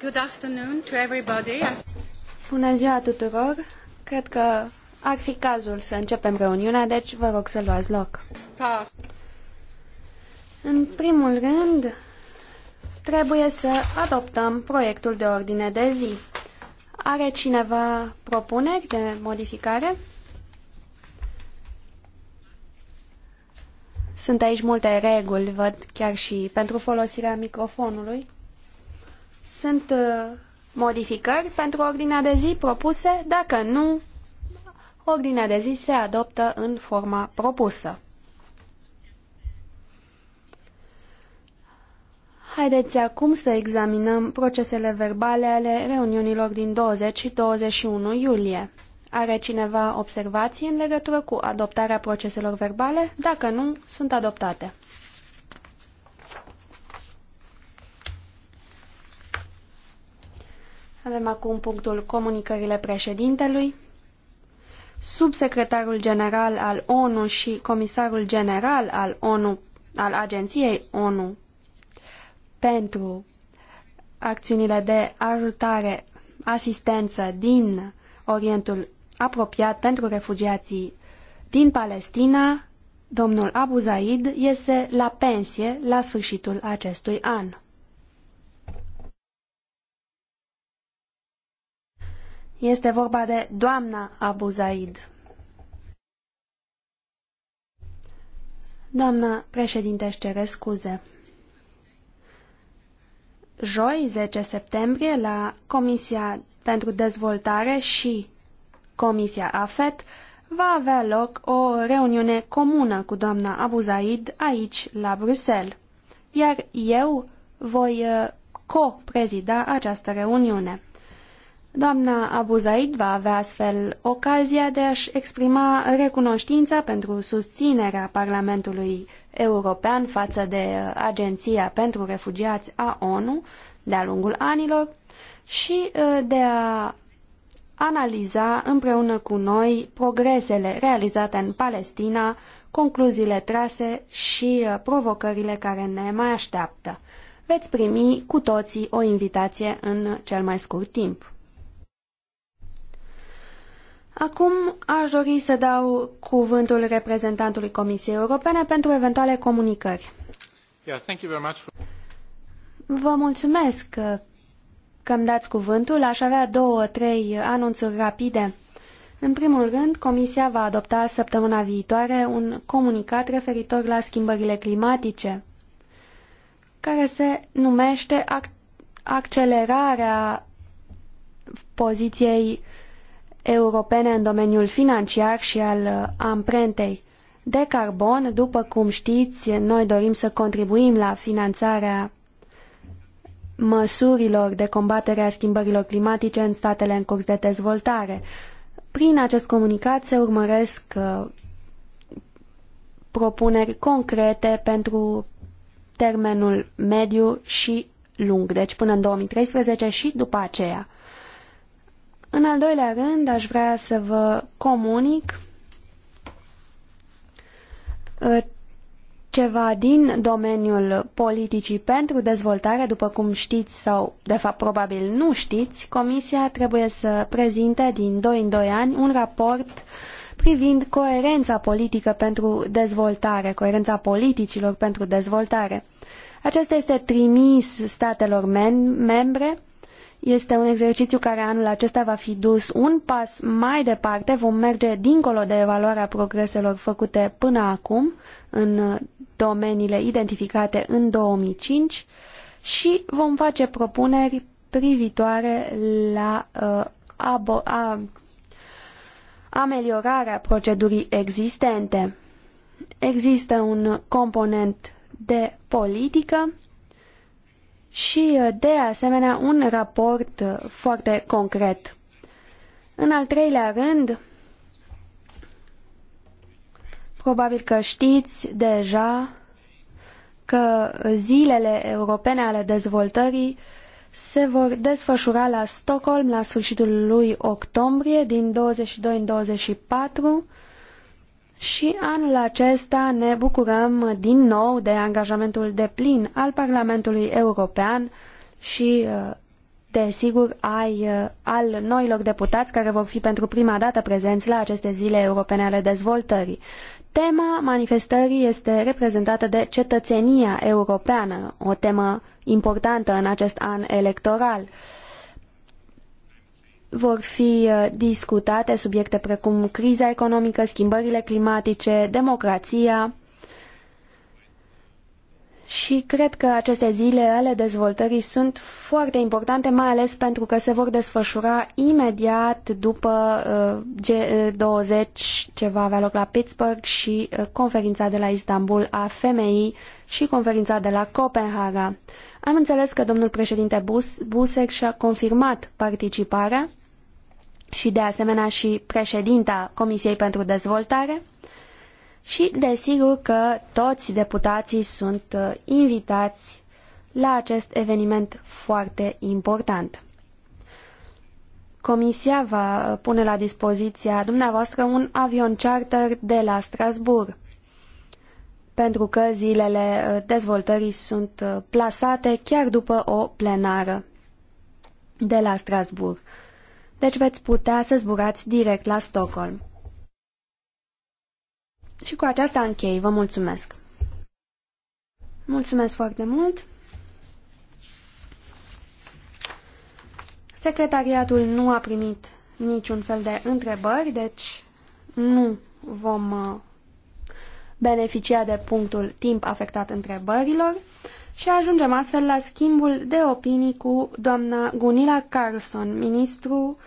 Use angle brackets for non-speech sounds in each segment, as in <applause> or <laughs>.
Good afternoon to everybody. Bună ziua tuturor! Cred că ar fi cazul să începem reuniunea, deci vă rog să luați loc. În primul rând, trebuie să adoptăm proiectul de ordine de zi. Are cineva propuneri de modificare? Sunt aici multe reguli, văd chiar și pentru folosirea microfonului. Sunt uh, modificări pentru ordinea de zi propuse? Dacă nu, ordinea de zi se adoptă în forma propusă. Haideți acum să examinăm procesele verbale ale reuniunilor din 20 și 21 iulie. Are cineva observații în legătură cu adoptarea proceselor verbale? Dacă nu, sunt adoptate. Avem acum punctul comunicările președintelui. Subsecretarul general al ONU și comisarul general al ONU, al agenției ONU pentru acțiunile de ajutare, asistență din Orientul apropiat pentru refugiații din Palestina, domnul Abu Zaid iese la pensie la sfârșitul acestui an. Este vorba de doamna Abu Zaid. Doamna președinte, își cere scuze. Joi, 10 septembrie, la Comisia pentru Dezvoltare și Comisia AFET, va avea loc o reuniune comună cu doamna Abu Zaid aici, la Bruxelles, iar eu voi eh, co-prezida această reuniune. Doamna Abuzaid va avea astfel ocazia de a-și exprima recunoștința pentru susținerea Parlamentului European față de Agenția pentru Refugiați a ONU de-a lungul anilor și uh, de a analiza împreună cu noi progresele realizate în Palestina, concluziile trase și uh, provocările care ne mai așteaptă. Veți primi cu toții o invitație în cel mai scurt timp. Acum aș dori să dau cuvântul reprezentantului Comisiei Europene pentru eventuale comunicări. Yeah, for... Vă mulțumesc că, că îmi dați cuvântul. Aș avea două, trei anunțuri rapide. În primul rând, Comisia va adopta săptămâna viitoare un comunicat referitor la schimbările climatice, care se numește Accelerarea poziției uh, europene în domeniul financiar și al uh, amprentei de carbon. După cum știți, noi dorim să contribuim la finanțarea măsurilor de combatere a schimbărilor climatice în statele în curs de dezvoltare. Prin acest comunicat se urmăresc uh, propuneri concrete pentru termenul mediu și lung, deci până în 2013 și după aceea. În al doilea rând, aș vrea să vă comunic uh, ceva din domeniul politicii pentru dezvoltare, după cum știți sau de fapt probabil nu știți, Comisia trebuie să prezinte din 2 în 2 ani un raport privind coerența politică pentru dezvoltare, coerența politicilor pentru dezvoltare. Acesta este trimis statelor mem membre este un exercițiu care anul acesta va fi dus un pas mai departe, vom merge dincolo de evaluarea progreselor făcute până acum în domeniile identificate în 2005 și vom face propuneri privitoare la uh, a, ameliorarea procedurii existente. Există un component de politică și, uh, de asemenea, un raport uh, foarte concret. În al treilea rând, probabil că știți deja că zilele europene ale dezvoltării se vor desfășura la Stockholm la sfârșitul lui octombrie, din 22 în 24, și anul acesta ne bucurăm din nou de angajamentul deplin al Parlamentului European și uh, desigur, ai, uh, al noilor deputați care vor fi pentru prima dată prezenți la aceste zile europene ale dezvoltării. Tema manifestării este reprezentată de cetățenia europeană, o temă importantă în acest an electoral. Uh, vor fi uh, discutate subiecte precum criza economică, schimbările climatice, democrația și cred că aceste zile ale dezvoltării sunt foarte importante, mai ales pentru că se vor desfășura imediat după uh, G20 ce va avea loc la Pittsburgh și uh, conferința de la Istanbul a femeii și conferința de la Copenhaga. Am înțeles că domnul președinte Bus, și-a confirmat participarea și de asemenea și președinta Comisiei pentru Dezvoltare și desigur că toți deputații sunt uh, invitați la acest eveniment foarte important. Comisia va uh, pune la dispoziția dumneavoastră un avion charter de la Strasbourg, pentru că zilele uh, dezvoltării sunt plasate chiar după o plenară de la Strasbourg deci veți putea să zburați direct la Stockholm. Și cu aceasta închei. Vă mulțumesc! Mulțumesc foarte mult! Secretariatul nu a primit niciun fel de întrebări, deci nu vom uh, beneficia de punctul timp afectat întrebărilor și ajungem astfel la schimbul de opinii cu doamna Gunilla Carlson, ministru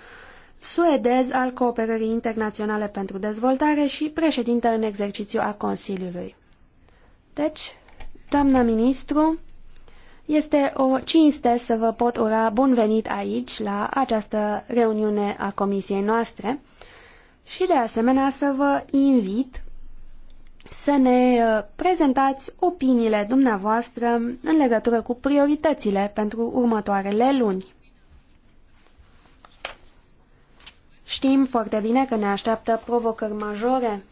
suedez al Cooperării Internaționale pentru Dezvoltare și președintă în exercițiu a Consiliului. Deci, doamna ministru, este o cinste să vă pot ura bun venit aici, la această reuniune a comisiei noastre și, de asemenea, să vă invit să ne uh, prezentați opiniile dumneavoastră în legătură cu prioritățile pentru următoarele luni. Știm foarte bine că ne așteaptă provocări majore.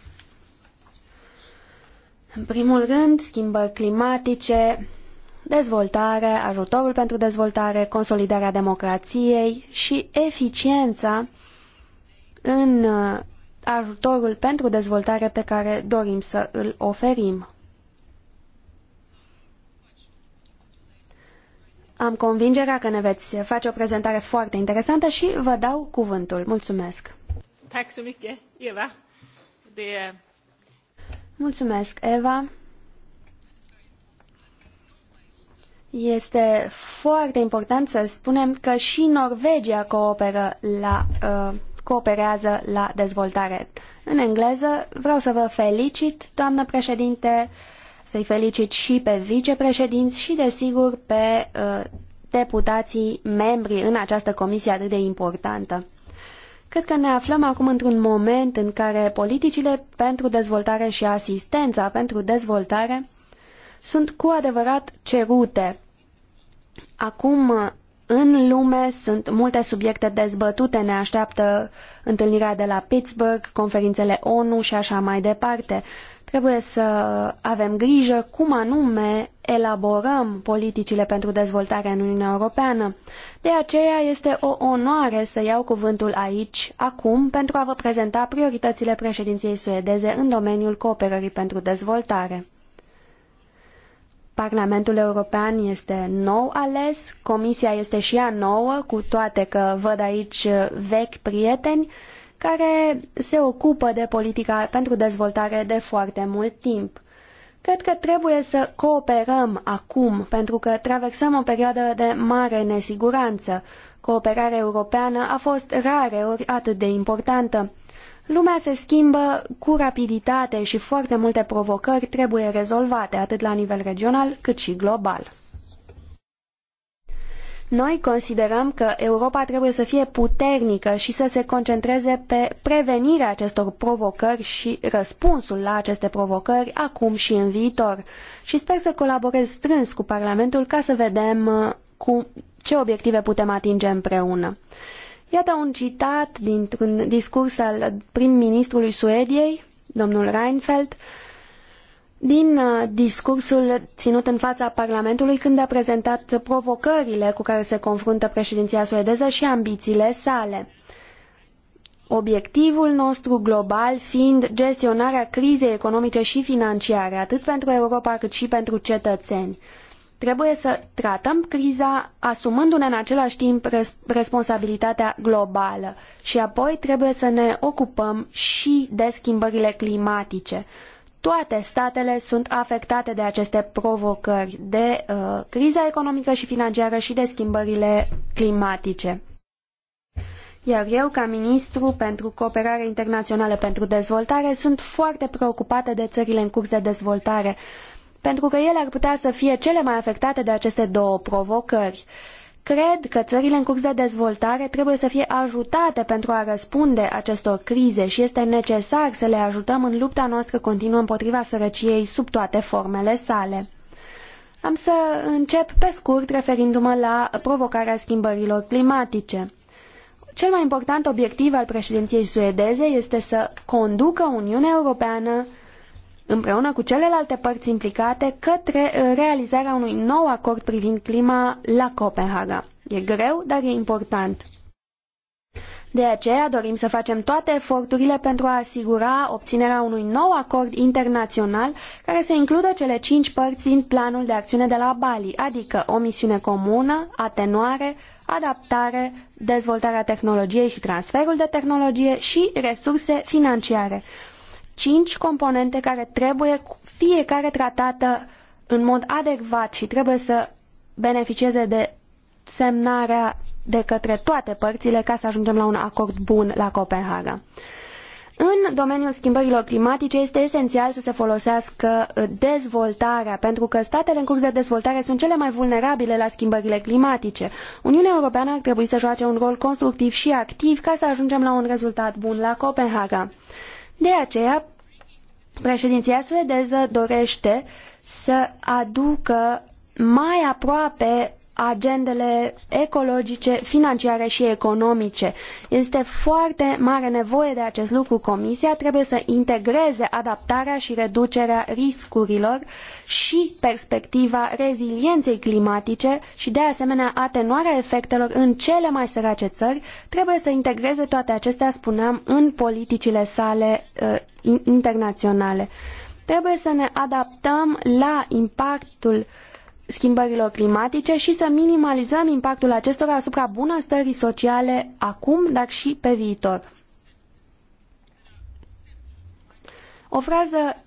În primul rând, schimbări climatice, dezvoltare, ajutorul pentru dezvoltare, consolidarea democrației și eficiența în uh, ajutorul pentru dezvoltare pe care dorim să îl oferim. Am convingerea că ne veți face o prezentare foarte interesantă și vă dau cuvântul. Mulțumesc! Mulțumesc, Eva! Este foarte important să spunem că și Norvegia cooperă la uh, cooperează la dezvoltare. În engleză vreau să vă felicit, doamnă președinte, să-i felicit și pe vicepreședinți și, desigur, pe uh, deputații membri în această comisie atât de importantă. Cred că ne aflăm acum într-un moment în care politicile pentru dezvoltare și asistența pentru dezvoltare sunt cu adevărat cerute. Acum în lume sunt multe subiecte dezbătute, ne așteaptă întâlnirea de la Pittsburgh, conferințele ONU și așa mai departe. Trebuie să avem grijă cum anume elaborăm politicile pentru dezvoltare în Uniunea Europeană. De aceea este o onoare să iau cuvântul aici, acum, pentru a vă prezenta prioritățile președinției suedeze în domeniul cooperării pentru dezvoltare. Parlamentul European este nou ales, Comisia este și ea nouă, cu toate că văd aici vechi prieteni care se ocupă de politica pentru dezvoltare de foarte mult timp. Cred că trebuie să cooperăm acum, pentru că traversăm o perioadă de mare nesiguranță. Cooperarea europeană a fost rareori atât de importantă Lumea se schimbă cu rapiditate și foarte multe provocări trebuie rezolvate atât la nivel regional cât și global. Noi considerăm că Europa trebuie să fie puternică și să se concentreze pe prevenirea acestor provocări și răspunsul la aceste provocări acum și în viitor. Și sper să colaborez strâns cu Parlamentul ca să vedem uh, cu ce obiective putem atinge împreună. Iată un citat dintr-un discurs al prim-ministrului Suediei, domnul Reinfeldt, din uh, discursul ținut în fața Parlamentului când a prezentat provocările cu care se confruntă președinția suedeză și ambițiile sale. Obiectivul nostru global fiind gestionarea crizei economice și financiare, atât pentru Europa cât și pentru cetățeni. Trebuie să tratăm criza asumându-ne în același timp responsabilitatea globală și apoi trebuie să ne ocupăm și de schimbările climatice. Toate statele sunt afectate de aceste provocări, de uh, criza economică și financiară și de schimbările climatice. Iar eu, ca ministru pentru cooperare internațională pentru dezvoltare, sunt foarte preocupată de țările în curs de dezvoltare pentru că ele ar putea să fie cele mai afectate de aceste două provocări. Cred că țările în curs de dezvoltare trebuie să fie ajutate pentru a răspunde acestor crize și este necesar să le ajutăm în lupta noastră continuă împotriva sărăciei sub toate formele sale. Am să încep pe scurt referindu-mă la provocarea schimbărilor climatice. Cel mai important obiectiv al președinției suedeze este să conducă Uniunea Europeană împreună cu celelalte părți implicate către uh, realizarea unui nou acord privind clima la Copenhaga. E greu, dar e important. De aceea dorim să facem toate eforturile pentru a asigura obținerea unui nou acord internațional care să includă cele cinci părți din planul de acțiune de la Bali, adică o misiune comună, atenuare, adaptare, dezvoltarea tehnologiei și transferul de tehnologie și resurse financiare cinci componente care trebuie fiecare tratată în mod adecvat și trebuie să beneficieze de semnarea de către toate părțile ca să ajungem la un acord bun la Copenhaga. În domeniul schimbărilor climatice este esențial să se folosească dezvoltarea, pentru că statele în curs de dezvoltare sunt cele mai vulnerabile la schimbările climatice. Uniunea Europeană ar trebui să joace un rol constructiv și activ ca să ajungem la un rezultat bun la Copenhaga. De aceea, președinția suedeză dorește să aducă mai aproape agendele ecologice, financiare și economice. Este foarte mare nevoie de acest lucru. Comisia trebuie să integreze adaptarea și reducerea riscurilor și perspectiva rezilienței climatice și de asemenea atenuarea efectelor în cele mai sărace țări. Trebuie să integreze toate acestea, spuneam, în politicile sale uh, internaționale. Trebuie să ne adaptăm la impactul schimbărilor climatice și să minimalizăm impactul acestora asupra bunăstării sociale acum, dar și pe viitor. O frază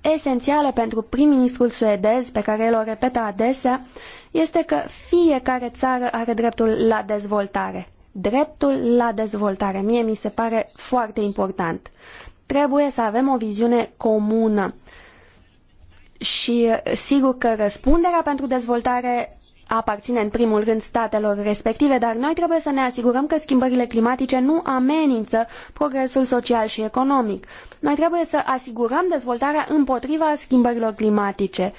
esențială pentru prim-ministrul suedez, pe care el o repetă adesea, este că fiecare țară are dreptul la dezvoltare. Dreptul la dezvoltare. Mie mi se pare foarte important. Trebuie să avem o viziune comună și sigur că răspunderea pentru dezvoltare aparține în primul rând statelor respective, dar noi trebuie să ne asigurăm că schimbările climatice nu amenință progresul social și economic. Noi trebuie să asigurăm dezvoltarea împotriva schimbărilor climatice.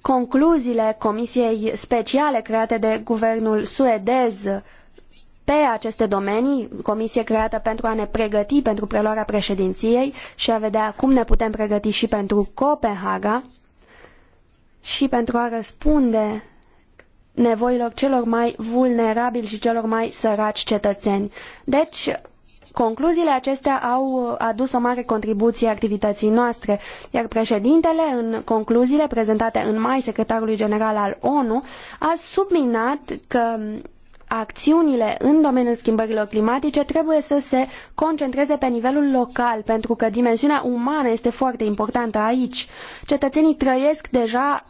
Concluziile Comisiei Speciale create de guvernul suedez pe aceste domenii, comisie creată pentru a ne pregăti pentru preluarea președinției și a vedea cum ne putem pregăti și pentru Copenhaga și pentru a răspunde nevoilor celor mai vulnerabili și celor mai săraci cetățeni. Deci, concluziile acestea au adus o mare contribuție activității noastre, iar președintele, în concluziile prezentate în mai secretarului general al ONU, a subminat că acțiunile în domeniul schimbărilor climatice trebuie să se concentreze pe nivelul local, pentru că dimensiunea umană este foarte importantă aici. Cetățenii trăiesc deja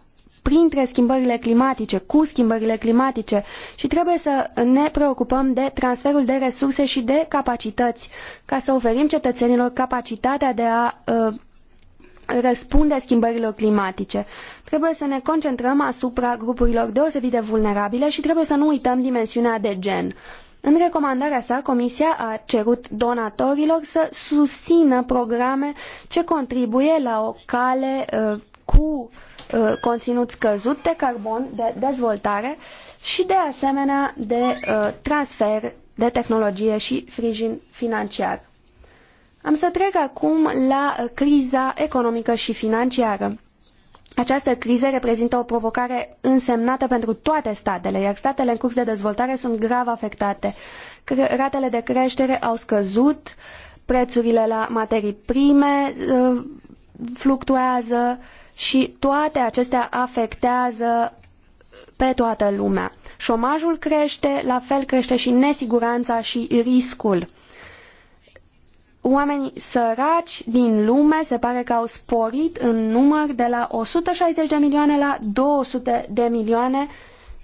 printre schimbările climatice, cu schimbările climatice și trebuie să ne preocupăm de transferul de resurse și de capacități ca să oferim cetățenilor capacitatea de a uh, răspunde schimbărilor climatice. Trebuie să ne concentrăm asupra grupurilor deosebit de vulnerabile și trebuie să nu uităm dimensiunea de gen. În recomandarea sa, Comisia a cerut donatorilor să susțină programe ce contribuie la o cale uh, cu uh, conținut scăzut de carbon, de dezvoltare și de asemenea de uh, transfer de tehnologie și sprijin financiar. Am să trec acum la uh, criza economică și financiară. Această criză reprezintă o provocare însemnată pentru toate statele, iar statele în curs de dezvoltare sunt grav afectate. Ratele de creștere au scăzut, prețurile la materii prime uh, fluctuează și toate acestea afectează pe toată lumea. Șomajul crește, la fel crește și nesiguranța și riscul oamenii săraci din lume se pare că au sporit în număr de la 160 de milioane la 200 de milioane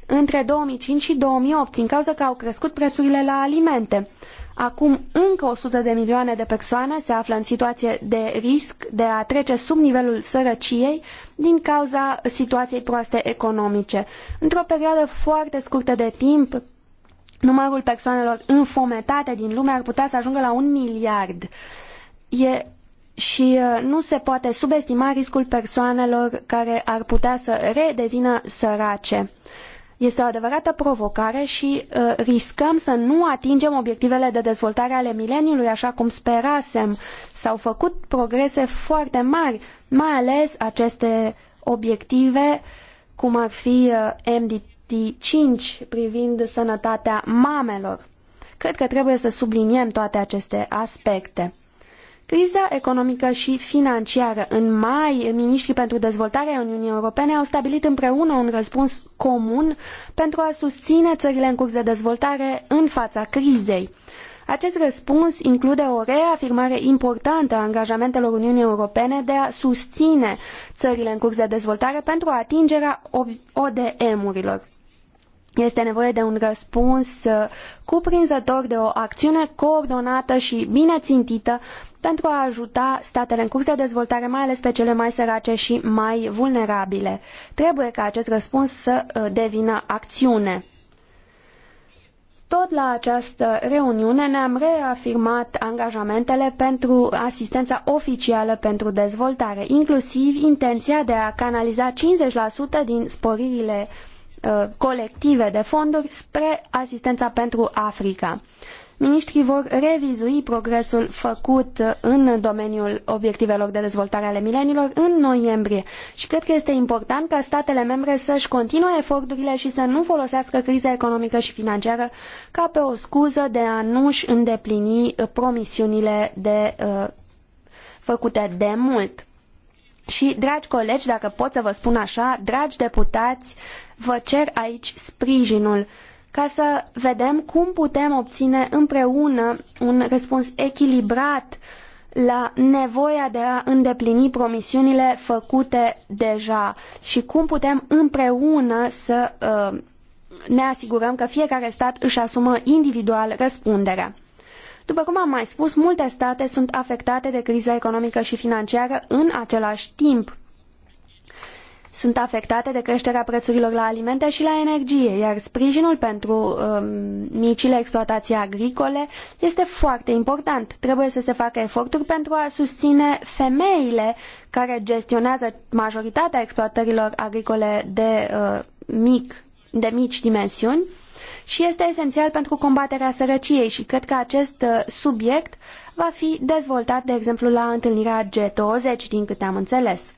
între 2005 și 2008 din cauza că au crescut prețurile la alimente. Acum încă 100 de milioane de persoane se află în situație de risc de a trece sub nivelul sărăciei din cauza situației proaste economice. Într-o perioadă foarte scurtă de timp, numărul persoanelor înfometate din lume ar putea să ajungă la un miliard. E și uh, nu se poate subestima riscul persoanelor care ar putea să redevină sărace. Este o adevărată provocare și uh, riscăm să nu atingem obiectivele de dezvoltare ale mileniului așa cum sperasem. S-au făcut progrese foarte mari, mai ales aceste obiective cum ar fi uh, MD 5 privind sănătatea mamelor. Cred că trebuie să subliniem toate aceste aspecte. Criza economică și financiară. În mai, ministrii pentru dezvoltarea Uniunii Europene au stabilit împreună un răspuns comun pentru a susține țările în curs de dezvoltare în fața crizei. Acest răspuns include o reafirmare importantă a angajamentelor Uniunii Europene de a susține țările în curs de dezvoltare pentru atingerea ODM-urilor. Este nevoie de un răspuns uh, cuprinzător, de o acțiune coordonată și bine țintită pentru a ajuta statele în curs de dezvoltare, mai ales pe cele mai sărace și mai vulnerabile. Trebuie ca acest răspuns să uh, devină acțiune. Tot la această reuniune ne-am reafirmat angajamentele pentru asistența oficială pentru dezvoltare, inclusiv intenția de a canaliza 50% din sporirile uh, Uh, colective de fonduri spre asistența pentru Africa. Ministrii vor revizui progresul făcut în domeniul obiectivelor de dezvoltare ale mileniilor în noiembrie și cred că este important ca statele membre să-și continue eforturile și să nu folosească criza economică și financiară ca pe o scuză de a nu-și îndeplini promisiunile de, uh, făcute de mult. Și, dragi colegi, dacă pot să vă spun așa, dragi deputați, Vă cer aici sprijinul ca să vedem cum putem obține împreună un răspuns echilibrat la nevoia de a îndeplini promisiunile făcute deja și cum putem împreună să uh, ne asigurăm că fiecare stat își asumă individual răspunderea. După cum am mai spus, multe state sunt afectate de criza economică și financiară în același timp sunt afectate de creșterea prețurilor la alimente și la energie, iar sprijinul pentru um, micile exploatații agricole este foarte important. Trebuie să se facă eforturi pentru a susține femeile care gestionează majoritatea exploatărilor agricole de, uh, mic, de mici dimensiuni și este esențial pentru combaterea sărăciei și cred că acest uh, subiect va fi dezvoltat, de exemplu, la întâlnirea G20, din câte am înțeles.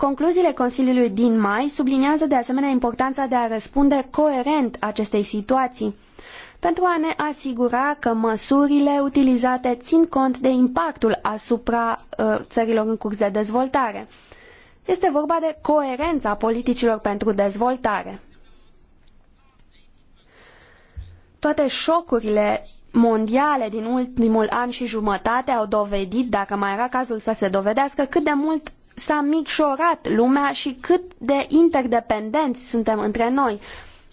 Concluziile Consiliului din mai subliniază de asemenea importanța de a răspunde coerent acestei situații pentru a ne asigura că măsurile utilizate țin cont de impactul asupra uh, țărilor în curs de dezvoltare. Este vorba de coerența politicilor pentru dezvoltare. Toate șocurile mondiale din ultimul an și jumătate au dovedit, dacă mai era cazul să se dovedească, cât de mult s-a micșorat lumea și cât de interdependenți suntem între noi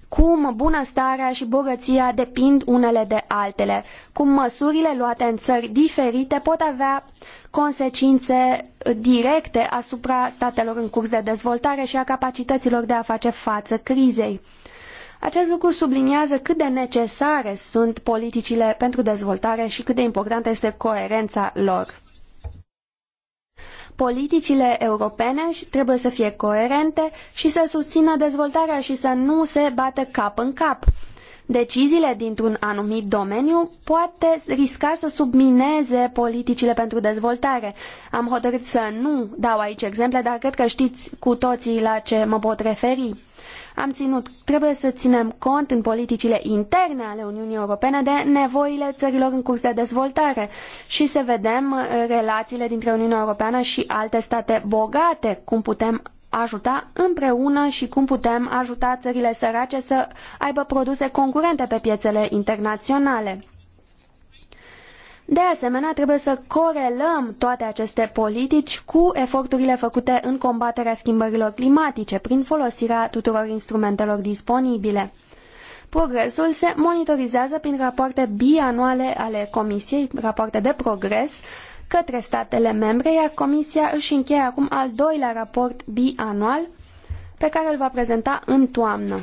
cum bunăstarea și bogăția depind unele de altele, cum măsurile luate în țări diferite pot avea consecințe directe asupra statelor în curs de dezvoltare și a capacităților de a face față crizei. Acest lucru subliniază cât de necesare sunt politicile pentru dezvoltare și cât de importantă este coerența lor. Politicile europene trebuie să fie coerente și să susțină dezvoltarea și să nu se bată cap în cap. Deciziile dintr-un anumit domeniu poate risca să submineze politicile pentru dezvoltare. Am hotărât să nu dau aici exemple, dar cred că știți cu toții la ce mă pot referi. Am ținut, trebuie să ținem cont în politicile interne ale Uniunii Europene de nevoile țărilor în curs de dezvoltare și să vedem uh, relațiile dintre Uniunea Europeană și alte state bogate, cum putem ajuta împreună și cum putem ajuta țările sărace să aibă produse concurente pe piețele internaționale. De asemenea, trebuie să corelăm toate aceste politici cu eforturile făcute în combaterea schimbărilor climatice prin folosirea tuturor instrumentelor disponibile. Progresul se monitorizează prin rapoarte bianuale ale Comisiei, rapoarte de progres, către statele membre, iar Comisia își încheie acum al doilea raport bianual pe care îl va prezenta în toamnă.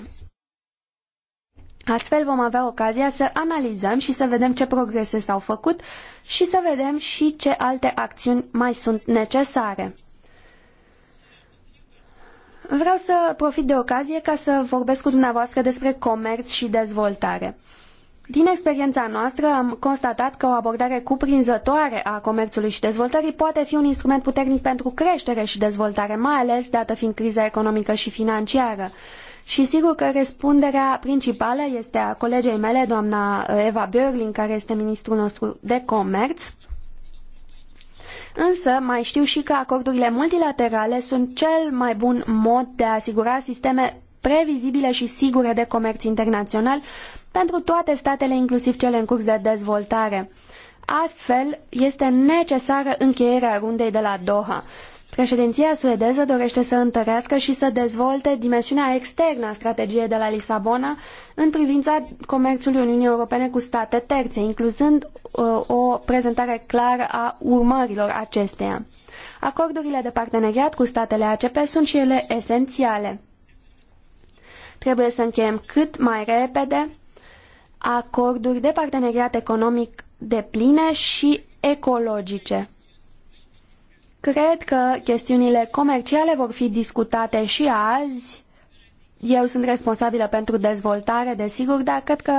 Astfel vom avea ocazia să analizăm și să vedem ce progrese s-au făcut și să vedem și ce alte acțiuni mai sunt necesare. Vreau să profit de ocazie ca să vorbesc cu dumneavoastră despre comerț și dezvoltare. Din experiența noastră am constatat că o abordare cuprinzătoare a comerțului și dezvoltării poate fi un instrument puternic pentru creștere și dezvoltare, mai ales dată fiind criza economică și financiară. Și sigur că răspunderea principală este a colegei mele, doamna uh, Eva Börling, care este ministrul nostru de comerț. Însă mai știu și că acordurile multilaterale sunt cel mai bun mod de a asigura sisteme previzibile și sigure de comerț internațional pentru toate statele, inclusiv cele în curs de dezvoltare. Astfel, este necesară încheierea rundei de la Doha. Președinția suedeză dorește să întărească și să dezvolte dimensiunea externă a strategiei de la Lisabona în privința comerțului Uniunii Europene cu state terțe, incluzând uh, o prezentare clară a urmărilor acesteia. Acordurile de parteneriat cu statele ACP sunt și ele esențiale. Trebuie să încheiem cât mai repede acorduri de parteneriat economic depline și ecologice. Cred că chestiunile comerciale vor fi discutate și azi. Eu sunt responsabilă pentru dezvoltare, desigur, dar cred că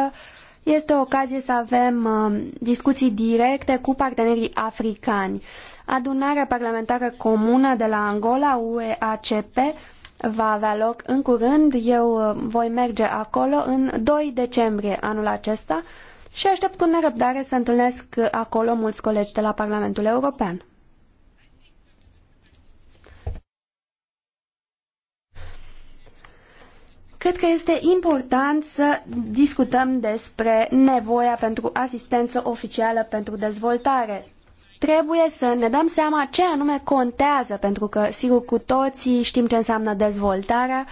este o ocazie să avem uh, discuții directe cu partenerii africani. Adunarea parlamentară comună de la Angola, UEACP, va avea loc în curând. Eu uh, voi merge acolo în 2 decembrie anul acesta și aștept cu nerăbdare să întâlnesc acolo mulți colegi de la Parlamentul European. Cred că este important să discutăm despre nevoia pentru asistență oficială pentru dezvoltare. Trebuie să ne dăm seama ce anume contează, pentru că, sigur, cu toții știm ce înseamnă dezvoltarea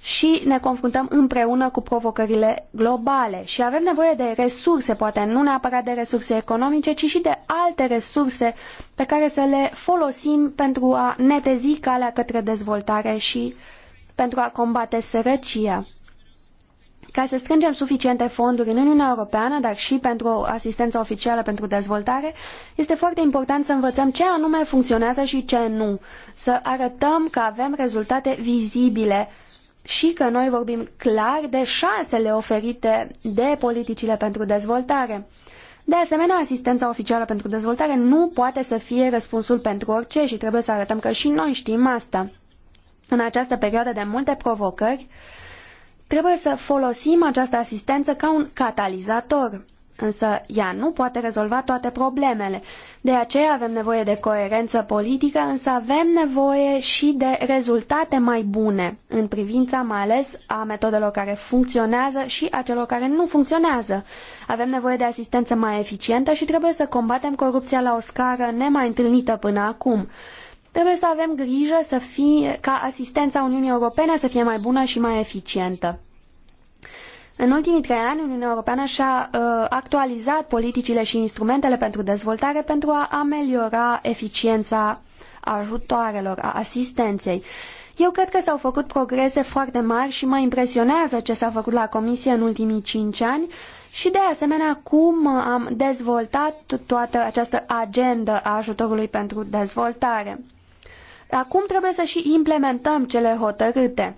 și ne confruntăm împreună cu provocările globale și avem nevoie de resurse, poate nu neapărat de resurse economice, ci și de alte resurse pe care să le folosim pentru a netezi calea către dezvoltare și uh, pentru a combate sărăcia. Ca să strângem suficiente fonduri în Uniunea Europeană, dar și pentru o asistență oficială pentru dezvoltare, este foarte important să învățăm ce anume funcționează și ce nu. Să arătăm că avem rezultate vizibile și că noi vorbim clar de șansele oferite de politicile pentru dezvoltare. De asemenea, asistența oficială pentru dezvoltare nu poate să fie răspunsul pentru orice și trebuie să arătăm că și noi știm asta în această perioadă de multe provocări, trebuie să folosim această asistență ca un catalizator. Însă ea nu poate rezolva toate problemele. De aceea avem nevoie de coerență politică, însă avem nevoie și de rezultate mai bune, în privința mai ales a metodelor care funcționează și a celor care nu funcționează. Avem nevoie de asistență mai eficientă și trebuie să combatem corupția la o scară nemai întâlnită până acum. Trebuie să avem grijă să fie, ca asistența Uniunii Europene să fie mai bună și mai eficientă. În ultimii trei ani, Uniunea Europeană și-a uh, actualizat politicile și instrumentele pentru dezvoltare pentru a ameliora eficiența ajutoarelor, a asistenței. Eu cred că s-au făcut progrese foarte mari și mă impresionează ce s-a făcut la Comisie în ultimii cinci ani și de asemenea cum am dezvoltat toată această agendă a ajutorului pentru dezvoltare. Acum trebuie să și implementăm cele hotărâte.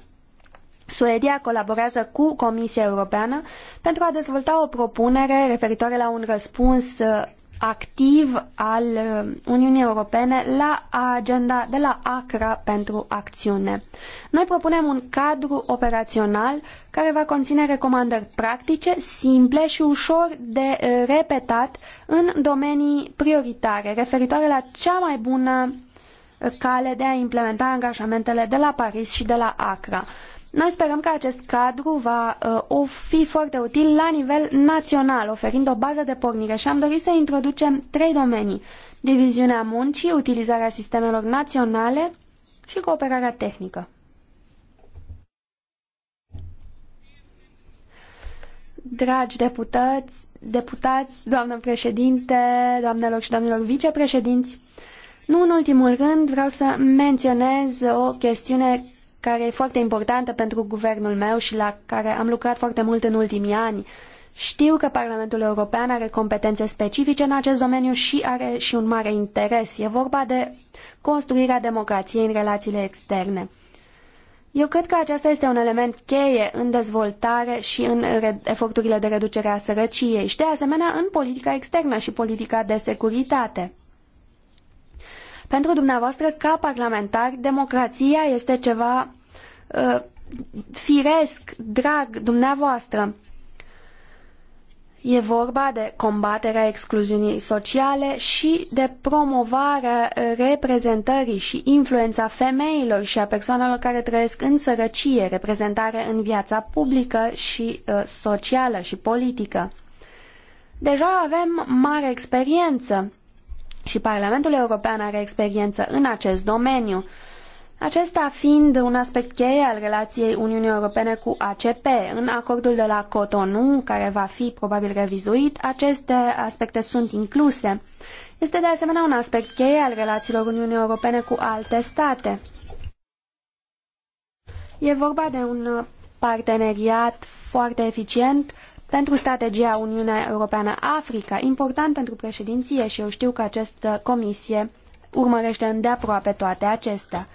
Suedia colaborează cu Comisia Europeană pentru a dezvolta o propunere referitoare la un răspuns uh, activ al uh, Uniunii Europene la agenda de la ACRA pentru acțiune. Noi propunem un cadru operațional care va conține recomandări practice, simple și ușor de uh, repetat în domenii prioritare, referitoare la cea mai bună cale de a implementa angajamentele de la Paris și de la Accra. Noi sperăm că acest cadru va uh, fi foarte util la nivel național, oferind o bază de pornire și am dorit să introducem trei domenii. Diviziunea muncii, utilizarea sistemelor naționale și cooperarea tehnică. Dragi deputați, deputați, doamnă președinte, doamnelor și domnilor vicepreședinți, nu în ultimul rând, vreau să menționez o chestiune care e foarte importantă pentru guvernul meu și la care am lucrat foarte mult în ultimii ani. Știu că Parlamentul European are competențe specifice în acest domeniu și are și un mare interes. E vorba de construirea democrației în relațiile externe. Eu cred că acesta este un element cheie în dezvoltare și în eforturile de reducere a sărăciei și, de asemenea, în politica externă și politica de securitate. Pentru dumneavoastră, ca parlamentar, democrația este ceva uh, firesc, drag dumneavoastră. E vorba de combaterea excluziunii sociale și de promovarea reprezentării și influența femeilor și a persoanelor care trăiesc în sărăcie, reprezentare în viața publică și uh, socială și politică. Deja avem mare experiență și Parlamentul European are experiență în acest domeniu, acesta fiind un aspect cheie al relației Uniunii Europene cu ACP. În acordul de la Cotonou, care va fi probabil revizuit, aceste aspecte sunt incluse. Este de asemenea un aspect cheie al relațiilor Uniunii Europene cu alte state. E vorba de un parteneriat foarte eficient pentru strategia Uniunea Europeană-Africa, important pentru președinție și eu știu că această comisie urmărește îndeaproape toate acestea.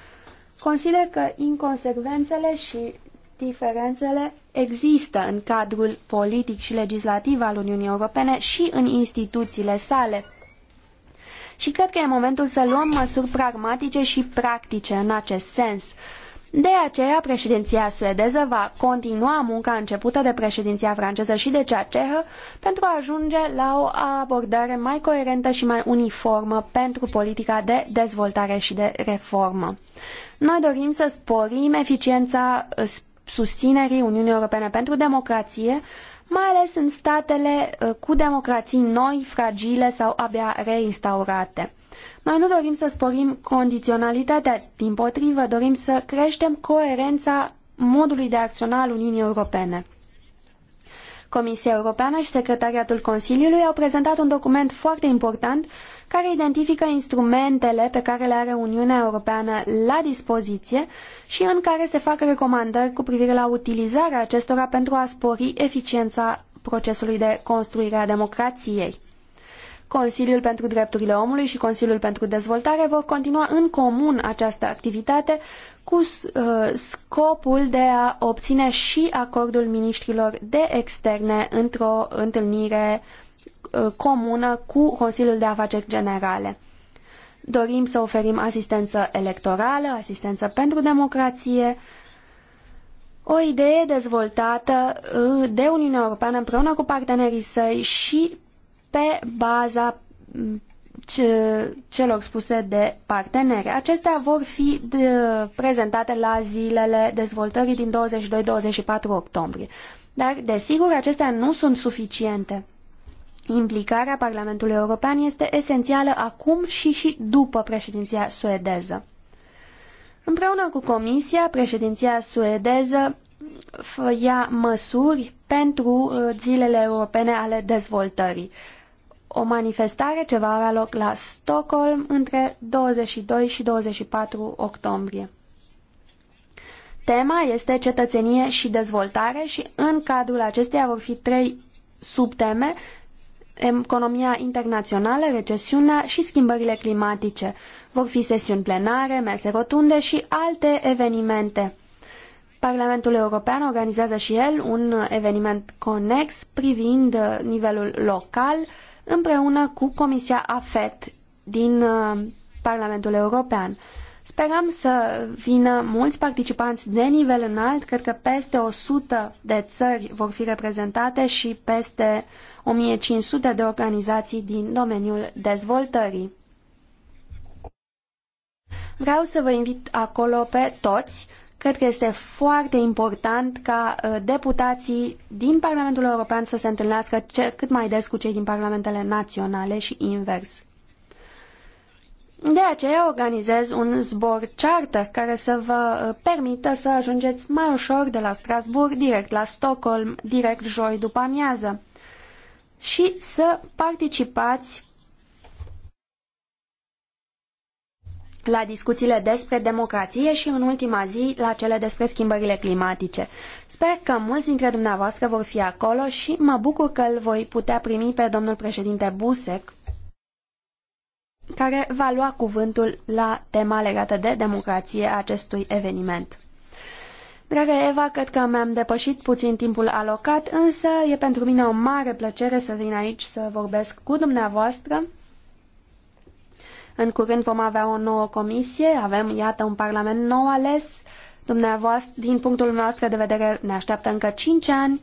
Consider că inconsecvențele și diferențele există în cadrul politic și legislativ al Uniunii Europene și în instituțiile sale. Și cred că e momentul să luăm măsuri pragmatice și practice în acest sens. De aceea, președinția suedeză va continua munca începută de președinția franceză și de cea cehă pentru a ajunge la o abordare mai coerentă și mai uniformă pentru politica de dezvoltare și de reformă. Noi dorim să sporim eficiența uh, susținerii Uniunii Europene pentru democrație, mai ales în statele uh, cu democrații noi, fragile sau abia reinstaurate. Noi nu dorim să sporim condiționalitatea, din potrivă dorim să creștem coerența modului de acționa al Uniunii Europene. Comisia Europeană și Secretariatul Consiliului au prezentat un document foarte important care identifică instrumentele pe care le are Uniunea Europeană la dispoziție și în care se fac recomandări cu privire la utilizarea acestora pentru a spori eficiența procesului de construire a democrației. Consiliul pentru Drepturile Omului și Consiliul pentru Dezvoltare vor continua în comun această activitate cu uh, scopul de a obține și acordul ministrilor de externe într-o întâlnire uh, comună cu Consiliul de Afaceri Generale. Dorim să oferim asistență electorală, asistență pentru democrație, o idee dezvoltată uh, de Uniunea Europeană împreună cu partenerii săi și pe baza mm, celor spuse de parteneri. Acestea vor fi prezentate la zilele dezvoltării din 22-24 octombrie. Dar, desigur, acestea nu sunt suficiente. Implicarea Parlamentului European este esențială acum și și după președinția suedeză. Împreună cu Comisia, președinția suedeză ia măsuri pentru uh, zilele europene ale dezvoltării o manifestare ce va avea loc la Stockholm între 22 și 24 octombrie. Tema este cetățenie și dezvoltare și în cadrul acesteia vor fi trei subteme, economia internațională, recesiunea și schimbările climatice. Vor fi sesiuni plenare, mese rotunde și alte evenimente. Parlamentul European organizează și el un eveniment conex privind nivelul local, uh, împreună cu Comisia AFET din uh, Parlamentul European. Sperăm să vină mulți participanți de nivel înalt, cred că peste 100 de țări vor fi reprezentate și peste 1500 de organizații din domeniul dezvoltării. Vreau să vă invit acolo pe toți Cred că este foarte important ca ă, deputații din Parlamentul European să se întâlnească cât mai des cu cei din parlamentele naționale și invers. De aceea organizez un zbor charter care să vă ă, permită să ajungeți mai ușor de la Strasbourg direct la Stockholm, direct joi după amiază și să participați la discuțiile despre democrație și în ultima zi la cele despre schimbările climatice. Sper că mulți dintre dumneavoastră vor fi acolo și mă bucur că îl voi putea primi pe domnul președinte Busec, care va lua cuvântul la tema legată de democrație a acestui eveniment. Dragă Eva, cred că mi-am depășit puțin timpul alocat, însă e pentru mine o mare plăcere să vin aici să vorbesc cu dumneavoastră în curând vom avea o nouă comisie, avem, iată, un parlament nou ales. Dumneavoastră, din punctul nostru de vedere, ne așteaptă încă cinci ani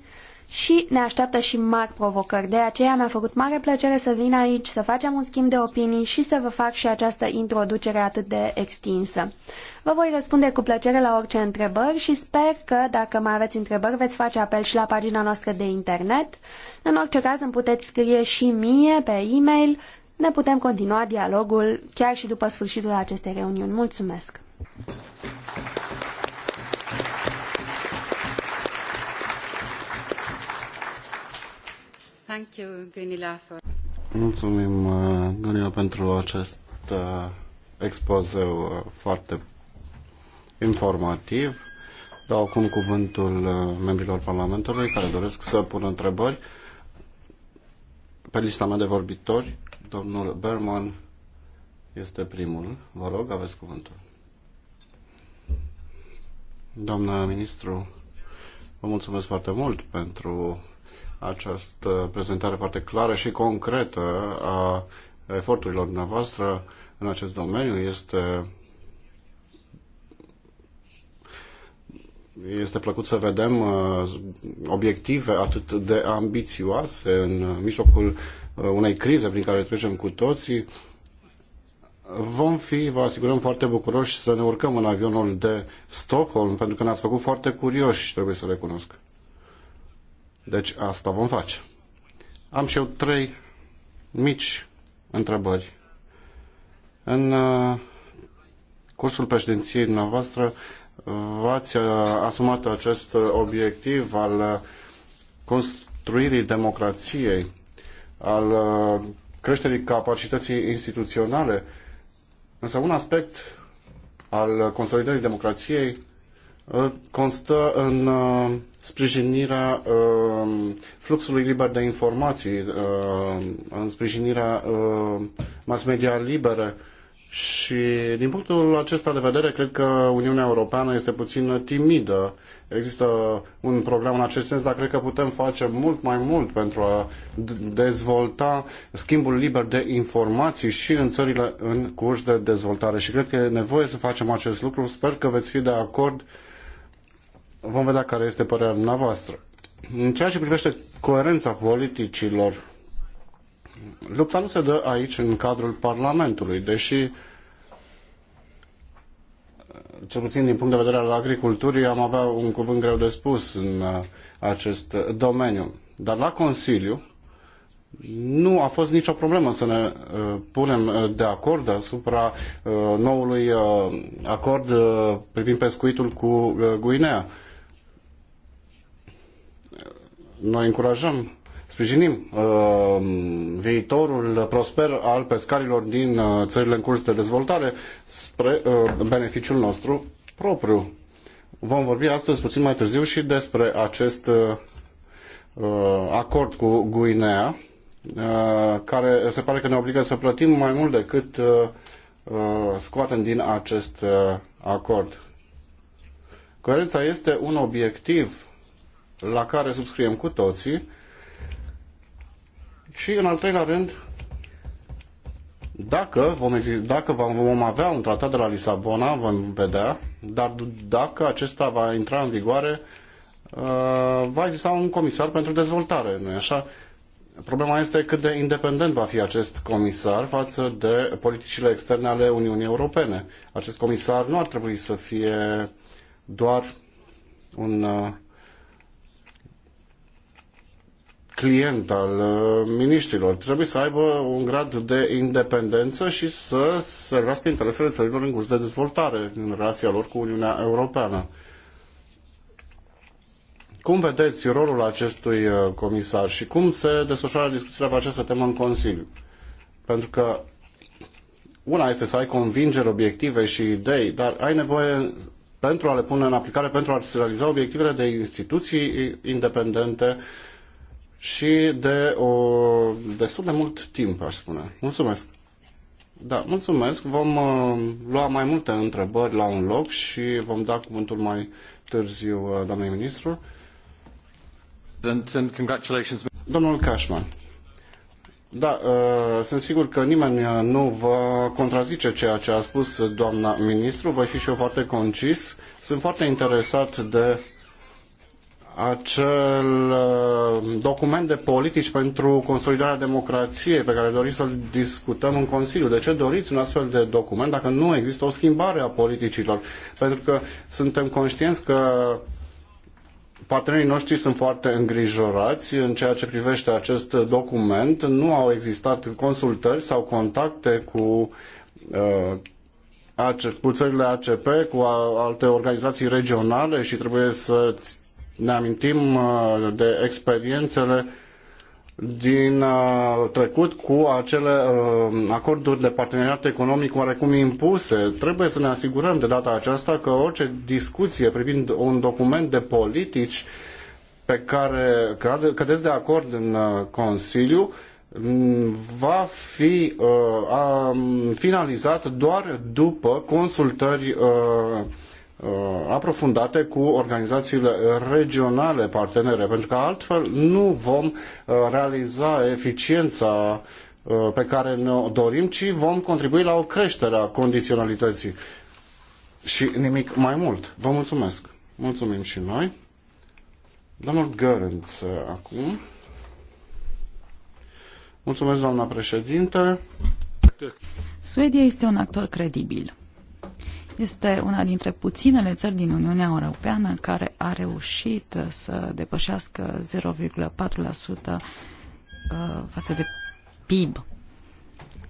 și ne așteaptă și mari provocări. De aceea mi-a făcut mare plăcere să vin aici, să facem un schimb de opinii și să vă fac și această introducere atât de extinsă. Vă voi răspunde cu plăcere la orice întrebări și sper că, dacă mai aveți întrebări, veți face apel și la pagina noastră de internet. În orice caz îmi puteți scrie și mie pe e-mail ne putem continua dialogul chiar și după sfârșitul acestei reuniuni. Mulțumesc! Thank you, Gunilla, for... Mulțumim, uh, Gunilla, pentru acest uh, expozeu uh, foarte informativ. Dau acum cuvântul membrilor Parlamentului care doresc să pună întrebări. Pe lista mea de vorbitori Domnul Berman este primul. Vă rog, aveți cuvântul. Doamna ministru, vă mulțumesc foarte mult pentru această prezentare foarte clară și concretă a eforturilor dumneavoastră în acest domeniu. Este este plăcut să vedem uh, obiective atât de ambițioase în mijlocul Uh, unei crize prin care trecem cu toții, vom fi, vă asigurăm, foarte bucuroși să ne urcăm în avionul de Stockholm, pentru că ne-ați făcut foarte curioși, trebuie să recunosc. Deci asta vom face. Am și eu trei mici întrebări. În uh, cursul președinției noastre v-ați uh, asumat acest obiectiv al construirii democrației al uh, creșterii capacității instituționale. Însă un aspect al consolidării democrației uh, constă în uh, sprijinirea fluxului liber de informații, în sprijinirea mass media libere, și din punctul acesta de vedere, cred că Uniunea Europeană este puțin timidă. Există un program în acest sens, dar cred că putem face mult mai mult pentru a dezvolta schimbul liber de informații și în țările în curs de dezvoltare. Și cred că e nevoie să facem acest lucru. Sper că veți fi de acord. Vom vedea care este părerea dumneavoastră. În ceea ce privește coerența politicilor Lupta nu se dă aici, în cadrul Parlamentului, deși, cel puțin din punct de vedere al agriculturii, am avea un cuvânt greu de spus în uh, acest uh, domeniu. Dar la Consiliu nu a fost nicio problemă să ne uh, punem de acord asupra noului acord privind pescuitul cu Guinea. Noi încurajăm Sprijinim uh, viitorul prosper al pescarilor din uh, țările în curs de dezvoltare spre uh, beneficiul nostru propriu. Vom vorbi astăzi puțin mai târziu și despre acest uh, uh acord cu Guinea, uh, care se pare că ne obligă să plătim mai mult decât uh, uh scoatem din acest uh, acord. Coerența este un obiectiv la care subscriem cu toții și în al treilea rând, dacă vom, dacă vom avea un tratat de la Lisabona, vom vedea, dar dacă acesta va intra în vigoare, uh, va exista un comisar pentru dezvoltare, nu așa? Problema este cât de independent va fi acest comisar față de politicile externe ale Uniunii Europene. Acest comisar nu ar trebui să fie doar un uh, client al uh, miniștrilor. Trebuie să aibă un grad de independență și să servească interesele țărilor în curs de dezvoltare în relația lor cu Uniunea Europeană. Cum vedeți rolul acestui uh, comisar și cum se desfășoară discuțiile pe această temă în Consiliu? Pentru că una este să ai convingeri, obiective și idei, dar ai nevoie pentru a le pune în aplicare, pentru a realiza obiectivele de instituții independente, uh, și de o, destul de mult timp, aș spune. Mulțumesc! Da, mulțumesc. Vom uh, lua mai multe întrebări la un loc și vom da cuvântul mai târziu uh, doamnei ministru. And, and congratulations. Domnul Cashman. Da, uh, sunt sigur că nimeni uh, nu va contrazice ceea ce a spus doamna ministru. Voi fi și eu foarte concis. Sunt foarte interesat de acel uh, document de politici pentru consolidarea democrației pe care doriți să-l discutăm în Consiliu. De ce doriți un astfel de document dacă nu există o schimbare a politicilor? Pentru că suntem conștienți că partenerii noștri sunt foarte îngrijorați în ceea ce privește acest document. Nu au existat consultări sau contacte cu uh, cu țările ACP, cu alte organizații regionale și trebuie să ne amintim uh, de experiențele din uh, trecut cu acele uh, acorduri de parteneriat economic oarecum impuse. Trebuie să ne asigurăm de data aceasta că orice discuție privind un document de politici pe care cădeți de acord în Consiliu mm, va fi finalizat doar după consultări Uh, aprofundate cu organizațiile regionale partenere, pentru că altfel nu vom uh, realiza eficiența uh, pe care ne-o dorim, ci vom contribui la o creștere a condiționalității și nimic mai mult. Vă mulțumesc! Mulțumim și noi! Domnul Gărânț acum. Mulțumesc, doamna președinte. Suedia este un actor credibil. Este una dintre puținele țări din Uniunea Europeană care a reușit uh, să depășească 0,4% uh, față de PIB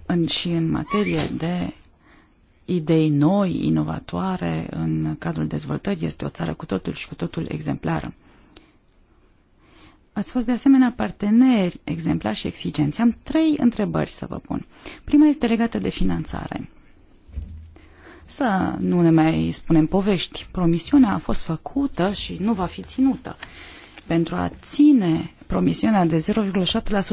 în, și în materie de idei noi, inovatoare în cadrul dezvoltării. Este o țară cu totul și cu totul exemplară. Ați fost de asemenea parteneri exemplari și exigenți. Am trei întrebări să vă pun. Prima este legată de finanțare. Să nu ne mai spunem povești. Promisiunea a fost făcută și nu va fi ținută. Pentru a ține promisiunea de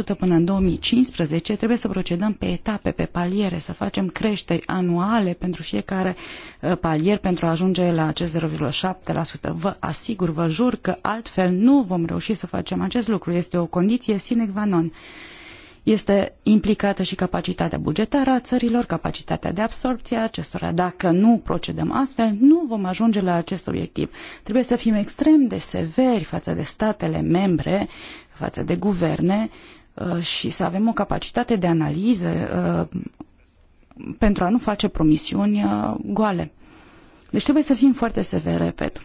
0,7% până în 2015, trebuie să procedăm pe etape, pe paliere, să facem creșteri anuale pentru fiecare uh, palier pentru a ajunge la acest 0,7%. Vă asigur, vă jur că altfel nu vom reuși să facem acest lucru. Este o condiție sine qua non este implicată și capacitatea bugetară a țărilor, capacitatea de absorpție a acestora. Dacă nu procedăm astfel, nu vom ajunge la acest obiectiv. Trebuie să fim extrem de severi față de statele membre, față de guverne uh, și să avem o capacitate de analiză uh, pentru a nu face promisiuni uh, goale. Deci trebuie să fim foarte severi, repet.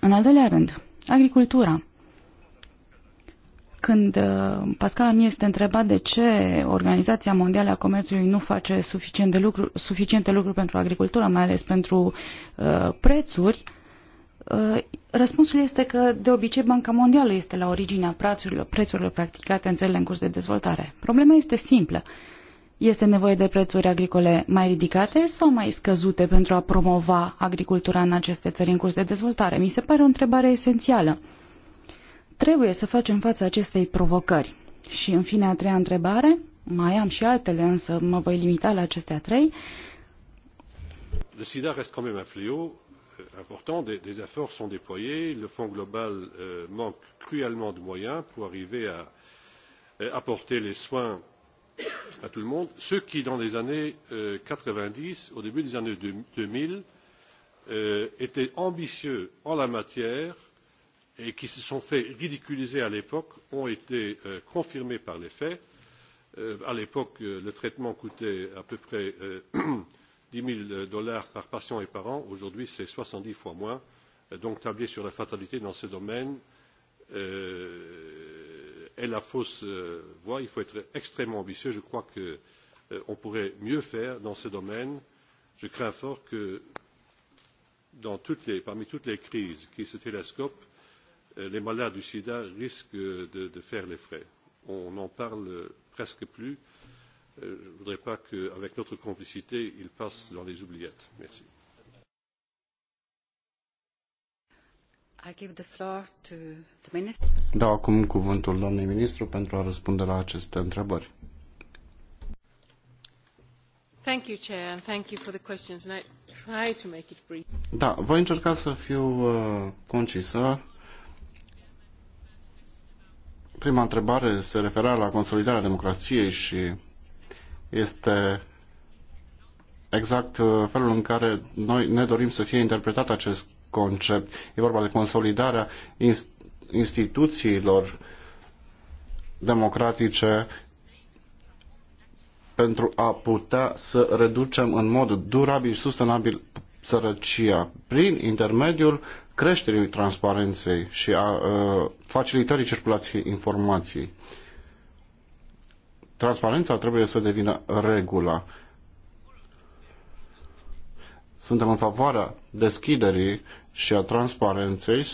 În al doilea rând, agricultura. Când uh, Pascal mi este întrebat de ce Organizația Mondială a Comerțului nu face suficient de lucru, suficiente lucruri pentru agricultura mai ales pentru uh, prețuri, uh, răspunsul este că de obicei Banca Mondială este la originea prețurilor, prețurilor practicate în țările în curs de dezvoltare. Problema este simplă. Este nevoie de prețuri agricole mai ridicate sau mai scăzute pentru a promova agricultura în aceste țări în curs de dezvoltare? Mi se pare o întrebare esențială. Uh, Trebuie să facem față acestei provocări. Și în fine, a treia întrebare, mai am și altele, însă mă voi limita la acestea trei. Le sida reste quand même un fléau euh, important. Des, des efforts sont déployés. Le Fonds global euh, manque cruellement de moyens pour arriver à euh, apporter les soins à tout le monde. ce qui, dans les années euh, 90, au début des années 2000, euh, était ambitieux en la matière et qui se sont fait ridiculiser à l'époque ont été euh, confirmés par les faits. Euh, à l'époque, euh, le traitement coûtait à peu près <clears throat> dix zéro dollars par patient et par an. Aujourd'hui, c'est soixante dix fois moins. Donc, tabler sur la fatalité dans ce domaine est la fausse voie. Il faut être extrêmement ambitieux. Je crois qu'on euh, pourrait mieux faire dans ce domaine. Je crains fort que dans toutes les, parmi toutes les crises qui se télescopent, Euh, les malades du sida risquent de, de faire les frais. On n'en parle presque plus. Euh, je ne voudrais pas qu'avec notre complicité, ils passent dans les oubliettes. Merci. Dau acum cuvântul doamnei ministru pentru a răspunde la aceste întrebări. Da, voi încerca să fiu uh, concisă Prima întrebare se referea la consolidarea democrației și este exact uh, felul în care noi ne dorim să fie interpretat acest concept. E vorba de consolidarea instituțiilor democratice pentru a putea să reducem în mod durabil și sustenabil sărăcia prin intermediul creșterii transparenței și a uh, facilitării circulației informației. Transparența trebuie să devină regula. Suntem în favoarea deschiderii și a transparenței.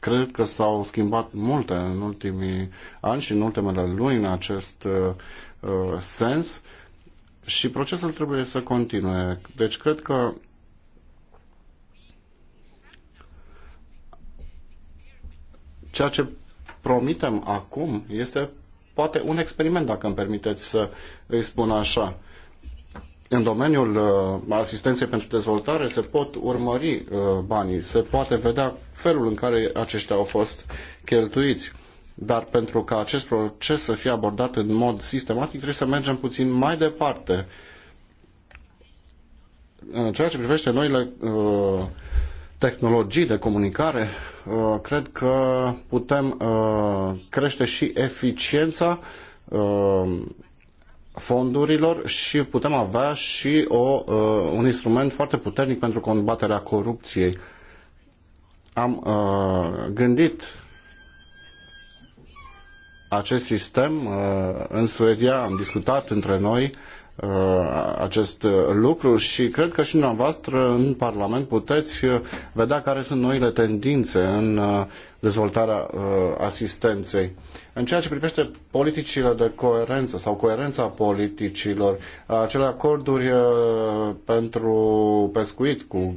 Cred că s-au schimbat multe în ultimii ani și în ultimele luni în acest uh, uh sens și procesul trebuie să continue. Deci cred că Ceea ce promitem acum este poate un experiment, dacă îmi permiteți să îi spun așa. În domeniul uh, asistenței pentru dezvoltare se pot urmări uh, banii, se poate vedea felul în care aceștia au fost cheltuiți. Dar pentru ca acest proces să fie abordat în mod sistematic, trebuie să mergem puțin mai departe. În ceea ce privește noile uh, tehnologii de comunicare, uh, cred că putem uh, crește și eficiența uh, fondurilor și putem avea și o, un instrument foarte puternic pentru combaterea corupției. Am gândit acest sistem în Suedia, am discutat între noi Uh, acest lucru și cred că și dumneavoastră în Parlament puteți uh, vedea care sunt noile tendințe în uh, dezvoltarea asistenței. În ceea ce privește politicile de coerență sau coerența politicilor, acele acorduri pentru pescuit cu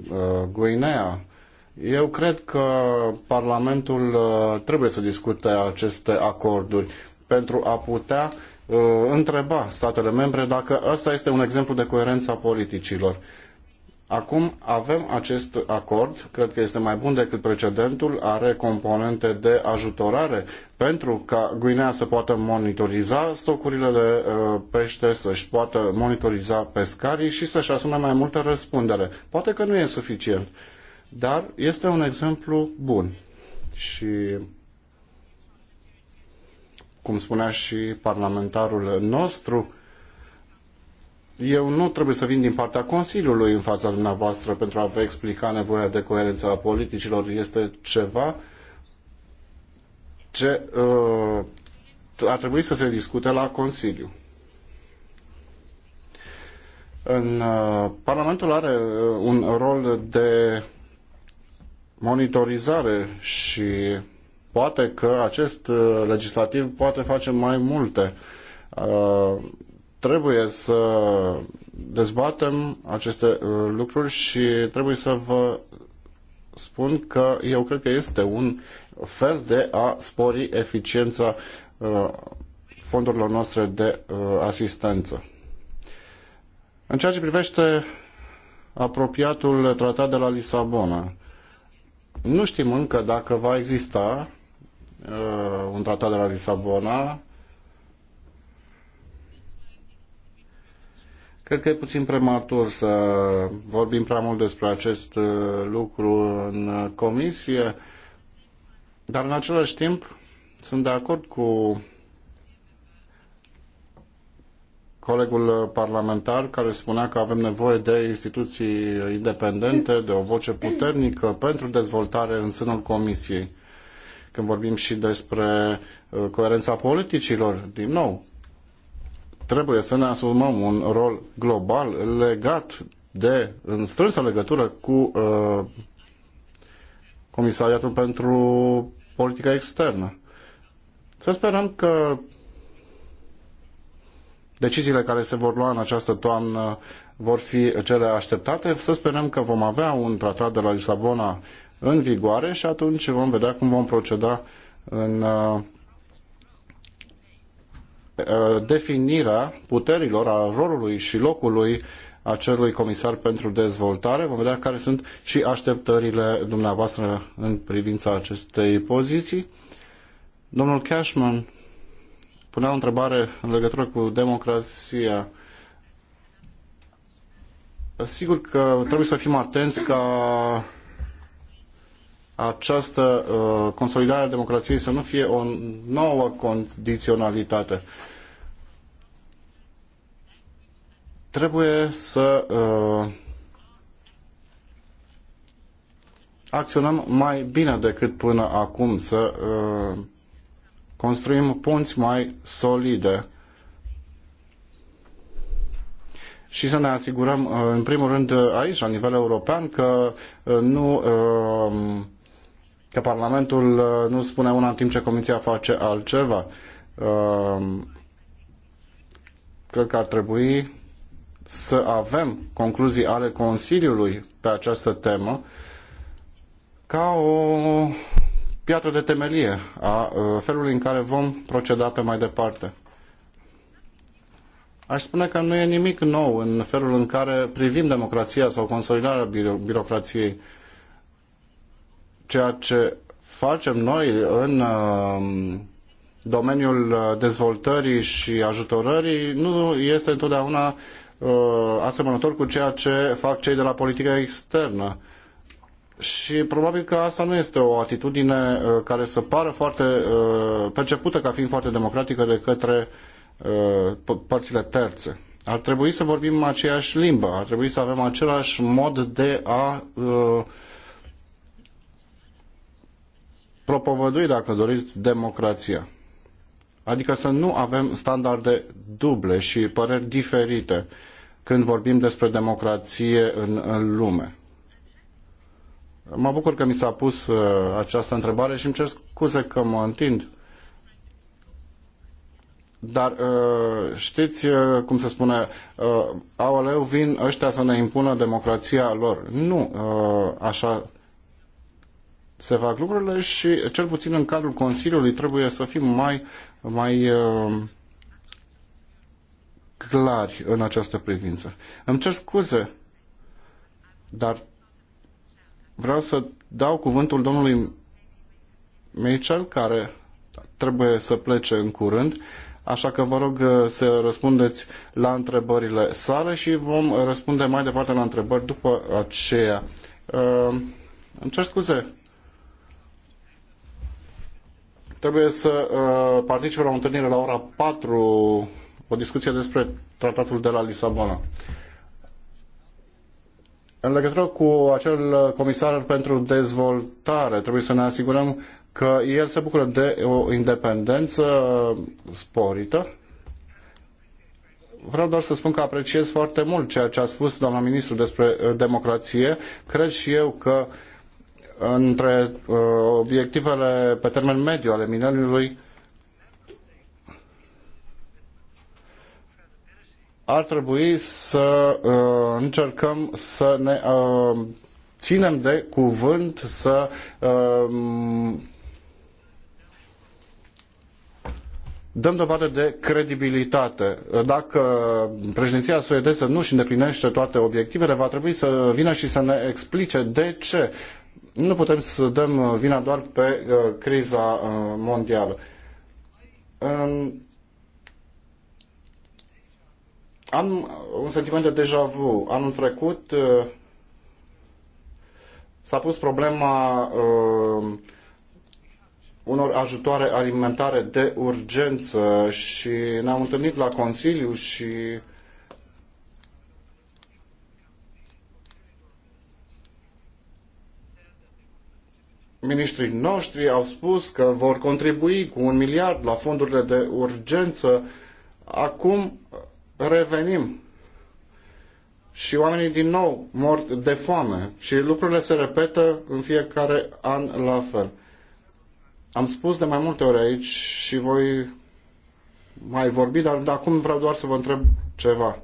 Guinea, eu cred că Parlamentul trebuie să discute aceste acorduri pentru a putea Uh, întreba statele membre dacă ăsta este un exemplu de coerență a politicilor. Acum avem acest acord, cred că este mai bun decât precedentul, are componente de ajutorare pentru ca Guinea să poată monitoriza stocurile de uh, pește, să-și poată monitoriza pescarii și să-și asume mai multă răspundere. Poate că nu e suficient, dar este un exemplu bun. Și cum spunea și parlamentarul nostru, eu nu trebuie să vin din partea Consiliului în fața dumneavoastră pentru a vă explica nevoia de coerență a politicilor. Este ceva ce uh, ar trebui să se discute la Consiliu. În, uh, Parlamentul are uh, un rol de monitorizare și poate că acest uh, legislativ poate face mai multe. Uh, trebuie să dezbatem aceste uh, lucruri și trebuie să vă spun că eu cred că este un fel de a spori eficiența fondurilor noastre de asistență. În ceea ce privește apropiatul tratat de la Lisabona, nu știm încă dacă va exista Uh, un tratat de la Lisabona. Cred că e puțin prematur să vorbim prea mult despre acest uh, lucru în comisie, dar în același timp sunt de acord cu colegul parlamentar care spunea că avem nevoie de instituții independente, de o voce puternică pentru dezvoltare în sânul Comisiei când vorbim și despre uh, coerența politicilor, din nou, trebuie să ne asumăm un rol global legat de, în strânsă legătură cu uh, Comisariatul pentru Politica Externă. Să sperăm că deciziile care se vor lua în această toamnă vor fi cele așteptate. Să sperăm că vom avea un tratat de la Lisabona în vigoare și atunci vom vedea cum vom proceda în uh, uh, definirea puterilor, a rolului și locului acelui comisar pentru dezvoltare. Vom vedea care sunt și așteptările dumneavoastră în privința acestei poziții. Domnul Cashman punea o întrebare în legătură cu democrația. Sigur că trebuie să fim atenți ca această uh, consolidare a democrației să nu fie o nouă condiționalitate. Trebuie să uh, acționăm mai bine decât până acum, să uh, construim punți mai solide și să ne asigurăm, uh, în primul rând, uh, aici, la nivel european, că uh, nu uh, că Parlamentul uh, nu spune una în timp ce Comisia face altceva. Um, cred că ar trebui să avem concluzii ale Consiliului pe această temă ca o piatră de temelie a uh, felului în care vom proceda pe mai departe. Aș spune că nu e nimic nou în felul în care privim democrația sau consolidarea biro- birocrației ceea ce facem noi în um, domeniul dezvoltării și ajutorării nu este întotdeauna uh, asemănător cu ceea ce fac cei de la politica externă. Și probabil că asta nu este o atitudine uh, care să pară foarte uh, percepută ca fiind foarte democratică de către părțile terțe. Ar trebui să vorbim aceeași limbă, ar trebui să avem același mod de a propovădui, dacă doriți, democrația. Adică să nu avem standarde duble și păreri diferite când vorbim despre democrație în, în lume. Mă bucur că mi s-a pus uh, această întrebare și îmi cer scuze că mă întind. Dar uh, știți uh, cum se spune, uh, aoleu, vin ăștia să ne impună democrația lor. Nu uh, așa se fac lucrurile și cel puțin în cadrul Consiliului trebuie să fim mai, mai uh, clari în această privință. Îmi cer scuze, dar vreau să dau cuvântul domnului Mitchell, care trebuie să plece în curând, așa că vă rog uh, să răspundeți la întrebările sale și vom răspunde mai departe la întrebări după aceea. Uh, îmi cer scuze, trebuie să uh, participe la o întâlnire la ora 4, o discuție despre tratatul de la Lisabona. În legătură cu acel comisar pentru dezvoltare, trebuie să ne asigurăm că el se bucură de o independență sporită. Vreau doar să spun că apreciez foarte mult ceea ce a spus doamna ministru despre uh, democrație. Cred și eu că uh, între uh, obiectivele pe termen mediu ale mileniului ar trebui să uh, încercăm să ne uh, ținem de cuvânt, să uh, dăm dovadă de credibilitate. Dacă președinția suedeză nu își îndeplinește toate obiectivele, va trebui să vină și să ne explice de ce nu putem să dăm uh, vina doar pe uh, criza uh, mondială. Am un sentiment de deja vu. Anul trecut s-a pus problema unor ajutoare alimentare de urgență și ne-am întâlnit la Consiliu și Ministrii noștri au spus că vor contribui cu un miliard la fondurile de urgență. Acum revenim și oamenii din nou mor de foame și lucrurile se repetă în fiecare an la fel. Am spus de mai multe ori aici și voi mai vorbi, dar acum vreau doar să vă întreb ceva.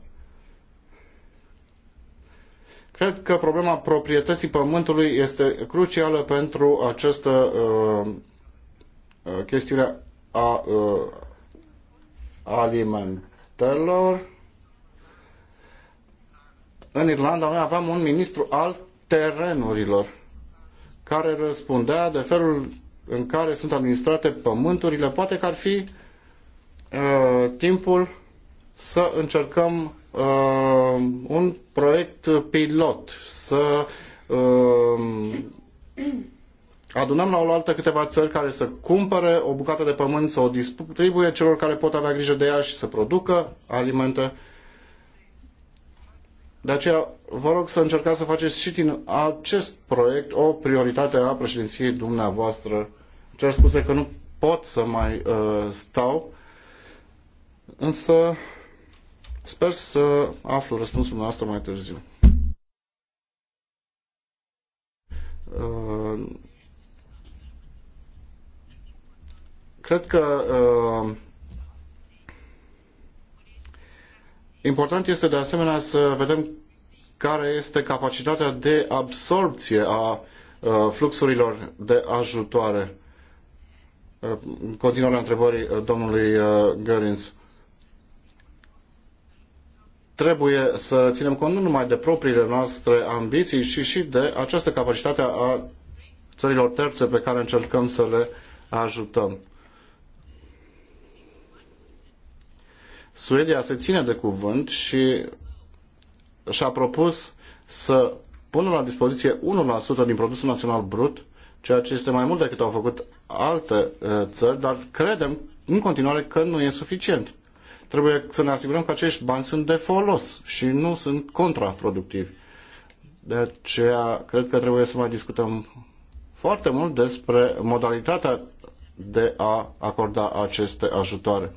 Cred că problema proprietății pământului este crucială pentru această uh, uh, chestiune a uh, alimentelor. În Irlanda noi aveam un ministru al terenurilor care răspundea de felul în care sunt administrate pământurile. Poate că ar fi uh, timpul să încercăm uh, un proiect pilot, să uh, adunăm la oaltă câteva țări care să cumpere o bucată de pământ, să o distribuie celor care pot avea grijă de ea și să producă alimente. De aceea vă rog să încercați să faceți și din acest proiect o prioritate a președinției dumneavoastră. Cer scuze că nu pot să mai uh, stau, însă Sper să aflu răspunsul dumneavoastră mai târziu. Uh, cred că uh, important este de asemenea să vedem care este capacitatea de absorpție a uh, fluxurilor de ajutoare. Continuarea întrebării domnului Görins trebuie să ținem cont nu numai de propriile noastre ambiții, ci și de această capacitate a țărilor terțe pe care încercăm să le ajutăm. Suedia se ține de cuvânt și și-a propus să pună la dispoziție 1% din produsul național brut, ceea ce este mai mult decât au făcut alte eh, țări, dar credem în continuare că nu e suficient. Trebuie să ne asigurăm că acești bani sunt de folos și nu sunt contraproductivi. De aceea, cred că trebuie să mai discutăm foarte mult despre modalitatea de a acorda aceste ajutoare.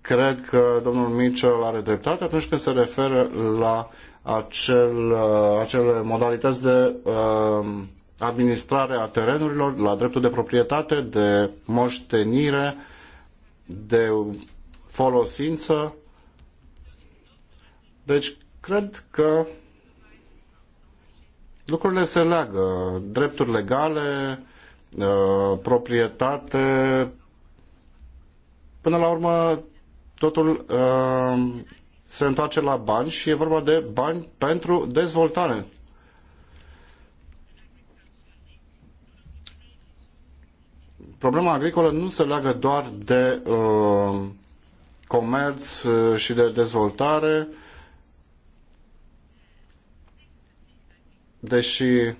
Cred că domnul Mitchell are dreptate atunci când se referă la acel, uh, acele modalități de uh, administrare a terenurilor, la dreptul de proprietate, de moștenire, de folosință. Deci, cred că lucrurile se leagă. Drepturi legale, uh, proprietate, până la urmă totul uh, se întoarce la bani și e vorba de bani pentru dezvoltare. Problema agricolă nu se leagă doar de uh, comerț uh, și de dezvoltare, deși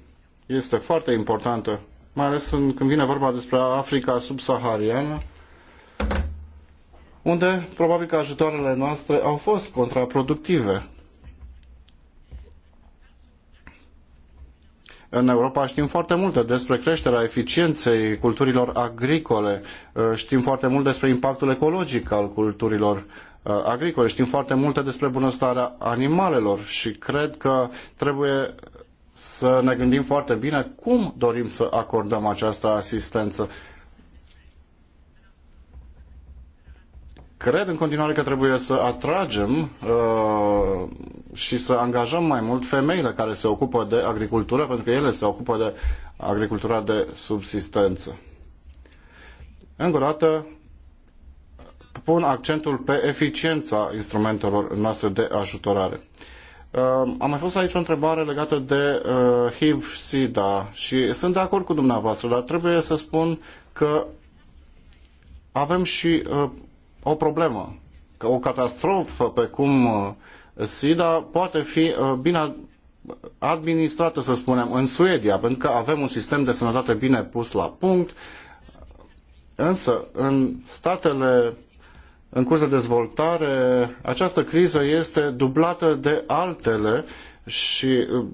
este foarte importantă, mai ales când vine vorba despre Africa subsahariană, unde probabil că ajutoarele noastre au fost contraproductive. În Europa știm foarte multe despre creșterea eficienței culturilor agricole, uh, știm foarte mult despre impactul ecologic al culturilor uh, agricole, știm foarte multe despre bunăstarea animalelor și cred că trebuie să ne gândim foarte bine cum dorim să acordăm această asistență Cred în continuare că trebuie să atragem uh, și să angajăm mai mult femeile care se ocupă de agricultură, pentru că ele se ocupă de agricultura de subsistență. Încă o dată, pun accentul pe eficiența instrumentelor noastre de ajutorare. Uh, a mai fost aici o întrebare legată de uh, HIV-SIDA și sunt de acord cu dumneavoastră, dar trebuie să spun că avem și uh, o problemă, că o catastrofă pe cum uh, SIDA poate fi uh, bine administrată, să spunem, în Suedia, pentru că avem un sistem de sănătate bine pus la punct, însă în statele în curs de dezvoltare, această criză este dublată de altele și uh,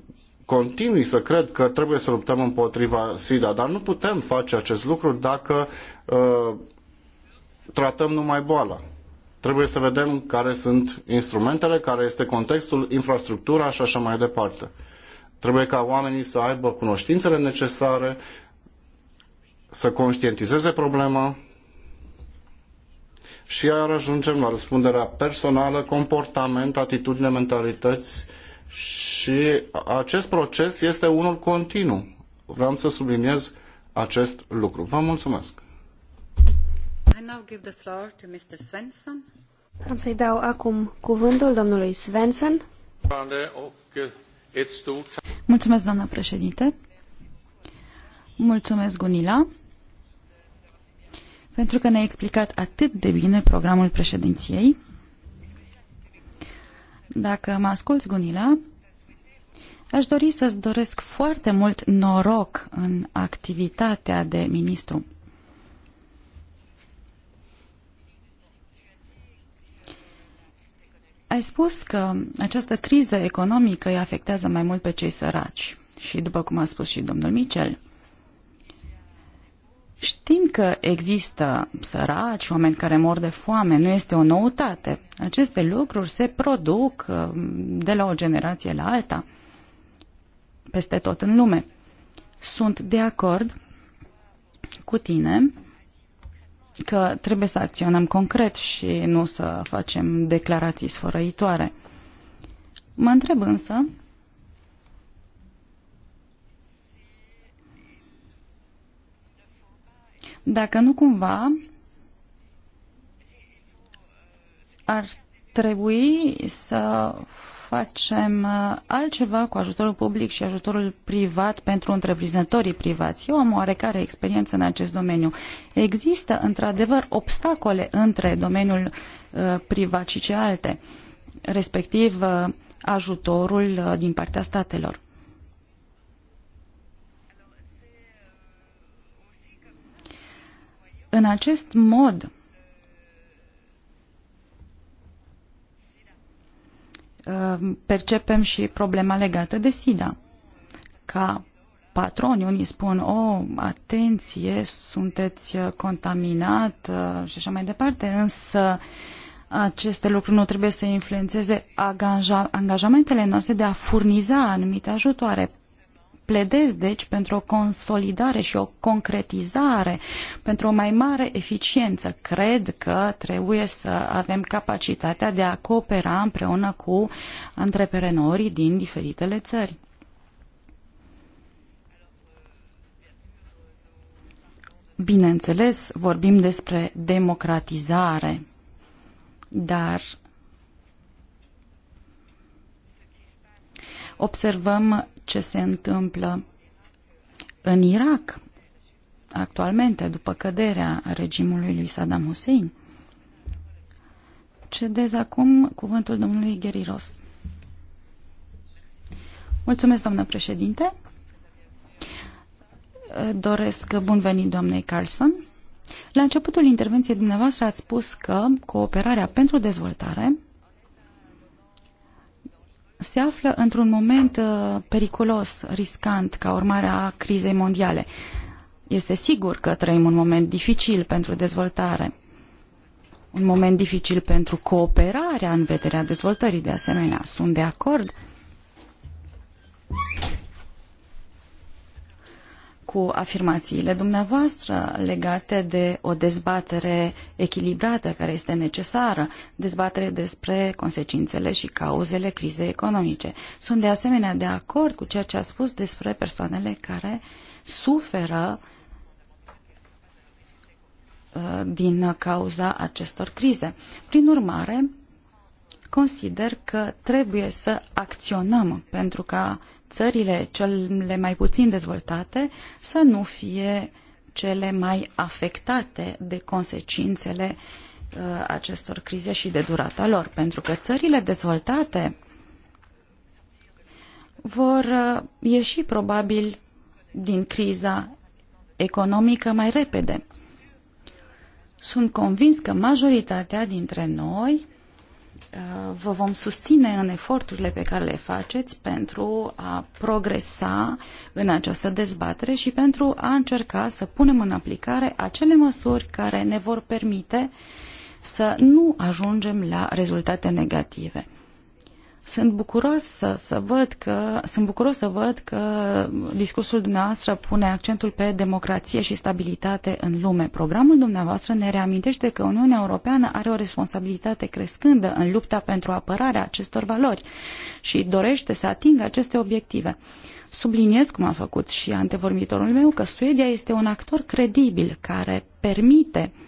continui să cred că trebuie să luptăm împotriva SIDA, dar nu putem face acest lucru dacă uh, tratăm numai boala. Trebuie să vedem care sunt instrumentele, care este contextul, infrastructura și așa mai departe. Trebuie ca oamenii să aibă cunoștințele necesare, să conștientizeze problema și iar ajungem la răspunderea personală, comportament, atitudine, mentalități și acest proces este unul continuu. Vreau să subliniez acest lucru. Vă mulțumesc! now Am să-i dau acum cuvântul domnului Svensson. Mulțumesc, doamnă președinte. Mulțumesc, Gunila, pentru că ne-ai explicat atât de bine programul președinției. Dacă mă asculți, Gunila, aș dori să-ți doresc foarte mult noroc în activitatea de ministru Ai spus că această criză economică îi afectează mai mult pe cei săraci și, după cum a spus și domnul Michel, Știm că există săraci, oameni care mor de foame, nu este o noutate. Aceste lucruri se produc uh, de la o generație la alta, peste tot în lume. Sunt de acord cu tine că trebuie să acționăm concret și nu să facem declarații sfărăitoare. Mă întreb însă dacă nu cumva ar trebui să facem uh, altceva cu ajutorul public și ajutorul privat pentru întreprinzătorii privați. Eu am oarecare experiență în acest domeniu. Există, într-adevăr, obstacole între domeniul uh, privat și ce alte, respectiv uh, ajutorul din partea statelor. În acest mod, Uh, percepem și problema legată de SIDA. Ca patroni, unii spun, o, oh, atenție, sunteți uh, contaminat uh, și așa mai departe, însă aceste lucruri nu trebuie să influențeze angajamentele noastre de a furniza anumite ajutoare. Pledez, deci, pentru o consolidare și o concretizare, pentru o mai mare eficiență. Cred că trebuie să avem capacitatea de a coopera împreună cu antreprenorii din diferitele țări. Bineînțeles, vorbim despre democratizare, dar observăm ce se întâmplă în Irak actualmente, după căderea regimului lui Saddam Hussein. Cedez acum cuvântul domnului Gheriros. Mulțumesc, doamnă președinte. Doresc bun venit doamnei Carlson. La începutul intervenției dumneavoastră ați spus că cooperarea pentru dezvoltare se află într-un moment uh, periculos, riscant, ca urmare a crizei mondiale. Este sigur că trăim un moment dificil pentru dezvoltare, un moment dificil pentru cooperarea în vederea dezvoltării, de asemenea. Sunt de acord cu afirmațiile dumneavoastră legate de o dezbatere echilibrată care este necesară, dezbatere despre consecințele și cauzele crizei economice. Sunt de asemenea de acord cu ceea ce a spus despre persoanele care suferă uh, din cauza acestor crize. Prin urmare, consider că trebuie să acționăm pentru ca țările cele mai puțin dezvoltate să nu fie cele mai afectate de consecințele uh, acestor crize și de durata lor, pentru că țările dezvoltate vor uh, ieși probabil din criza economică mai repede. Sunt convins că majoritatea dintre noi Uh, vă vom susține în eforturile pe care le faceți pentru a progresa în această dezbatere și pentru a încerca să punem în aplicare acele măsuri care ne vor permite să nu ajungem la rezultate negative. Sunt bucuros să, să văd că, sunt bucuros să văd că discursul dumneavoastră pune accentul pe democrație și stabilitate în lume. Programul dumneavoastră ne reamintește că Uniunea Europeană are o responsabilitate crescândă în lupta pentru apărarea acestor valori și dorește să atingă aceste obiective. Subliniez, cum a făcut și antevormitorul meu, că Suedia este un actor credibil care permite uh,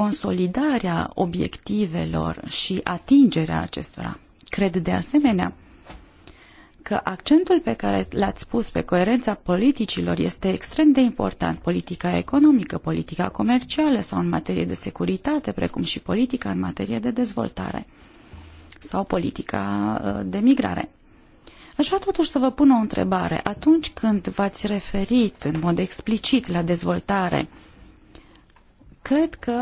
consolidarea obiectivelor și atingerea acestora. Cred de asemenea că accentul pe care l-ați pus pe coerența politicilor este extrem de important. Politica economică, politica comercială sau în materie de securitate, precum și politica în materie de dezvoltare sau politica ă, de migrare. Aș vrea totuși să vă pun o întrebare. Atunci când v-ați referit în mod explicit la dezvoltare Cred că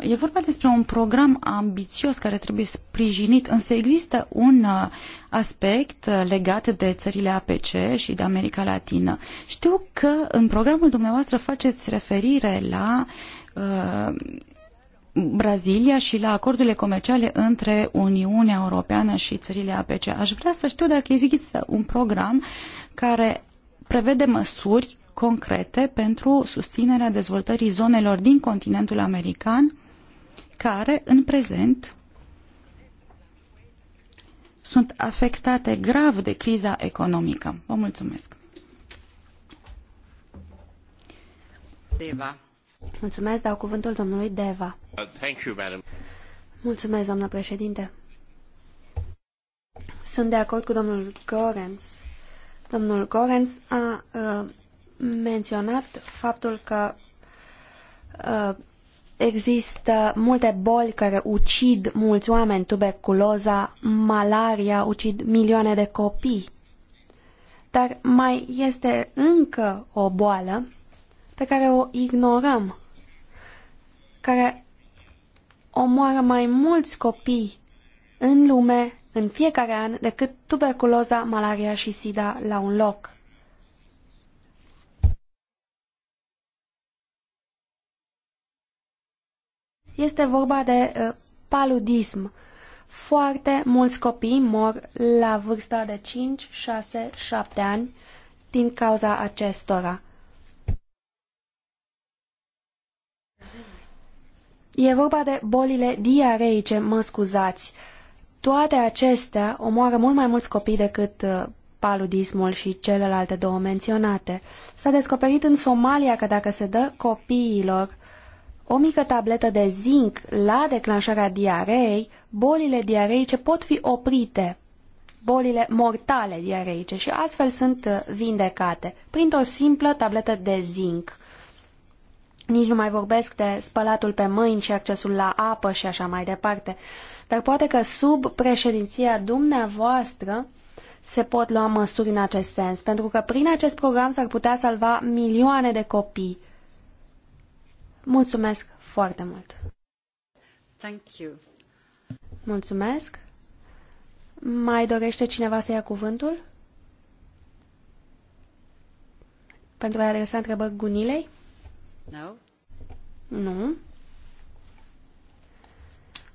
e vorba despre un program ambițios care trebuie sprijinit, însă există un uh, aspect uh, legat de țările APC și de America Latină. Știu că în programul dumneavoastră faceți referire la uh, Brazilia și la acordurile comerciale între Uniunea Europeană și țările APC. Aș vrea să știu dacă există un program care prevede măsuri concrete pentru susținerea dezvoltării zonelor din continentul american, care în prezent sunt afectate grav de criza economică. Vă mulțumesc! Deva. Mulțumesc, dau cuvântul domnului Deva. Uh, thank you, madam. Mulțumesc, doamnă președinte. Sunt de acord cu domnul Gorenz. Domnul Gorenz a uh, menționat faptul că uh, există multe boli care ucid mulți oameni, tuberculoza, malaria, ucid milioane de copii. Dar mai este încă o boală pe care o ignorăm, care omoară mai mulți copii în lume în fiecare an decât tuberculoza, malaria și sida la un loc. Este vorba de uh, paludism. Foarte mulți copii mor la vârsta de 5, 6, 7 ani din cauza acestora. E vorba de bolile diareice, mă scuzați. Toate acestea omoară mult mai mulți copii decât uh, paludismul și celelalte două menționate. S-a descoperit în Somalia că dacă se dă copiilor o mică tabletă de zinc la declanșarea diareei, bolile diareice pot fi oprite, bolile mortale diareice și astfel sunt uh, vindecate printr-o simplă tabletă de zinc. Nici nu mai vorbesc de spălatul pe mâini și accesul la apă și așa mai departe. Dar poate că sub președinția dumneavoastră se pot lua măsuri în acest sens, pentru că prin acest program s-ar putea salva milioane de copii Mulțumesc foarte mult! Thank you. Mulțumesc! Mai dorește cineva să ia cuvântul? Pentru a adresa întrebări Gunilei? No. Nu.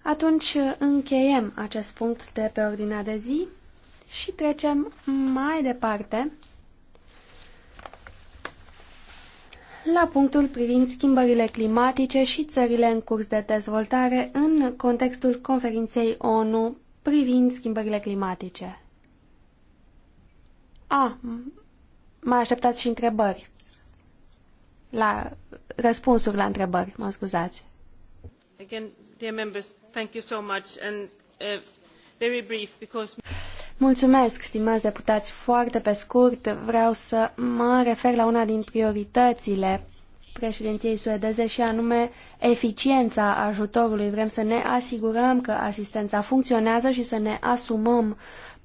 Atunci încheiem acest punct de pe ordinea de zi și trecem mai departe la punctul privind schimbările climatice și țările în curs de dezvoltare în contextul conferinței ONU privind schimbările climatice. A, mai așteptați și întrebări. La răspunsuri la întrebări, mă scuzați. Again, dear members, thank you so much and uh, Mulțumesc, stimați deputați, foarte pe scurt vreau să mă refer la una din prioritățile președinției suedeze și anume eficiența ajutorului. Vrem să ne asigurăm că asistența funcționează și să ne asumăm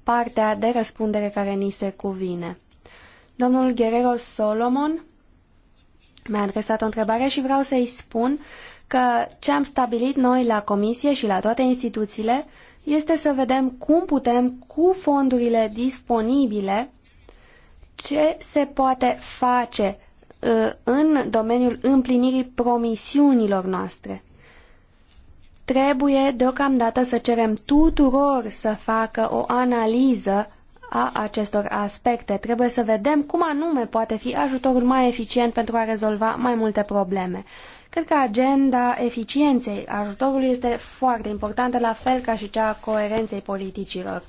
partea de răspundere care ni se cuvine. Domnul Guerrero Solomon mi-a adresat o întrebare și vreau să-i spun că ce am stabilit noi la Comisie și la toate instituțiile este să vedem cum putem, cu fondurile disponibile, ce se poate face uh, în domeniul împlinirii promisiunilor noastre. Trebuie deocamdată să cerem tuturor să facă o analiză a acestor aspecte. Trebuie să vedem cum anume poate fi ajutorul mai eficient pentru a rezolva mai multe probleme. Cred că agenda eficienței ajutorului este foarte importantă, la fel ca și cea a coerenței politicilor.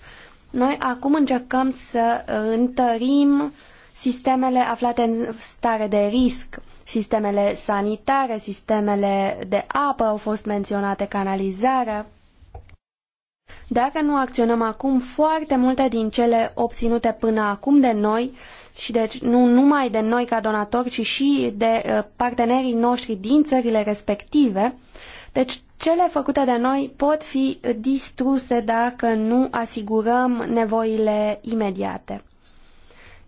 Noi acum încercăm să întărim sistemele aflate în stare de risc. Sistemele sanitare, sistemele de apă au fost menționate, canalizarea. Dacă nu acționăm acum, foarte multe din cele obținute până acum de noi și deci nu numai de noi ca donatori, ci și de uh, partenerii noștri din țările respective. Deci cele făcute de noi pot fi distruse dacă nu asigurăm nevoile imediate.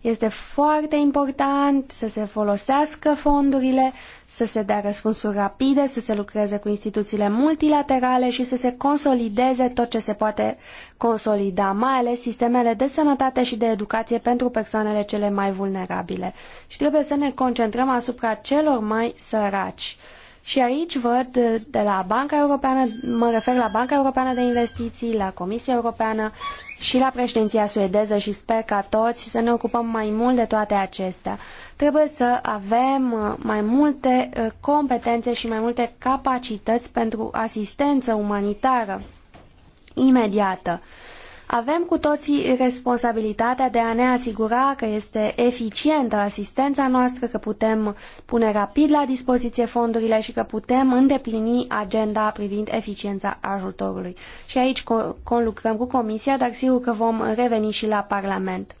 Este foarte important să se folosească fondurile, să se dea răspunsuri rapide, să se lucreze cu instituțiile multilaterale și să se consolideze tot ce se poate consolida, mai ales sistemele de sănătate și de educație pentru persoanele cele mai vulnerabile. Și trebuie să ne concentrăm asupra celor mai săraci. Și aici văd de la Banca Europeană, mă refer la Banca Europeană de Investiții, la Comisia Europeană, și la președinția suedeză și sper ca toți să ne ocupăm mai mult de toate acestea. Trebuie să avem uh, mai multe uh, competențe și mai multe capacități pentru asistență umanitară imediată. Avem cu toții responsabilitatea de a ne asigura că este eficientă asistența noastră, că putem pune rapid la dispoziție fondurile și că putem îndeplini agenda privind eficiența ajutorului. Și aici conlucrăm cu Comisia, dar sigur că vom reveni și la Parlament.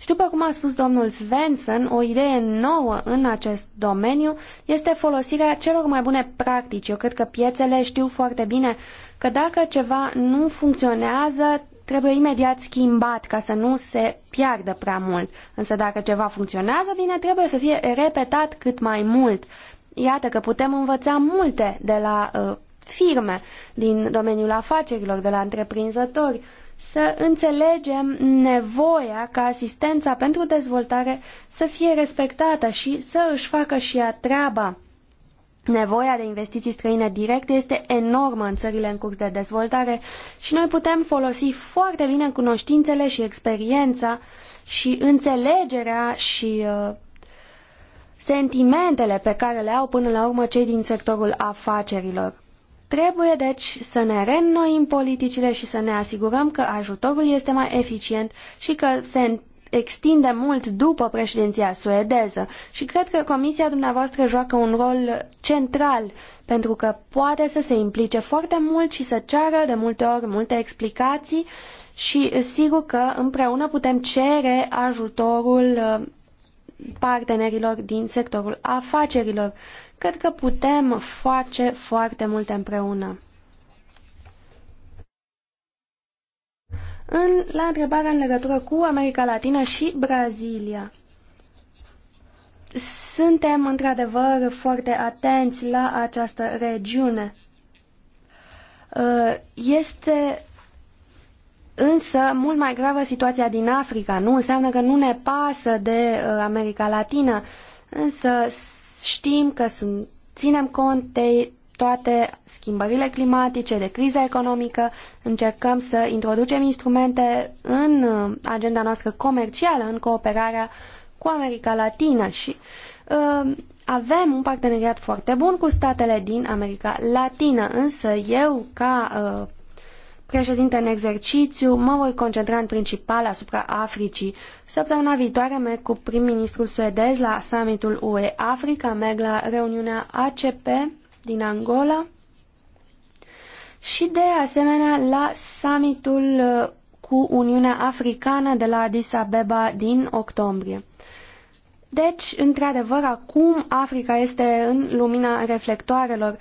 Și după cum a spus domnul Svensson, o idee nouă în acest domeniu este folosirea celor mai bune practici. Eu cred că piețele știu foarte bine că dacă ceva nu funcționează, trebuie imediat schimbat ca să nu se piardă prea mult. Însă dacă ceva funcționează bine, trebuie să fie repetat cât mai mult. Iată că putem învăța multe de la uh, firme, din domeniul afacerilor, de la întreprinzători, să înțelegem nevoia ca asistența pentru dezvoltare să fie respectată și să își facă și ea treaba. Nevoia de investiții străine directe este enormă în țările în curs de dezvoltare și noi putem folosi foarte bine cunoștințele și experiența și înțelegerea și uh, sentimentele pe care le au până la urmă cei din sectorul afacerilor. Trebuie deci să ne reînnoim politicile și să ne asigurăm că ajutorul este mai eficient și că se extinde mult după președinția suedeză și cred că comisia dumneavoastră joacă un rol central pentru că poate să se implice foarte mult și să ceară de multe ori multe explicații și sigur că împreună putem cere ajutorul uh, partenerilor din sectorul afacerilor. Cred că putem face foarte multe împreună. în, la întrebarea în legătură cu America Latină și Brazilia. Suntem într-adevăr foarte atenți la această regiune. Uh, este însă mult mai gravă situația din Africa. Nu înseamnă că nu ne pasă de uh, America Latină, însă știm că sunt, ținem cont de toate schimbările climatice, de criza economică, încercăm să introducem instrumente în uh, agenda noastră comercială, în cooperarea cu America Latină și uh, avem un parteneriat foarte bun cu statele din America Latină, însă eu, ca uh, președinte în exercițiu, mă voi concentra în principal asupra Africii. Săptămâna viitoare merg cu prim-ministrul suedez la summitul UE Africa, merg la reuniunea ACP din Angola și de asemenea la summitul uh, cu Uniunea Africană de la Addis Abeba din octombrie. Deci, într-adevăr, acum Africa este în lumina reflectoarelor,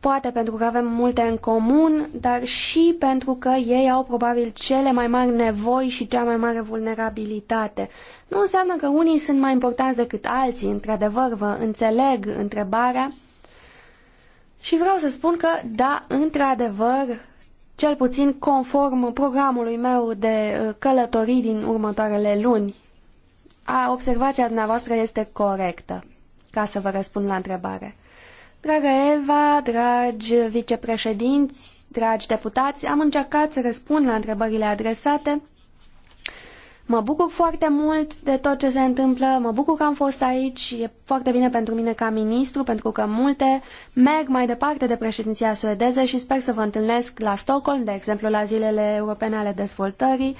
poate pentru că avem multe în comun, dar și pentru că ei au probabil cele mai mari nevoi și cea mai mare vulnerabilitate. Nu înseamnă că unii sunt mai importanți decât alții, într-adevăr, vă înțeleg întrebarea, și vreau să spun că, da, într-adevăr, cel puțin conform programului meu de uh, călătorii din următoarele luni, a, observația dumneavoastră este corectă, ca să vă răspund la întrebare. Dragă Eva, dragi vicepreședinți, dragi deputați, am încercat să răspund la întrebările adresate Mă bucur foarte mult de tot ce se întâmplă, mă bucur că am fost aici, e foarte bine pentru mine ca ministru, pentru că multe merg mai departe de președinția suedeză și sper să vă întâlnesc la Stockholm, de exemplu la Zilele Europene ale Dezvoltării.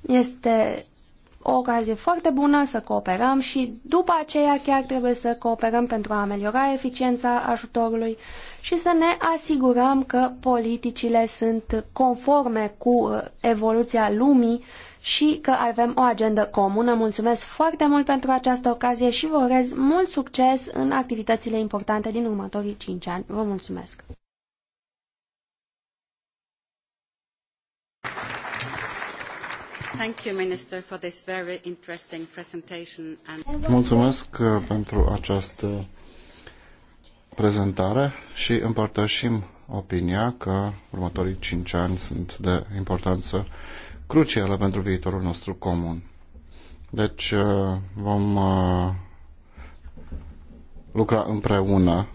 Este o ocazie foarte bună să cooperăm și după aceea chiar trebuie să cooperăm pentru a ameliora eficiența ajutorului și să ne asigurăm că politicile sunt conforme cu uh, evoluția lumii și că avem o agendă comună. Mulțumesc foarte mult pentru această ocazie și vă urez mult succes în activitățile importante din următorii 5 ani. Vă mulțumesc! Mulțumesc uh, pentru această prezentare și împărtășim opinia că următorii cinci ani sunt de importanță crucială pentru viitorul nostru comun. Deci uh, vom uh, lucra împreună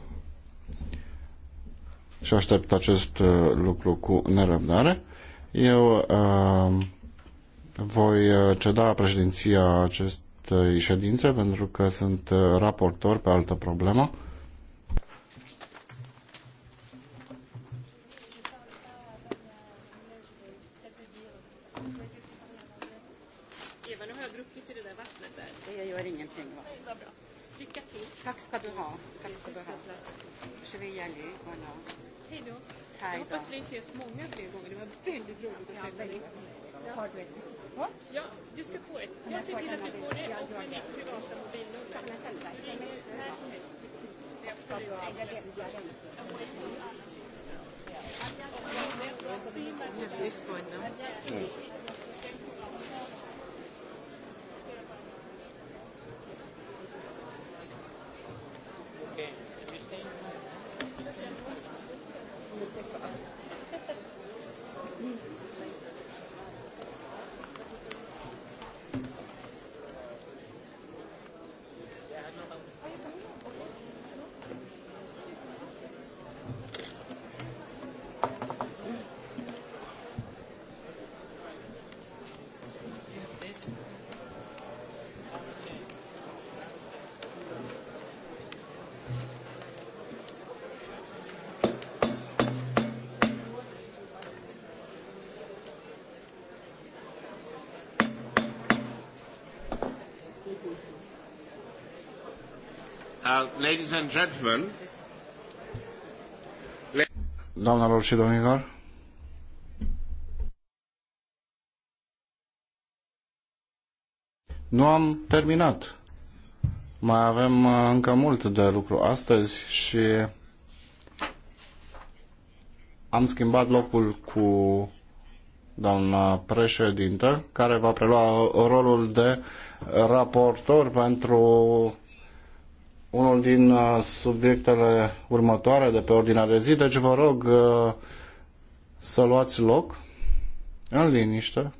și aștept acest uh, lucru cu nerăbdare. Eu voi ceda președinția acestei ședințe pentru că sunt raportor pe altă problemă. Jag ser till att du får det och med mitt privata mobilnummer. Samma sällskap. You ladies and gentlemen. Doamnelor și domnilor. Nu am terminat. Mai avem uh, încă mult de lucru astăzi și am schimbat locul cu doamna președintă, care va prelua rolul de raportor pentru unul din uh, subiectele următoare de pe ordinea de zi, deci vă rog uh, să luați loc în liniște.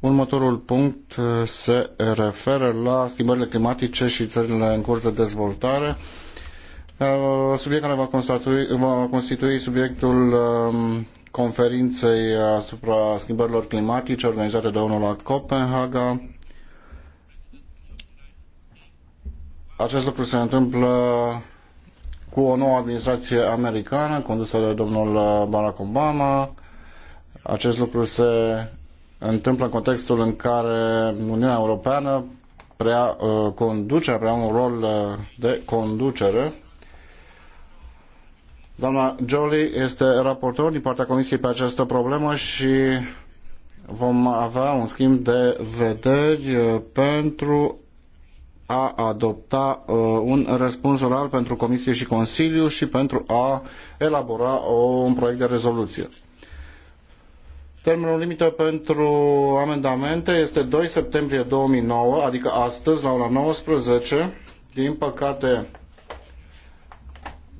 Următorul punct uh, se referă la schimbările climatice și țările în curs de dezvoltare. Subiect care va constitui, va constitui subiectul um, conferinței asupra schimbărilor climatice organizate de ONU la Copenhaga. Acest lucru se întâmplă cu o nouă administrație americană condusă de domnul Barack Obama. Acest lucru se întâmplă în contextul în care Uniunea Europeană prea, conducerea uh, conduce, prea un rol uh, de conducere Doamna Jolie este raportor din partea Comisiei pe această problemă și vom avea un schimb de vederi uh, pentru a adopta uh, un răspuns oral pentru Comisie și Consiliu și pentru a elabora un proiect de rezoluție. Termenul limită pentru amendamente este 2 septembrie 2009, adică astăzi la ora 19. Din păcate,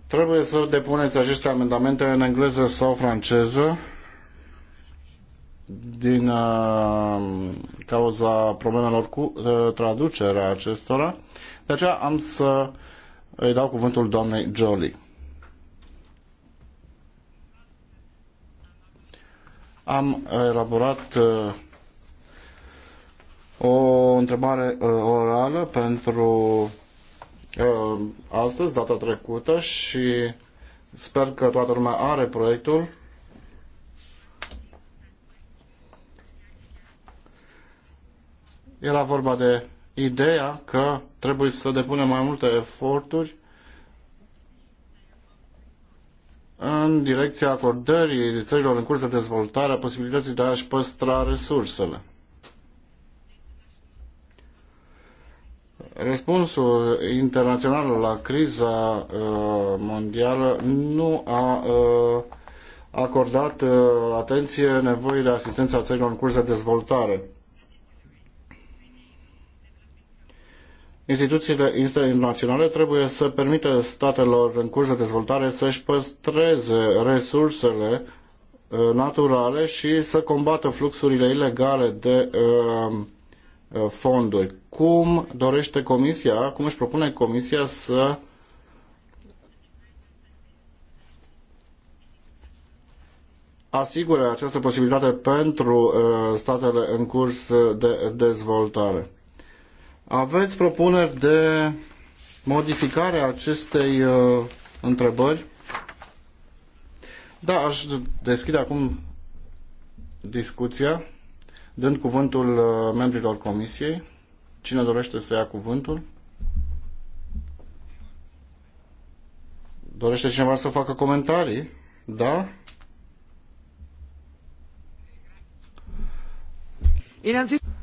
Trebuie să depuneți aceste amendamente în engleză sau franceză din uh, cauza problemelor cu uh, traducerea acestora. De aceea am să îi dau cuvântul doamnei Jolie. Am elaborat uh, o întrebare uh, orală pentru Uh, astăzi, data trecută și sper că toată lumea are proiectul. Era vorba de ideea că trebuie să depunem mai multe eforturi în direcția acordării țărilor în curs de dezvoltare a posibilității de a-și păstra resursele. Răspunsul internațional la criza uh, mondială nu a uh, acordat uh, atenție nevoii de asistență a țărilor în curs de dezvoltare. Instituțiile internaționale trebuie să permită statelor în curs de dezvoltare să-și păstreze resursele naturale și să combată fluxurile ilegale de uh, Uh, fonduri. Cum dorește Comisia, cum își propune Comisia să asigure această posibilitate pentru uh, statele în curs de dezvoltare? Aveți propuneri de modificare a acestei uh, întrebări? Da, aș deschide acum discuția dând cuvântul uh, membrilor comisiei. Cine dorește să ia cuvântul? Dorește cineva să facă comentarii? Da?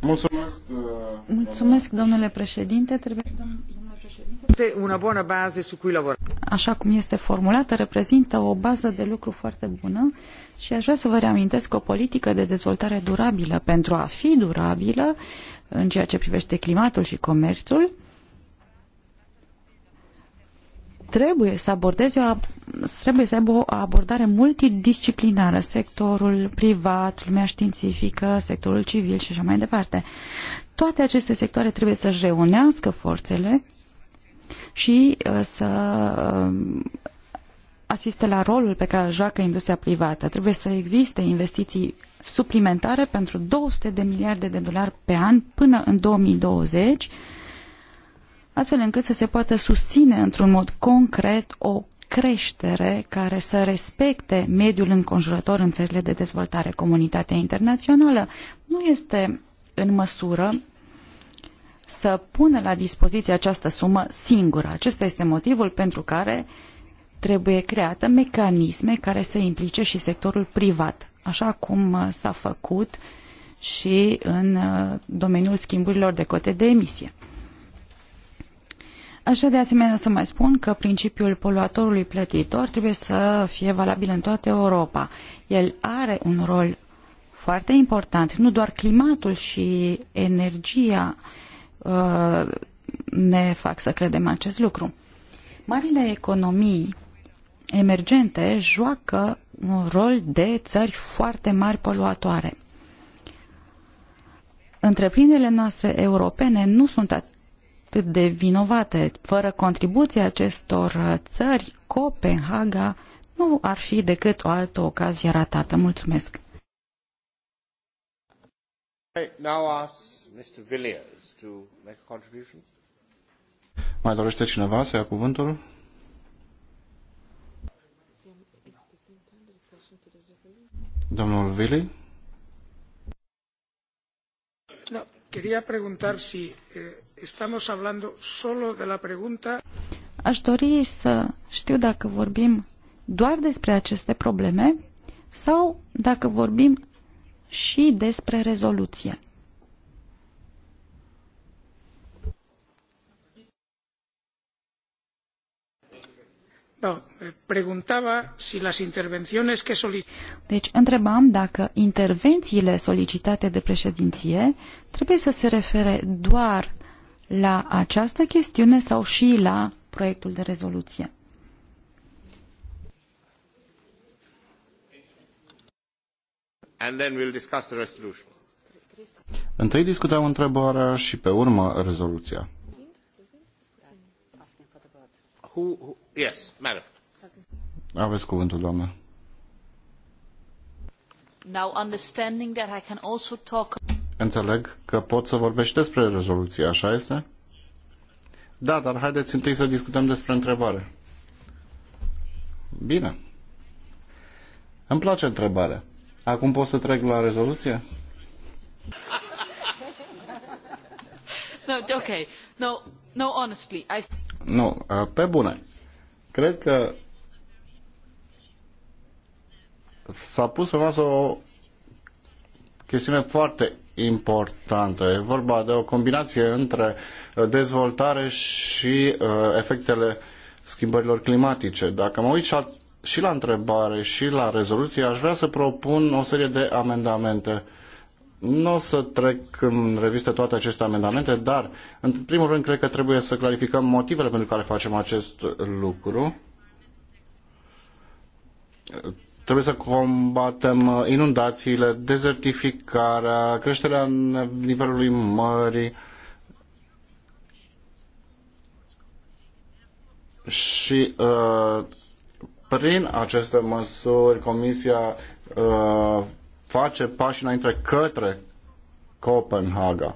Mulțumesc, uh, Mulțumesc domnule președinte. Trebuie, domnule președinte. Una bună bază su cui lavora așa cum este formulată, reprezintă o bază de lucru foarte bună și aș vrea să vă reamintesc că o politică de dezvoltare durabilă, pentru a fi durabilă în ceea ce privește climatul și comerțul, trebuie să abordeze o, trebuie să aibă o abordare multidisciplinară, sectorul privat, lumea științifică, sectorul civil și așa mai departe. Toate aceste sectoare trebuie să-și reunească forțele și uh, să um, asiste la rolul pe care îl joacă industria privată. Trebuie să existe investiții suplimentare pentru 200 de miliarde de dolari pe an până în 2020, astfel încât să se poată susține într-un mod concret o creștere care să respecte mediul înconjurător în țările de dezvoltare. Comunitatea internațională nu este în măsură să pună la dispoziție această sumă singură. Acesta este motivul pentru care trebuie creată mecanisme care să implice și sectorul privat, așa cum uh, s-a făcut și în uh, domeniul schimburilor de cote de emisie. Așa de asemenea să mai spun că principiul poluatorului plătitor trebuie să fie valabil în toată Europa. El are un rol foarte important, nu doar climatul și energia uh, Uh, ne fac să credem acest lucru. Marile economii emergente joacă un rol de țări foarte mari poluatoare. Întreprinderile noastre europene nu sunt atât de vinovate. Fără contribuția acestor țări, Copenhaga nu ar fi decât o altă ocazie ratată. Mulțumesc! Now ask Mr. Villiers to make a contribution? Mai dorește cineva să ia cuvântul? Domnul Vili? No, quería preguntar si eh, estamos hablando solo de la pregunta... Aș dori să știu dacă vorbim doar despre aceste probleme sau dacă vorbim și despre rezoluție. Eh, deci întrebam dacă intervențiile solicitate de președinție trebuie să se refere doar la această chestiune sau și la proiectul de rezoluție. And then we'll discuss the resolution. Întâi discutăm întrebarea și pe urmă rezoluția. Who, who, Înțeleg că pot să vorbești despre rezoluție, așa este? Da, dar haideți întâi să discutăm despre întrebare. Bine. Îmi place întrebarea. Acum pot să trec la rezoluție? no, ok. No, no, honestly, I... Nu, pe bune. Cred că s-a pus pe masă o chestiune foarte importantă. E vorba de o combinație între uh, dezvoltare și uh, efectele schimbărilor climatice. Dacă mă uit și la întrebare și la rezoluție, aș vrea să propun o serie de amendamente uh, nu o să trec în revistă toate aceste amendamente, dar, în primul rând, cred că trebuie să clarificăm motivele pentru care facem acest lucru. Trebuie să combatem uh, inundațiile, dezertificarea, creșterea nivelului mării și uh, prin aceste măsuri Comisia uh, face pași înainte către Copenhaga,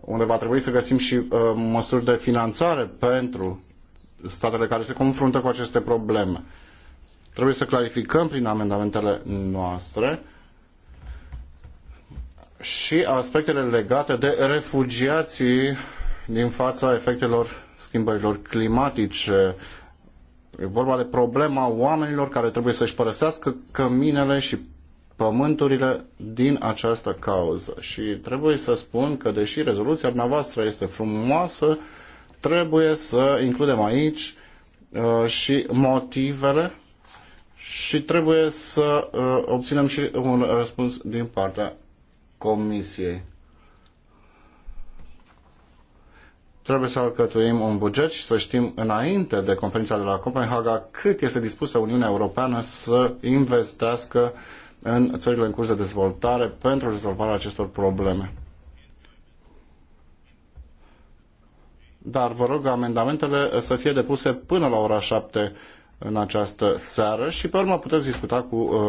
unde va trebui să găsim și uh, măsuri de finanțare pentru statele care se confruntă cu aceste probleme. Trebuie să clarificăm prin amendamentele noastre și aspectele legate de refugiații din fața efectelor schimbărilor climatice. E vorba de problema oamenilor care trebuie să-și părăsească căminele și pământurile din această cauză. Și trebuie să spun că, deși rezoluția noastră este frumoasă, trebuie să includem aici uh, și motivele și trebuie să uh, obținem și un răspuns din partea Comisiei. Trebuie să alcătuim un buget și să știm înainte de conferința de la Copenhaga cât este dispusă Uniunea Europeană să investească uh, în țările în curs de dezvoltare pentru rezolvarea acestor probleme. Dar vă rog amendamentele să fie depuse până la ora 7 în această seară și pe urmă puteți discuta cu uh,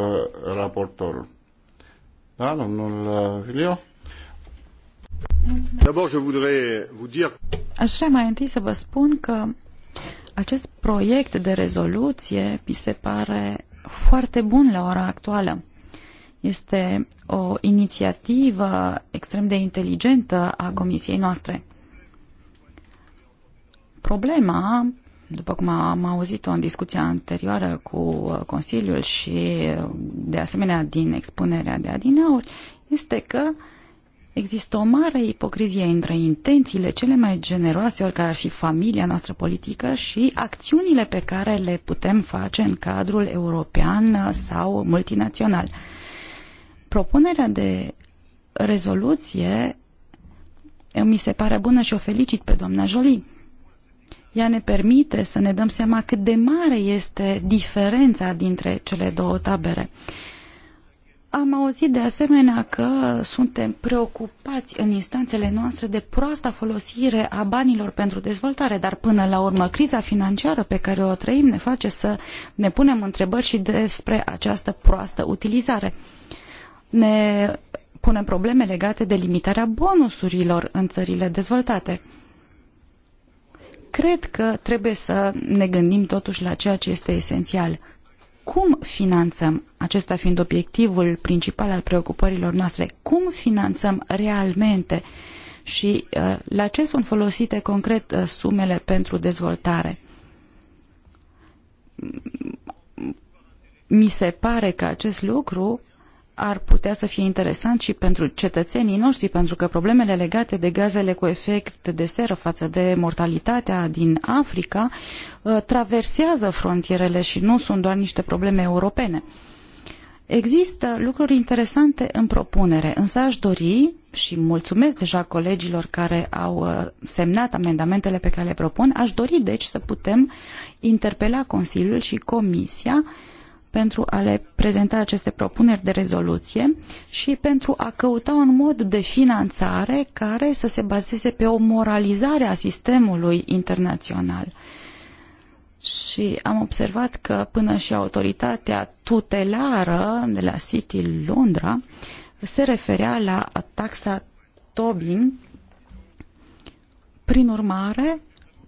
raportorul. Da, domnul uh, Vilio? Aș vrea mai întâi să vă spun că acest proiect de rezoluție mi se pare foarte bun la ora actuală. Este o inițiativă extrem de inteligentă a comisiei noastre. Problema, după cum am auzit-o în discuția anterioară cu uh, Consiliul și uh, de asemenea din expunerea de adineauri, este că Există o mare ipocrizie între intențiile cele mai generoase, oricare ar fi familia noastră politică, și acțiunile pe care le putem face în cadrul european uh, sau multinațional. Propunerea de rezoluție eh, mi se pare bună și o felicit pe doamna Jolie. Ea ne permite să ne dăm seama cât de mare este diferența dintre cele două tabere. Am auzit de asemenea că suntem preocupați în instanțele noastre de proasta folosire a banilor pentru dezvoltare, dar până la urmă criza financiară pe care o trăim ne face să ne punem întrebări și despre această proastă utilizare. Uh, ne punem probleme legate de limitarea bonusurilor în țările dezvoltate. Cred că trebuie să ne gândim totuși la ceea ce este esențial. Cum finanțăm, acesta fiind obiectivul principal al preocupărilor noastre, cum finanțăm realmente și uh, la ce sunt folosite concret uh, sumele pentru dezvoltare? Mi se pare că acest lucru ar putea să fie interesant și pentru cetățenii noștri, pentru că problemele legate de gazele cu efect de seră față de mortalitatea din Africa uh, traversează frontierele și nu sunt doar niște probleme europene. Există lucruri interesante în propunere, însă aș dori și mulțumesc deja colegilor care au uh, semnat amendamentele pe care le propun, aș dori deci să putem interpela Consiliul și Comisia uh, pentru a le prezenta aceste propuneri de rezoluție și pentru a căuta un mod de finanțare care să se bazeze pe o moralizare a sistemului internațional. Și am observat că până și autoritatea tutelară de la City Londra se referea la taxa Tobin. Prin urmare,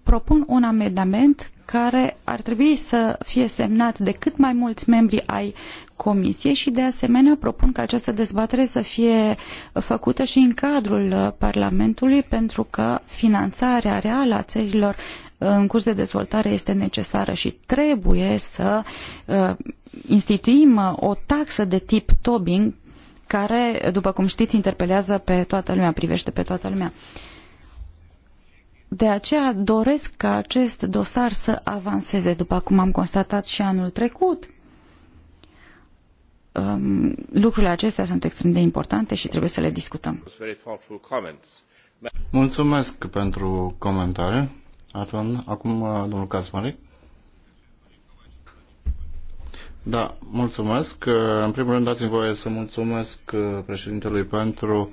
propun un amendament care ar trebui să fie semnat de cât mai mulți membri ai Comisiei și de asemenea propun ca această dezbatere să fie făcută și în cadrul Parlamentului pentru că finanțarea reală a țărilor în curs de dezvoltare este necesară și trebuie să uh, instituim o taxă de tip Tobin care, după cum știți, interpelează pe toată lumea, privește pe toată lumea. Uh, de aceea doresc ca acest dosar să avanseze, după cum am constatat și anul trecut. Um, lucrurile acestea sunt extrem de importante și trebuie să le discutăm. Mulțumesc pentru comentare. Atun, acum uh, domnul Casmaric. Da, mulțumesc. Uh, în primul rând dați-mi voie să mulțumesc uh, președintelui pentru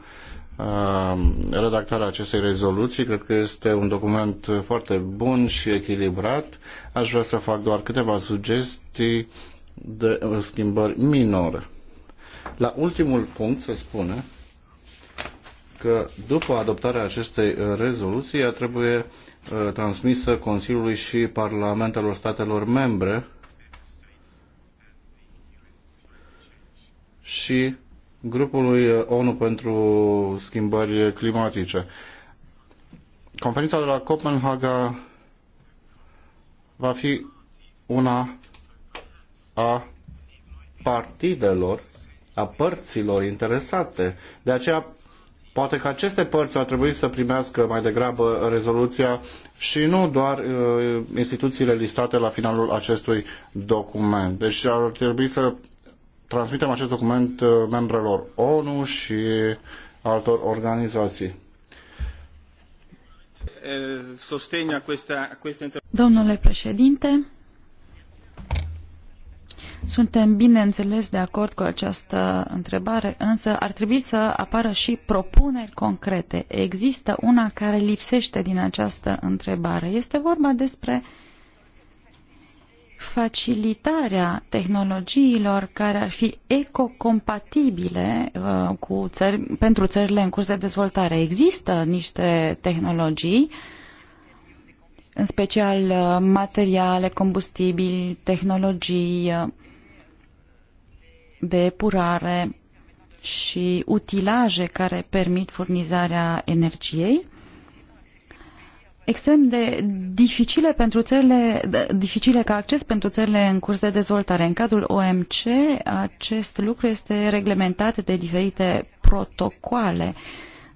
redactarea acestei rezoluții. Cred că este un document foarte bun și echilibrat. Aș vrea să fac doar câteva sugestii de schimbări minore. La ultimul punct se spune că după adoptarea acestei rezoluții ea trebuie uh, transmisă Consiliului și Parlamentelor statelor membre și grupului uh, ONU pentru schimbări climatice. Conferința de la Copenhaga va fi una a partidelor, a părților interesate. De aceea, poate că aceste părți ar trebui să primească mai degrabă rezoluția și nu doar uh, instituțiile listate la finalul acestui document. Deci ar trebui să transmitem acest document uh, membrelor ONU și altor organizații. Domnule președinte, suntem bineînțeles de acord cu această întrebare, însă ar trebui să apară și propuneri concrete. Există una care lipsește din această întrebare. Este vorba despre uh, facilitarea tehnologiilor care ar fi ecocompatibile uh, cu țări, pentru țările în curs de dezvoltare. Există niște tehnologii, în special uh, materiale, combustibili, tehnologii uh, de epurare și utilaje care permit furnizarea energiei extrem de dificile pentru țările, dificile ca acces pentru țările în curs de dezvoltare. În cadrul OMC, acest lucru este reglementat de diferite protocoale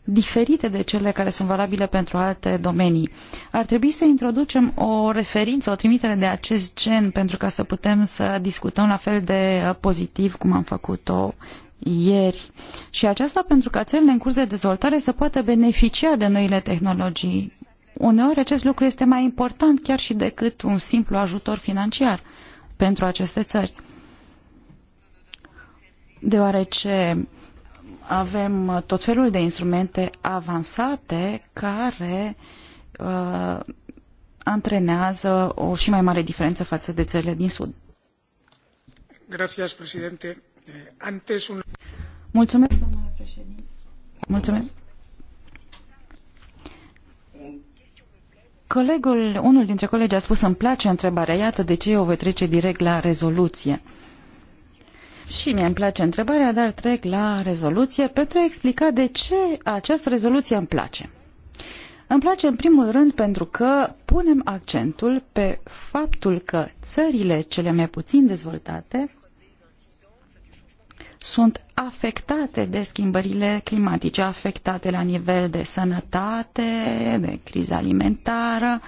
diferite de cele care sunt valabile pentru alte domenii. Ar trebui să introducem o referință, o trimitere de acest gen pentru ca să putem să discutăm la fel de uh, pozitiv cum am făcut-o ieri. Și aceasta pentru ca țările în curs de dezvoltare să poată beneficia de noile tehnologii uneori acest lucru este mai important chiar și decât un simplu ajutor financiar pentru aceste țări. Deoarece avem tot felul de instrumente avansate care uh, antrenează o și mai mare diferență față de țările din Sud. Gracias, eh, Antes un... Mulțumesc, domnule președinte. Mulțumesc. Colegul, unul dintre colegi a spus, îmi place întrebarea, iată de ce eu voi trece direct la rezoluție. Și mie îmi place întrebarea, dar trec la rezoluție pentru a explica de ce această rezoluție îmi place. Îmi place în primul rând pentru că punem accentul pe faptul că țările cele mai puțin dezvoltate sunt afectate de schimbările climatice, afectate la nivel de sănătate, de criză alimentară,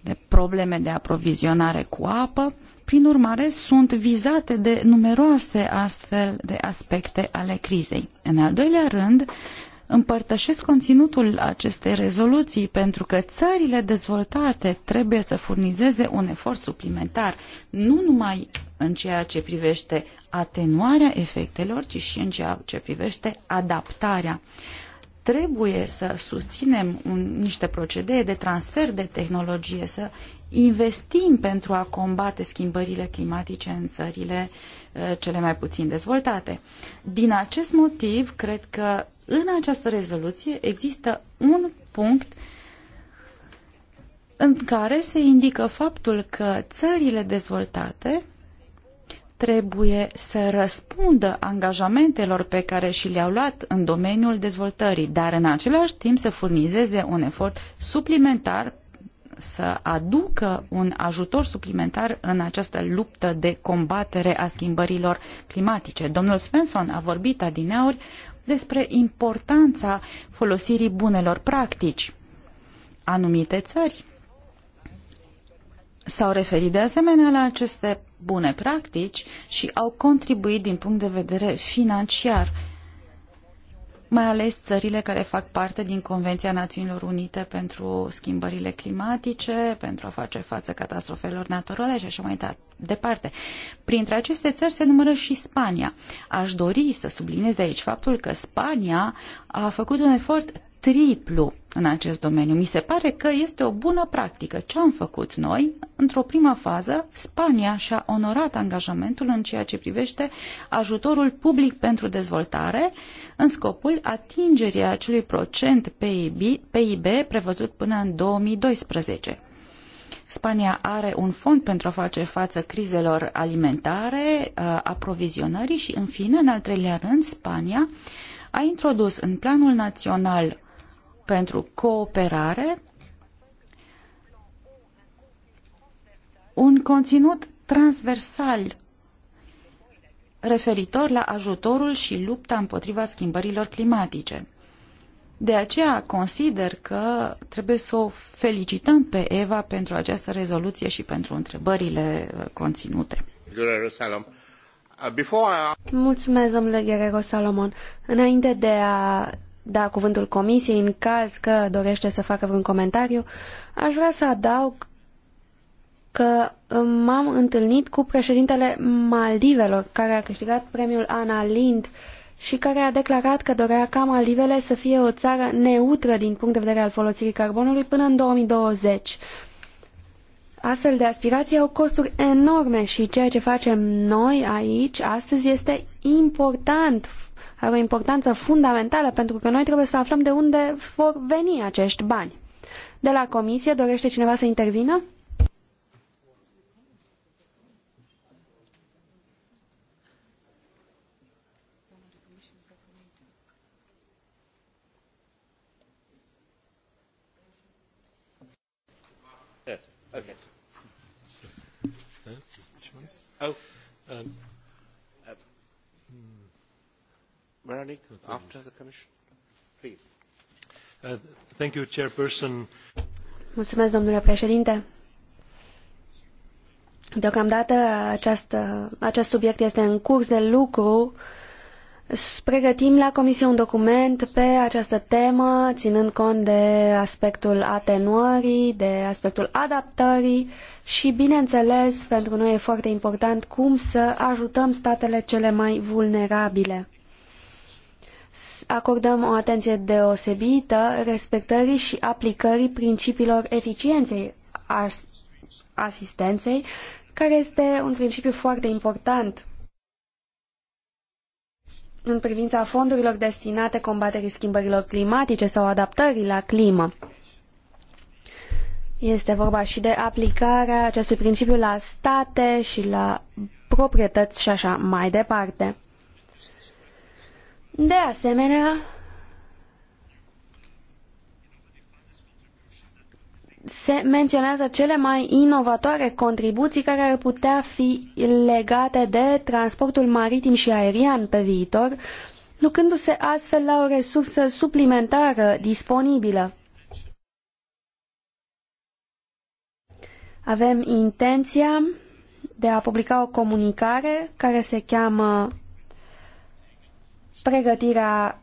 de probleme de aprovizionare cu apă. Prin urmare, sunt vizate de numeroase astfel de aspecte ale crizei. În al doilea rând, împărtășesc conținutul acestei rezoluții pentru că țările dezvoltate trebuie să furnizeze un efort suplimentar, nu numai în ceea ce privește atenuarea efectelor, ci și în ceea ce privește adaptarea. Trebuie să susținem un, niște procedee de transfer de tehnologie, să investim pentru a combate schimbările climatice în țările uh, cele mai puțin dezvoltate. Din acest motiv, cred că în această rezoluție există un punct în care se indică faptul că țările dezvoltate trebuie să răspundă angajamentelor pe care și le-au luat în domeniul dezvoltării, dar în același timp să furnizeze un efort suplimentar să aducă un ajutor suplimentar în această luptă de combatere a schimbărilor climatice. Domnul Svensson a vorbit adineauri despre importanța folosirii bunelor practici. Anumite țări s-au referit de asemenea la aceste bune practici și au contribuit din punct de vedere financiar, mai ales țările care fac parte din Convenția Națiunilor Unite pentru schimbările climatice, pentru a face față catastrofelor naturale și așa mai da- departe. Printre aceste țări se numără și Spania. Aș dori să subliniez de aici faptul că Spania a făcut un efort triplu în acest domeniu. Mi se pare că este o bună practică. Ce am făcut noi? Într-o primă fază, Spania și-a onorat angajamentul în ceea ce privește ajutorul public pentru dezvoltare în scopul atingerii acelui procent PIB, PIB prevăzut până în 2012. Spania are un fond pentru a face față crizelor alimentare, aprovizionării și, în fine, în al treilea rând, Spania a introdus în planul național pentru cooperare un conținut transversal referitor la ajutorul și lupta împotriva schimbărilor climatice. De aceea consider că trebuie să o felicităm pe Eva pentru această rezoluție și pentru întrebările uh, conținute. Mulțumesc, domnule Guerrero Salomon. Înainte de a da cuvântul comisiei în caz că dorește să facă vreun comentariu, aș vrea să adaug că uh, m-am întâlnit cu președintele Maldivelor, care a câștigat premiul Ana Lind și care a declarat că dorea ca Maldivele să fie o țară neutră din punct de vedere al folosirii carbonului până în 2020. Astfel de aspirații au costuri enorme și ceea ce facem noi aici astăzi este important, are o importanță fundamentală pentru că noi trebuie să aflăm de unde vor veni acești bani. De la comisie dorește cineva să intervină? Uh, Mulțumesc, domnule președinte. Deocamdată acest subiect este în curs de lucru. Pregătim la Comisie un document pe această temă, inând cont de aspectul atenuării, de aspectul adaptării și, bineînțeles, pentru noi e foarte important cum să ajutăm statele cele mai vulnerabile acordăm o atenție deosebită respectării și aplicării principiilor eficienței as asistenței, care este un principiu foarte important în privința fondurilor destinate combaterii schimbărilor climatice sau adaptării la climă. Este vorba și de aplicarea acestui principiu la state și la proprietăți și așa mai departe. De asemenea, se menționează cele mai inovatoare contribuții care ar putea fi legate de transportul maritim și aerian pe viitor, lucrându-se astfel la o resursă suplimentară disponibilă. Avem intenția de a publica o comunicare care se cheamă pregătirea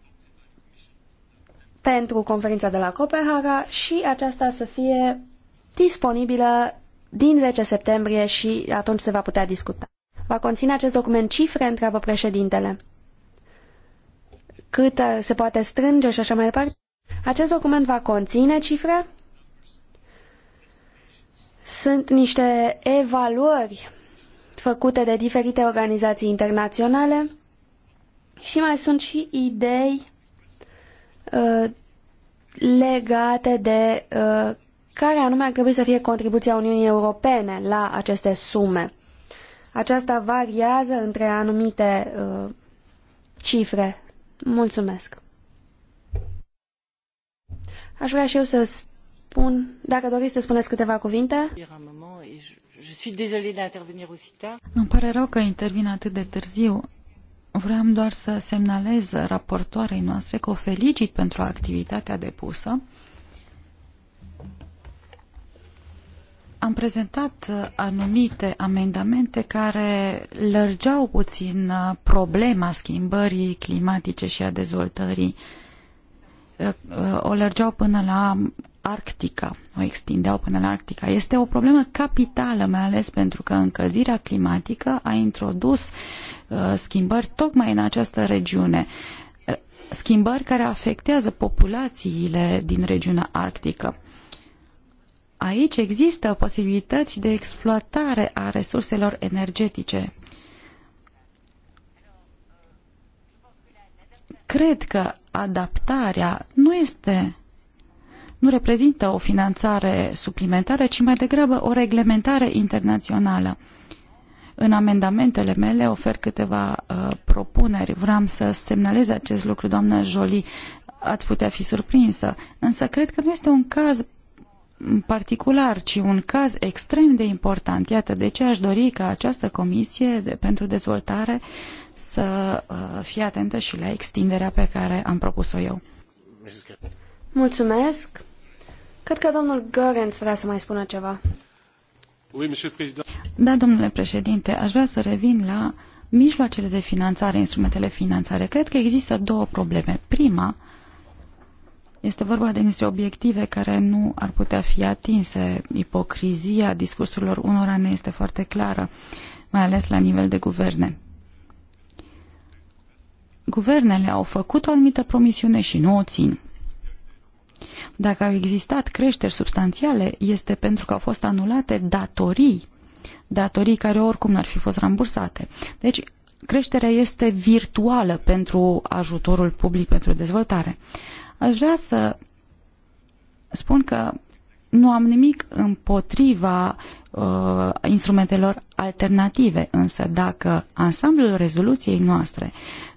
pentru conferința de la Copenhaga și aceasta să fie disponibilă din 10 septembrie și atunci se va putea discuta. Va conține acest document cifre, întreabă președintele. Cât uh, se poate strânge și așa mai departe. Acest document va conține cifre. Sunt niște evaluări făcute de diferite organizații internaționale și mai sunt și idei uh, legate de uh, care anume ar trebui să fie contribuția Uniunii Europene la aceste sume. Aceasta variază între anumite uh, cifre. Mulțumesc. Aș vrea și eu să spun, dacă doriți să spuneți câteva cuvinte. Îmi pare rău că intervin atât de târziu. Vreau doar să semnalez raportoarei noastre că o felicit pentru activitatea depusă. Am prezentat uh, anumite amendamente care lărgeau puțin uh, problema schimbării climatice și a dezvoltării. Uh, o lărgeau până la Arctica, o extindeau până la Arctica. Este o problemă capitală, mai ales pentru că încălzirea climatică a introdus uh, schimbări tocmai în această regiune. Schimbări care afectează populațiile din regiunea arctică. Aici există posibilități de exploatare a resurselor energetice. Cred că adaptarea nu este nu reprezintă o finanțare suplimentară, ci mai degrabă o reglementare internațională. În amendamentele mele ofer câteva uh, propuneri. Vreau să semnalez acest lucru, doamnă Jolie. Ați putea fi surprinsă, însă cred că nu este un caz particular, ci un caz extrem de important. Iată de ce aș dori ca această comisie de, pentru dezvoltare să uh, fie atentă și la extinderea pe care am propus-o eu. Mulțumesc. Cred că domnul Gărenț vrea să mai spună ceva. Da, domnule președinte, aș vrea să revin la mijloacele de finanțare, instrumentele finanțare. Cred că există două probleme. Prima este vorba de niște obiective care nu ar putea fi atinse. Ipocrizia discursurilor unora ne este foarte clară, mai ales la nivel de guverne. Guvernele au făcut o anumită promisiune și nu o țin. Dacă au existat creșteri substanțiale, este pentru că au fost anulate datorii, datorii care oricum n-ar fi fost rambursate. Deci, creșterea este virtuală pentru ajutorul public pentru dezvoltare. Aș vrea să spun că nu am nimic împotriva uh, instrumentelor alternative, însă dacă ansamblul rezoluției noastre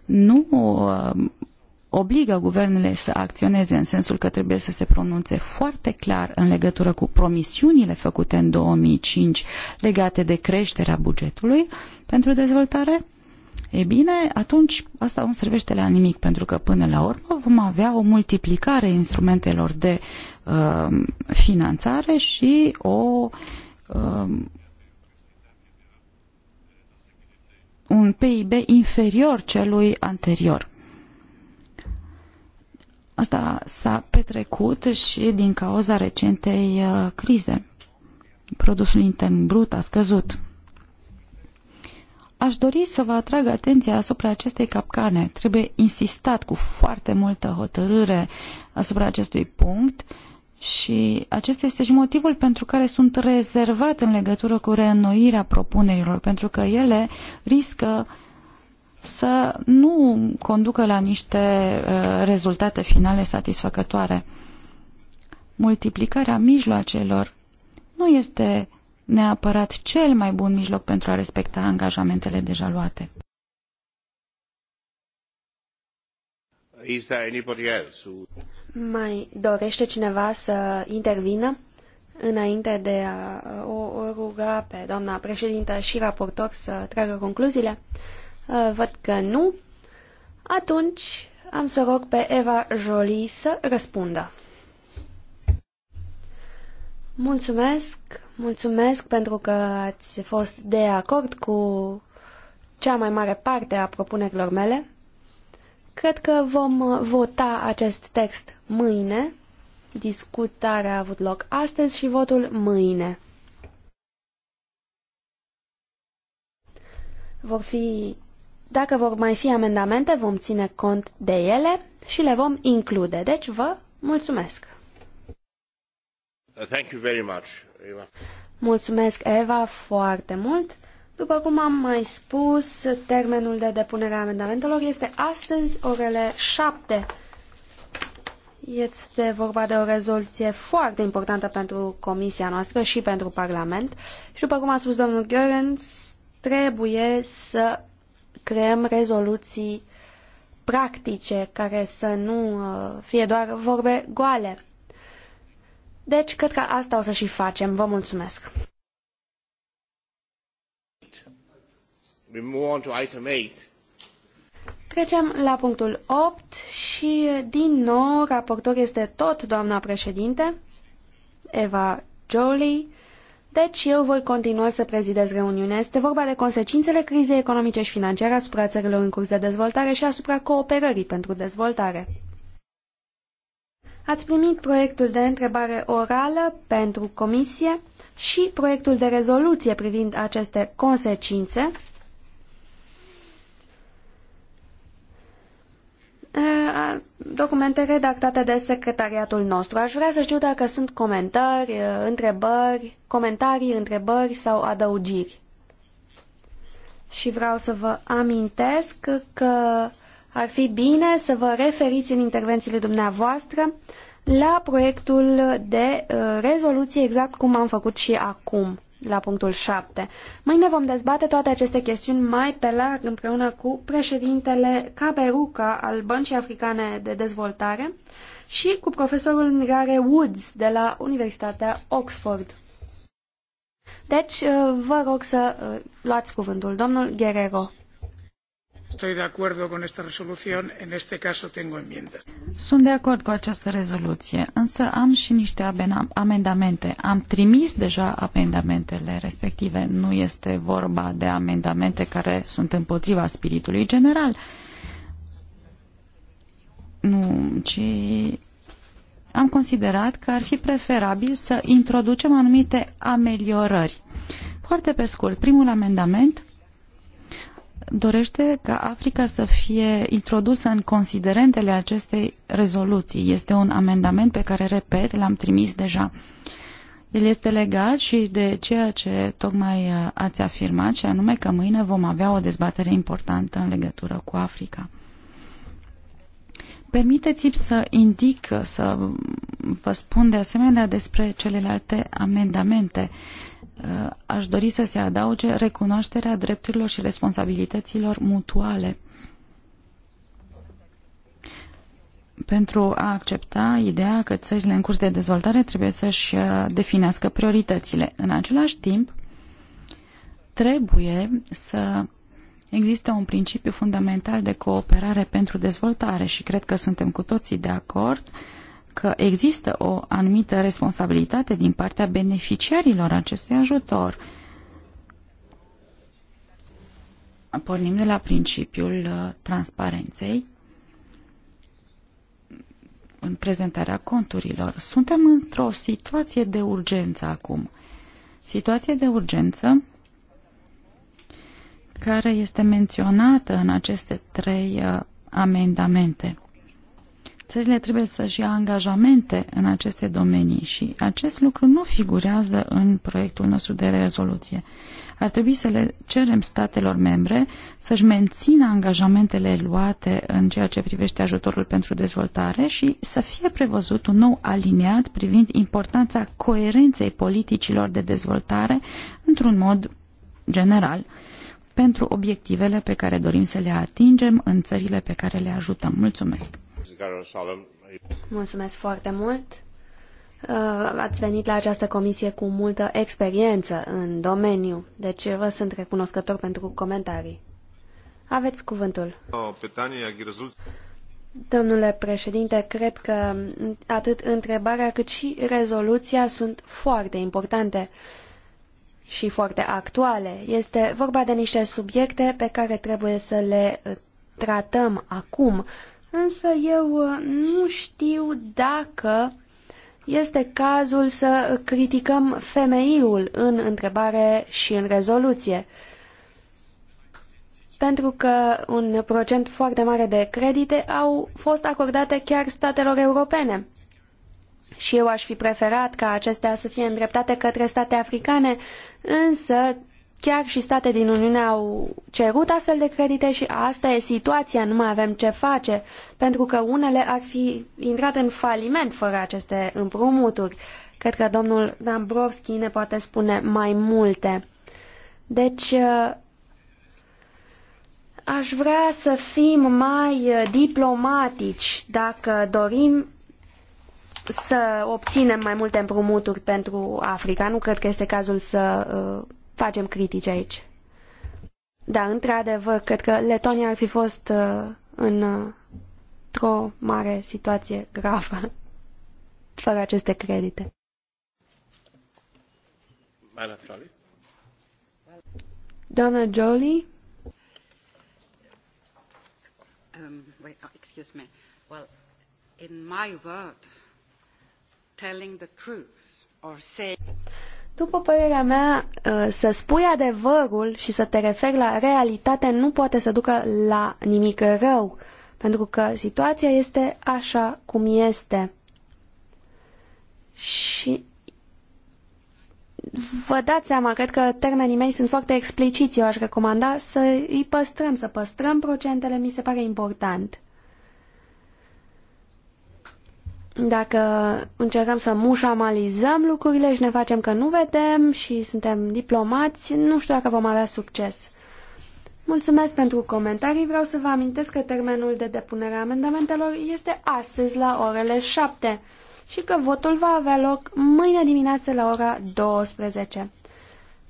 nu uh, obligă guvernele să acționeze în sensul că trebuie să se pronunțe foarte clar în legătură cu promisiunile făcute în 2005 legate de creșterea bugetului pentru dezvoltare, e bine, atunci asta nu servește la nimic, pentru că până la urmă vom avea o multiplicare a instrumentelor de uh, finanțare și o uh, un PIB inferior celui anterior. Asta s-a petrecut și din cauza recentei uh, crize. Produsul intern brut a scăzut. Aș dori să vă atrag atenția asupra acestei capcane. Trebuie insistat cu foarte multă hotărâre asupra acestui punct și acesta este și motivul pentru care sunt rezervat în legătură cu reînnoirea propunerilor, pentru că ele riscă uh, să nu conducă la niște uh, rezultate finale satisfăcătoare. Multiplicarea mijloacelor nu este neapărat cel mai bun mijloc pentru a respecta angajamentele deja luate. Mai dorește cineva să intervină înainte de a uh, o ruga pe doamna președintă și raportor să tragă concluziile? Uh, văd că nu. Atunci am să rog pe Eva Jolie să răspundă. Mulțumesc, mulțumesc pentru că ați fost de acord cu cea mai mare parte a propunerilor mele. Cred că vom uh, vota acest text mâine. Discutarea a avut loc astăzi și votul mâine. Vor fi dacă vor mai fi amendamente, vom ține cont de ele și le vom include. Deci vă mulțumesc! Thank you very much, Eva. Mulțumesc, Eva, foarte mult! După cum am mai spus, termenul de depunere a amendamentelor este astăzi, orele 7. Este vorba de o rezoluție foarte importantă pentru comisia noastră și pentru Parlament. Și după cum a spus domnul Görens, trebuie să creăm rezoluții practice care să nu uh, fie doar vorbe goale. Deci, cred că asta o să și facem. Vă mulțumesc. Trecem la punctul 8 și, din nou, raportor este tot doamna președinte, Eva Jolie, deci eu voi continua să prezidez reuniunea. Este vorba de consecințele crizei economice și financiare asupra țărilor în curs de dezvoltare și asupra cooperării pentru dezvoltare. Ați primit proiectul de întrebare orală pentru comisie și proiectul de rezoluție privind aceste consecințe Eh, documente redactate de secretariatul nostru. Aș vrea să știu dacă sunt comentarii, eh, întrebări, comentarii, întrebări sau adăugiri. Și vreau să vă amintesc că ar fi bine să vă referiți în intervențiile dumneavoastră la proiectul de eh, rezoluție exact cum am făcut și acum la punctul 7. Mâine vom dezbate toate aceste chestiuni mai pe larg împreună cu președintele Caberuca al Băncii Africane de Dezvoltare și cu profesorul Ngare Woods de la Universitatea Oxford. Deci, uh, vă rog să uh, luați cuvântul, domnul Guerrero. Estoy de acuerdo con esta resolución, en este caso tengo enmiendas. Sunt de acord cu această rezoluție, însă am și niște amendamente. Am trimis deja amendamentele respective. Nu este vorba de amendamente care sunt împotriva spiritului general. Nu, ci am considerat că ar fi preferabil să introducem anumite ameliorări. Foarte pe scurt, primul amendament dorește ca Africa să fie introdusă în considerentele acestei rezoluții. Este un amendament pe care, repet, l-am trimis deja. El este legat și de ceea ce tocmai uh, ați afirmat, și anume că mâine vom avea o dezbatere importantă în legătură cu Africa. Permiteți-mi să indic, să vă spun de asemenea despre celelalte amendamente Uh, aș dori să se adauge recunoașterea drepturilor și responsabilităților mutuale pentru a accepta ideea că țările în curs de dezvoltare trebuie să-și uh, definească prioritățile. În același timp, trebuie să existe un principiu fundamental de cooperare pentru dezvoltare și cred că suntem cu toții de acord uh, că există o anumită responsabilitate din partea beneficiarilor acestui ajutor. Pornim de la principiul uh, transparenței în prezentarea conturilor. Suntem într-o situație de urgență acum. Situație de urgență care este menționată în aceste trei uh, amendamente. Țările trebuie să-și ia angajamente în aceste domenii și acest lucru nu figurează în proiectul nostru de rezoluție. Ar trebui să le cerem statelor membre să-și mențină angajamentele luate în ceea ce privește ajutorul pentru dezvoltare și să fie prevăzut un nou aliniat privind importanța coerenței politicilor de dezvoltare într-un mod general pentru obiectivele pe care dorim să le atingem în țările pe care le ajutăm. Mulțumesc! Mulțumesc foarte mult. Uh, ați venit la această comisie cu multă experiență în domeniu, deci vă sunt recunoscător pentru comentarii. Aveți cuvântul. Domnule președinte, cred că atât întrebarea cât și rezoluția sunt foarte importante și foarte actuale. Este vorba de niște subiecte pe care trebuie să le tratăm acum însă eu uh, nu știu dacă este cazul să criticăm femeiul în întrebare și în rezoluție. Pentru că un procent foarte mare de credite au fost acordate chiar statelor europene. Și eu aș fi preferat ca acestea să fie îndreptate către state africane, însă Chiar și state din Uniune au cerut astfel de credite și asta e situația, nu mai avem ce face, pentru că unele ar fi intrat în faliment fără aceste împrumuturi. Cred că domnul Dambrovski ne poate spune mai multe. Deci, uh, aș vrea să fim mai uh, diplomatici dacă dorim să obținem mai multe împrumuturi pentru Africa. Nu cred că este cazul să uh, facem critici aici. Da, într-adevăr, cred că Letonia ar fi fost uh, în uh, într-o mare situație gravă <laughs> fără aceste credite. Doamna Jolie? Um, wait, oh, excuse me. Well, in my word, telling the truth or saying... După părerea mea, ă, să spui adevărul și să te referi la realitate nu poate să ducă la nimic rău, pentru că situația este așa cum este. Și vă dați seama, cred că termenii mei sunt foarte expliciți, eu aș recomanda să îi păstrăm, să păstrăm procentele, mi se pare important. Dacă încercăm să mușamalizăm lucrurile și ne facem că nu vedem și suntem diplomați, nu știu dacă vom avea succes. Mulțumesc pentru comentarii. Vreau să vă amintesc că termenul de depunere a amendamentelor este astăzi la orele 7 și că votul va avea loc mâine dimineață la ora 12.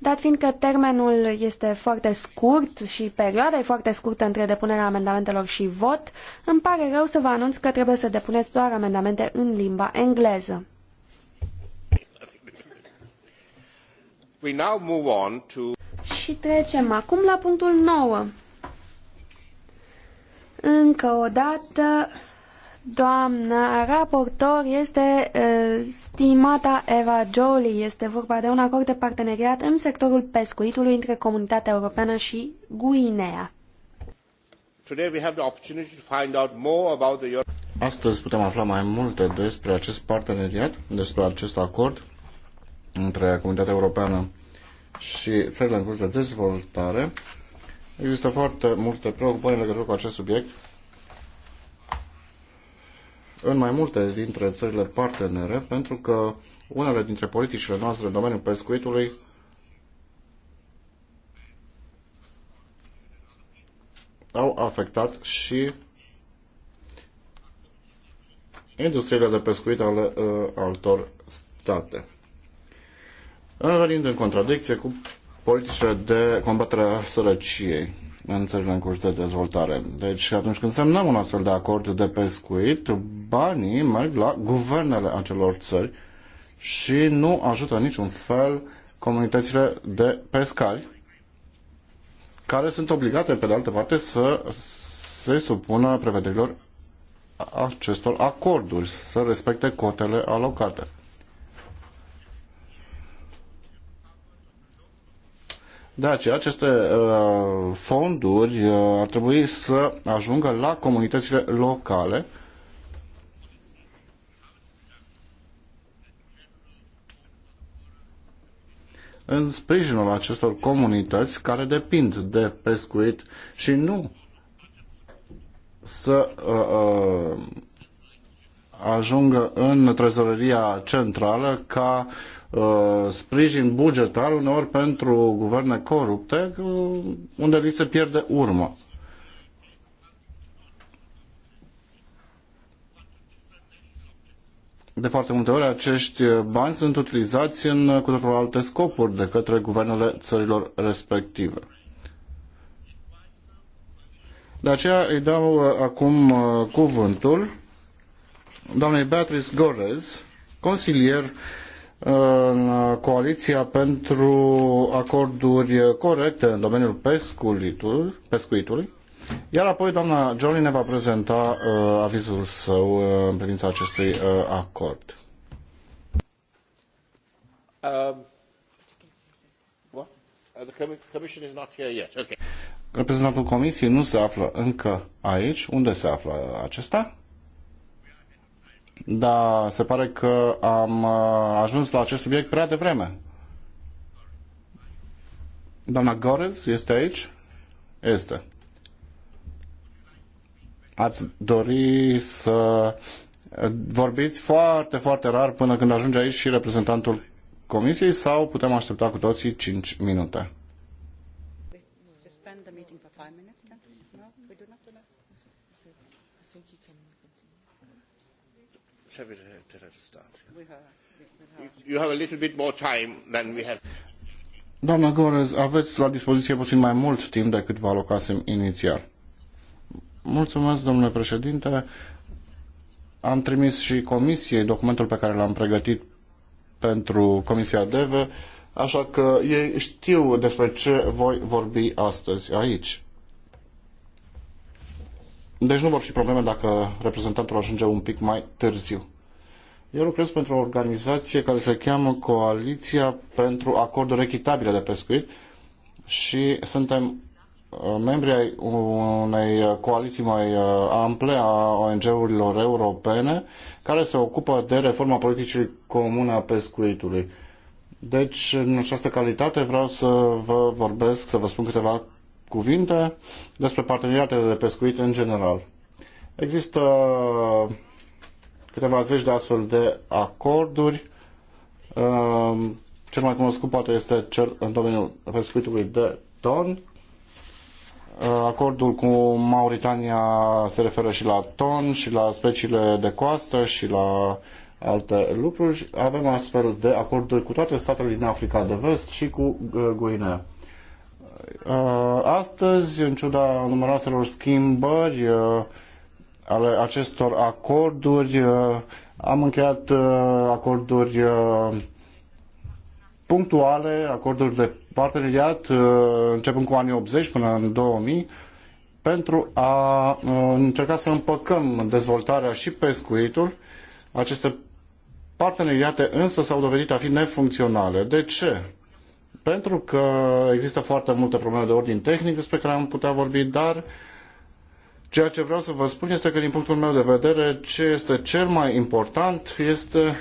Dat fiindcă termenul este foarte scurt și perioada e foarte scurtă între depunerea amendamentelor și vot, îmi pare rău să vă anunț că trebuie să depuneți doar amendamente în limba engleză. We now move on to... Și trecem acum la punctul 9. Încă o dată Doamna raportor este uh, stimata Eva Jolie. Este vorba de un acord de parteneriat în sectorul pescuitului între Comunitatea Europeană și Guinea. Astăzi putem afla mai multe despre acest parteneriat, despre acest acord între Comunitatea Europeană și țările în curs de dezvoltare. Există foarte multe preocupări în legătură cu acest subiect în mai multe dintre țările partenere, pentru că unele dintre politicile noastre în domeniul pescuitului au afectat și industriile de pescuit ale uh, altor state. Revenind în contradicție cu politicile de combatere a sărăciei în țările în curs de dezvoltare. Deci atunci când semnăm un astfel de acord de pescuit, banii merg la guvernele acelor țări și nu ajută niciun fel comunitățile de pescari care sunt obligate, pe de altă parte, să se supună prevederilor acestor acorduri, să respecte cotele alocate. Da, ce aceste uh, fonduri uh, ar trebui să ajungă la comunitățile locale în sprijinul acestor comunități care depind de pescuit și nu să uh, uh, ajungă în trezoreria centrală ca Uh, sprijin bugetar uneori pentru guverne corupte uh, unde li se pierde urma. De foarte multe ori acești bani sunt utilizați în uh, cu totul alte scopuri de către guvernele țărilor respective. De aceea îi dau acum cuvântul doamnei Beatrice Gorez, consilier în coaliția pentru acorduri corecte în domeniul pescuitului, iar apoi doamna Jolie ne va prezenta uh, avizul său uh, în privința acestui uh, acord. Um, Reprezentantul Comisiei nu se află încă aici. Unde se află acesta? Da, se pare că am uh, ajuns la acest subiect prea devreme. Doamna Gorez este aici? Este. Ați dori să vorbiți foarte, foarte rar până când ajunge aici și reprezentantul comisiei sau putem aștepta cu toții 5 minute? shall we You have a little bit more time than we have. Doamna Gorez, aveți la dispoziție puțin mai mult timp decât vă alocasem inițial. Mulțumesc, domnule președinte. Am trimis și comisiei documentul pe care l-am pregătit pentru Comisia DEVE, așa că ei știu despre ce voi vorbi astăzi aici. Deci nu vor fi probleme dacă reprezentantul ajunge un pic mai târziu. Eu lucrez pentru o organizație care se cheamă Coaliția pentru Acorduri Echitabile de Pescuit și suntem uh, membri ai unei coaliții mai uh, ample a ONG-urilor europene care se ocupă de reforma politicii comune a pescuitului. Deci, în această calitate vreau să vă vorbesc, să vă spun câteva cuvinte despre parteneriatele de pescuit în general. Există câteva zeci de astfel de acorduri. Ehm, cel mai cunoscut poate este cel în domeniul pescuitului de ton. Ehm, acordul cu Mauritania se referă și la ton, și la speciile de coastă, și la alte lucruri. Avem astfel de acorduri cu toate statele din Africa de Vest și cu eh, Guinea. Uh, astăzi, în ciuda numeroaselor schimbări uh, ale acestor acorduri, uh, am încheiat acorduri punctuale, acorduri de parteneriat, începând cu anii 80 până în 2000, pentru a încerca să împăcăm dezvoltarea și pescuitul. Aceste parteneriate însă s-au dovedit a fi nefuncționale. De ce? pentru că există foarte multe probleme de ordin tehnic despre care am putea vorbi, dar ceea ce vreau să vă spun este că, din punctul meu de vedere, ce este cel mai important este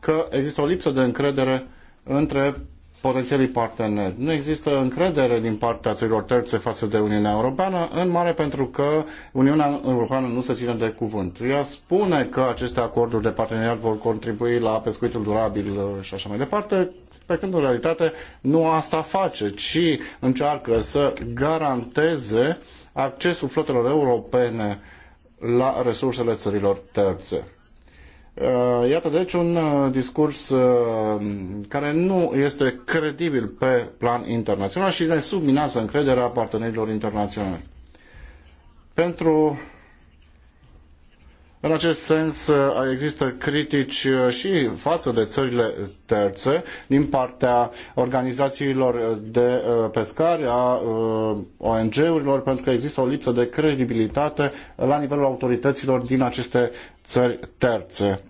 că există o lipsă de încredere între potențialii parteneri. Nu există încredere din partea țărilor terțe față de Uniunea Europeană, în mare pentru că Uniunea Europeană nu se ține de cuvânt. Ea spune că aceste acorduri de parteneriat vor contribui la pescuitul durabil uh, și așa mai departe, pe când în realitate nu asta face, ci încearcă să garanteze accesul flotelor europene la resursele țărilor terțe. Uh, iată deci un uh, discurs uh, care nu este credibil pe plan internațional și ne subminează încrederea partenerilor internaționali. Pentru în acest sens uh, există critici uh, și față de țările terțe din partea organizațiilor uh, de pescari, a ONG-urilor, pentru că există o lipsă de credibilitate la nivelul autorităților din aceste țări terțe.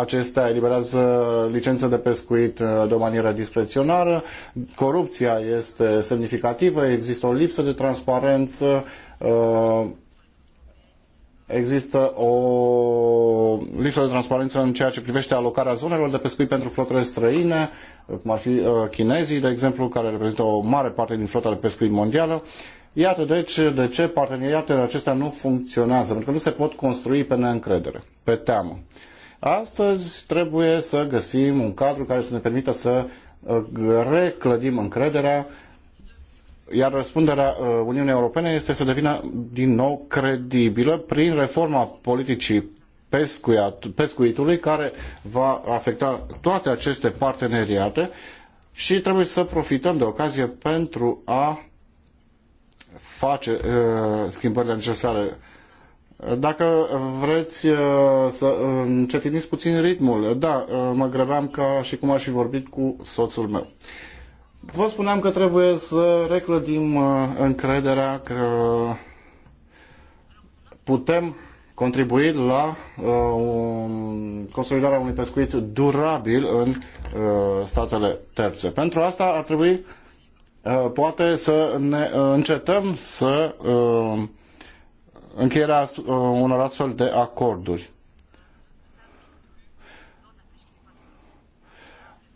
Acestea eliberează licențe de pescuit de o manieră discreționară, corupția este semnificativă, există o lipsă de transparență, există o lipsă de transparență în ceea ce privește alocarea zonelor de pescuit pentru flotele străine, cum ar fi uh, chinezii, de exemplu, care reprezintă o mare parte din flota de pescuit mondială. Iată deci de ce parteneriatele acestea nu funcționează, pentru că nu se pot construi pe neîncredere, pe teamă. Astăzi trebuie să găsim un cadru care să ne permită să uh, reclădim încrederea iar răspunderea uh, Uniunii Europene este să devină din nou credibilă prin reforma politicii pescuitului care va afecta toate aceste parteneriate și trebuie să profităm de ocazie pentru a face uh, schimbările necesare. Dacă vreți uh, să încetiniți puțin ritmul, da, uh, mă grăbeam ca și cum aș fi vorbit cu soțul meu. Uh, Vă spuneam că trebuie să reclădim uh, încrederea că putem contribui la uh, consolidarea unui pescuit durabil în uh, statele terțe. Pentru asta ar trebui poate să ne încetăm să încheierea unor astfel de acorduri.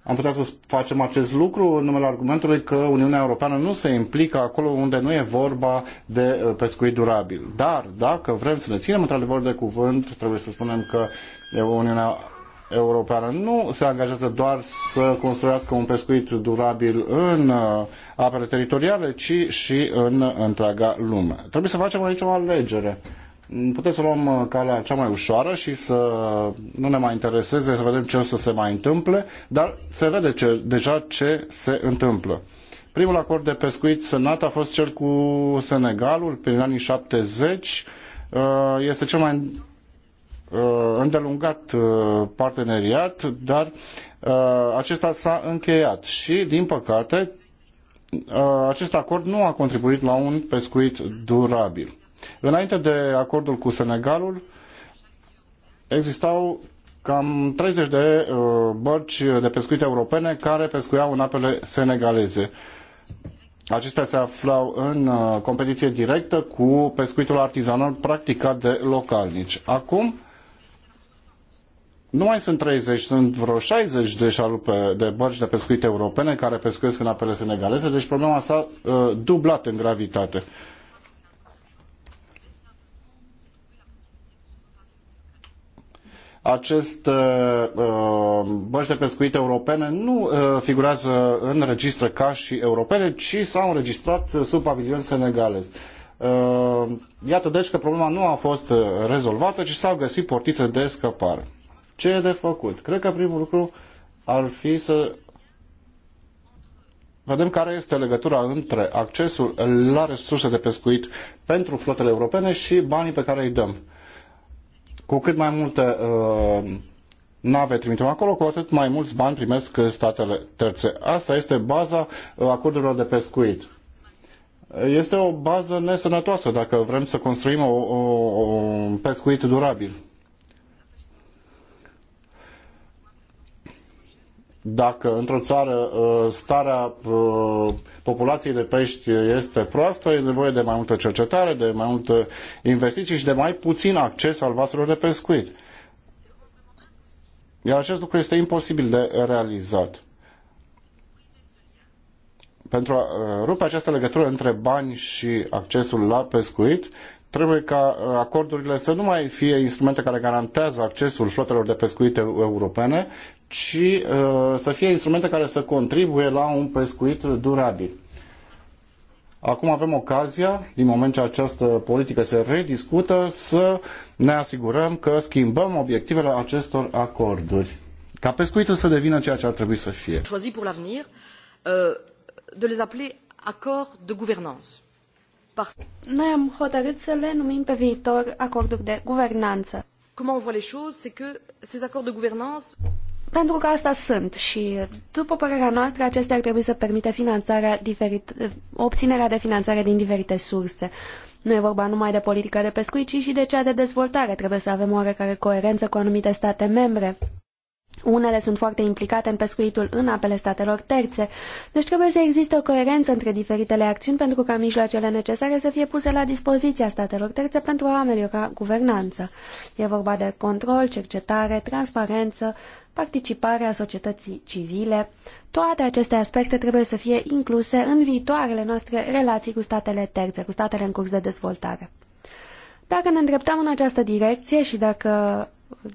Am putea să facem acest lucru în numele argumentului că Uniunea Europeană nu se implică acolo unde nu e vorba de uh, pescuit durabil. Dar dacă vrem să ne ținem într-adevăr de cuvânt, trebuie să spunem că Uniunea europeană nu se angajează doar să construiască un pescuit durabil în uh, apele teritoriale, ci și în uh, întreaga lume. Trebuie să facem aici o alegere putem să luăm uh, calea cea mai ușoară și să nu ne mai intereseze, să vedem ce o să se mai întâmple, dar se vede ce, deja ce se întâmplă. Primul acord de pescuit semnat a fost cel cu Senegalul prin anii 70. Uh, este cel mai uh, îndelungat parteneriat, dar acesta s-a încheiat și, din păcate, acest acord nu a contribuit la un pescuit durabil. Înainte de acordul cu Senegalul, existau cam 30 de uh, bărci de pescuit europene care pescuiau în apele senegaleze. Acestea se aflau în uh, competiție directă cu pescuitul artizanal practicat de localnici. Acum nu mai sunt 30, sunt vreo 60 de șalupe de bărci de pescuit europene care pescuiesc în apele senegaleze, deci problema s-a uh, dublat în gravitate. Uh, aceste uh, uh, băști de pescuit europene nu uh, figurează în registre ca și europene, ci s-au înregistrat sub pavilion senegalez. Iată deci că problema nu a fost rezolvată, ci s-au găsit portițe de scăpare. Ce e de făcut? Cred că primul lucru ar fi să vedem care este legătura între accesul la resurse de pescuit pentru flotele europene și banii pe care îi dăm. Cu cât mai multe uh, nave trimitem acolo, cu atât mai mulți bani primesc statele terțe. Asta este baza uh, acordurilor de pescuit. Este o bază nesănătoasă dacă vrem să construim o, o, o pescuit durabil. Dacă într-o țară uh, starea uh, populației de pești este proastă, e nevoie de mai multă cercetare, de mai multe investiții și de mai puțin acces al vaselor de pescuit. Iar acest lucru este imposibil de realizat. Pentru a uh, rupe această legătură între bani și accesul la pescuit, trebuie ca uh, acordurile să nu mai fie instrumente care garantează accesul flotelor de pescuit europene, ci uh, să fie instrumente care să contribuie la un pescuit durabil. Acum avem ocazia, din moment ce această politică se rediscută, să ne asigurăm că schimbăm obiectivele acestor acorduri. Ca pescuitul să devină ceea ce ar trebui să fie. Choisi pour l'avenir uh, de les appeler accord de gouvernance. Noi am hotărât să le numim pe viitor acorduri de guvernanță. Comment on voit les choses, c'est que ces accords de guvernanță pentru că asta sunt și, după părerea noastră, acestea ar trebui să permită finanțarea diferit, obținerea de finanțare din diferite surse. Nu e vorba numai de politica de pescuit, ci și de cea de dezvoltare. Trebuie să avem oarecare coerență cu anumite state membre. Unele sunt foarte implicate în pescuitul în apele statelor terțe, deci trebuie să existe o coerență între diferitele acțiuni pentru ca mijloacele necesare să fie puse la dispoziția statelor terțe pentru a ameliora guvernanța. E vorba de control, cercetare, transparență, participarea societății civile. Toate aceste aspecte trebuie să fie incluse în viitoarele noastre relații cu statele terțe, cu statele în curs de dezvoltare. Dacă ne îndreptăm în această direcție și dacă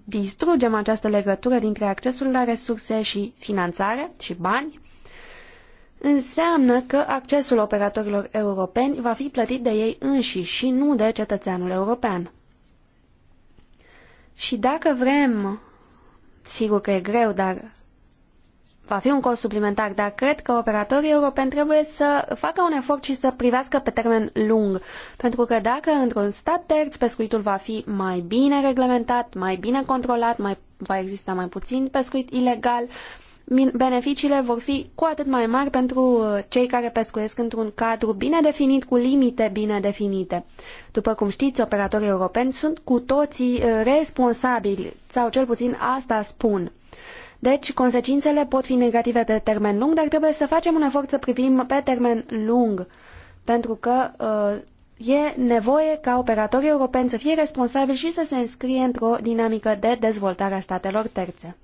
distrugem această legătură dintre accesul la resurse și finanțare și bani, înseamnă că accesul operatorilor europeni va fi plătit de ei înșiși și nu de cetățeanul european. Și dacă vrem, sigur că e greu, dar va fi un cost suplimentar, dar cred că operatorii europeni trebuie să facă un efort și să privească pe termen lung, pentru că dacă într-un stat terț pescuitul va fi mai bine reglementat, mai bine controlat, mai, va exista mai puțin pescuit ilegal, beneficiile vor fi cu atât mai mari pentru uh, cei care pescuiesc într-un cadru bine definit, cu limite bine definite. După cum știți, operatorii europeni sunt cu toții uh, responsabili, sau cel puțin asta spun deci, consecințele pot fi negative pe termen lung, dar trebuie să facem un efort să privim pe termen lung, pentru că uh, e nevoie ca operatorii europeni să fie responsabili și să se înscrie într-o dinamică de dezvoltare a statelor terțe.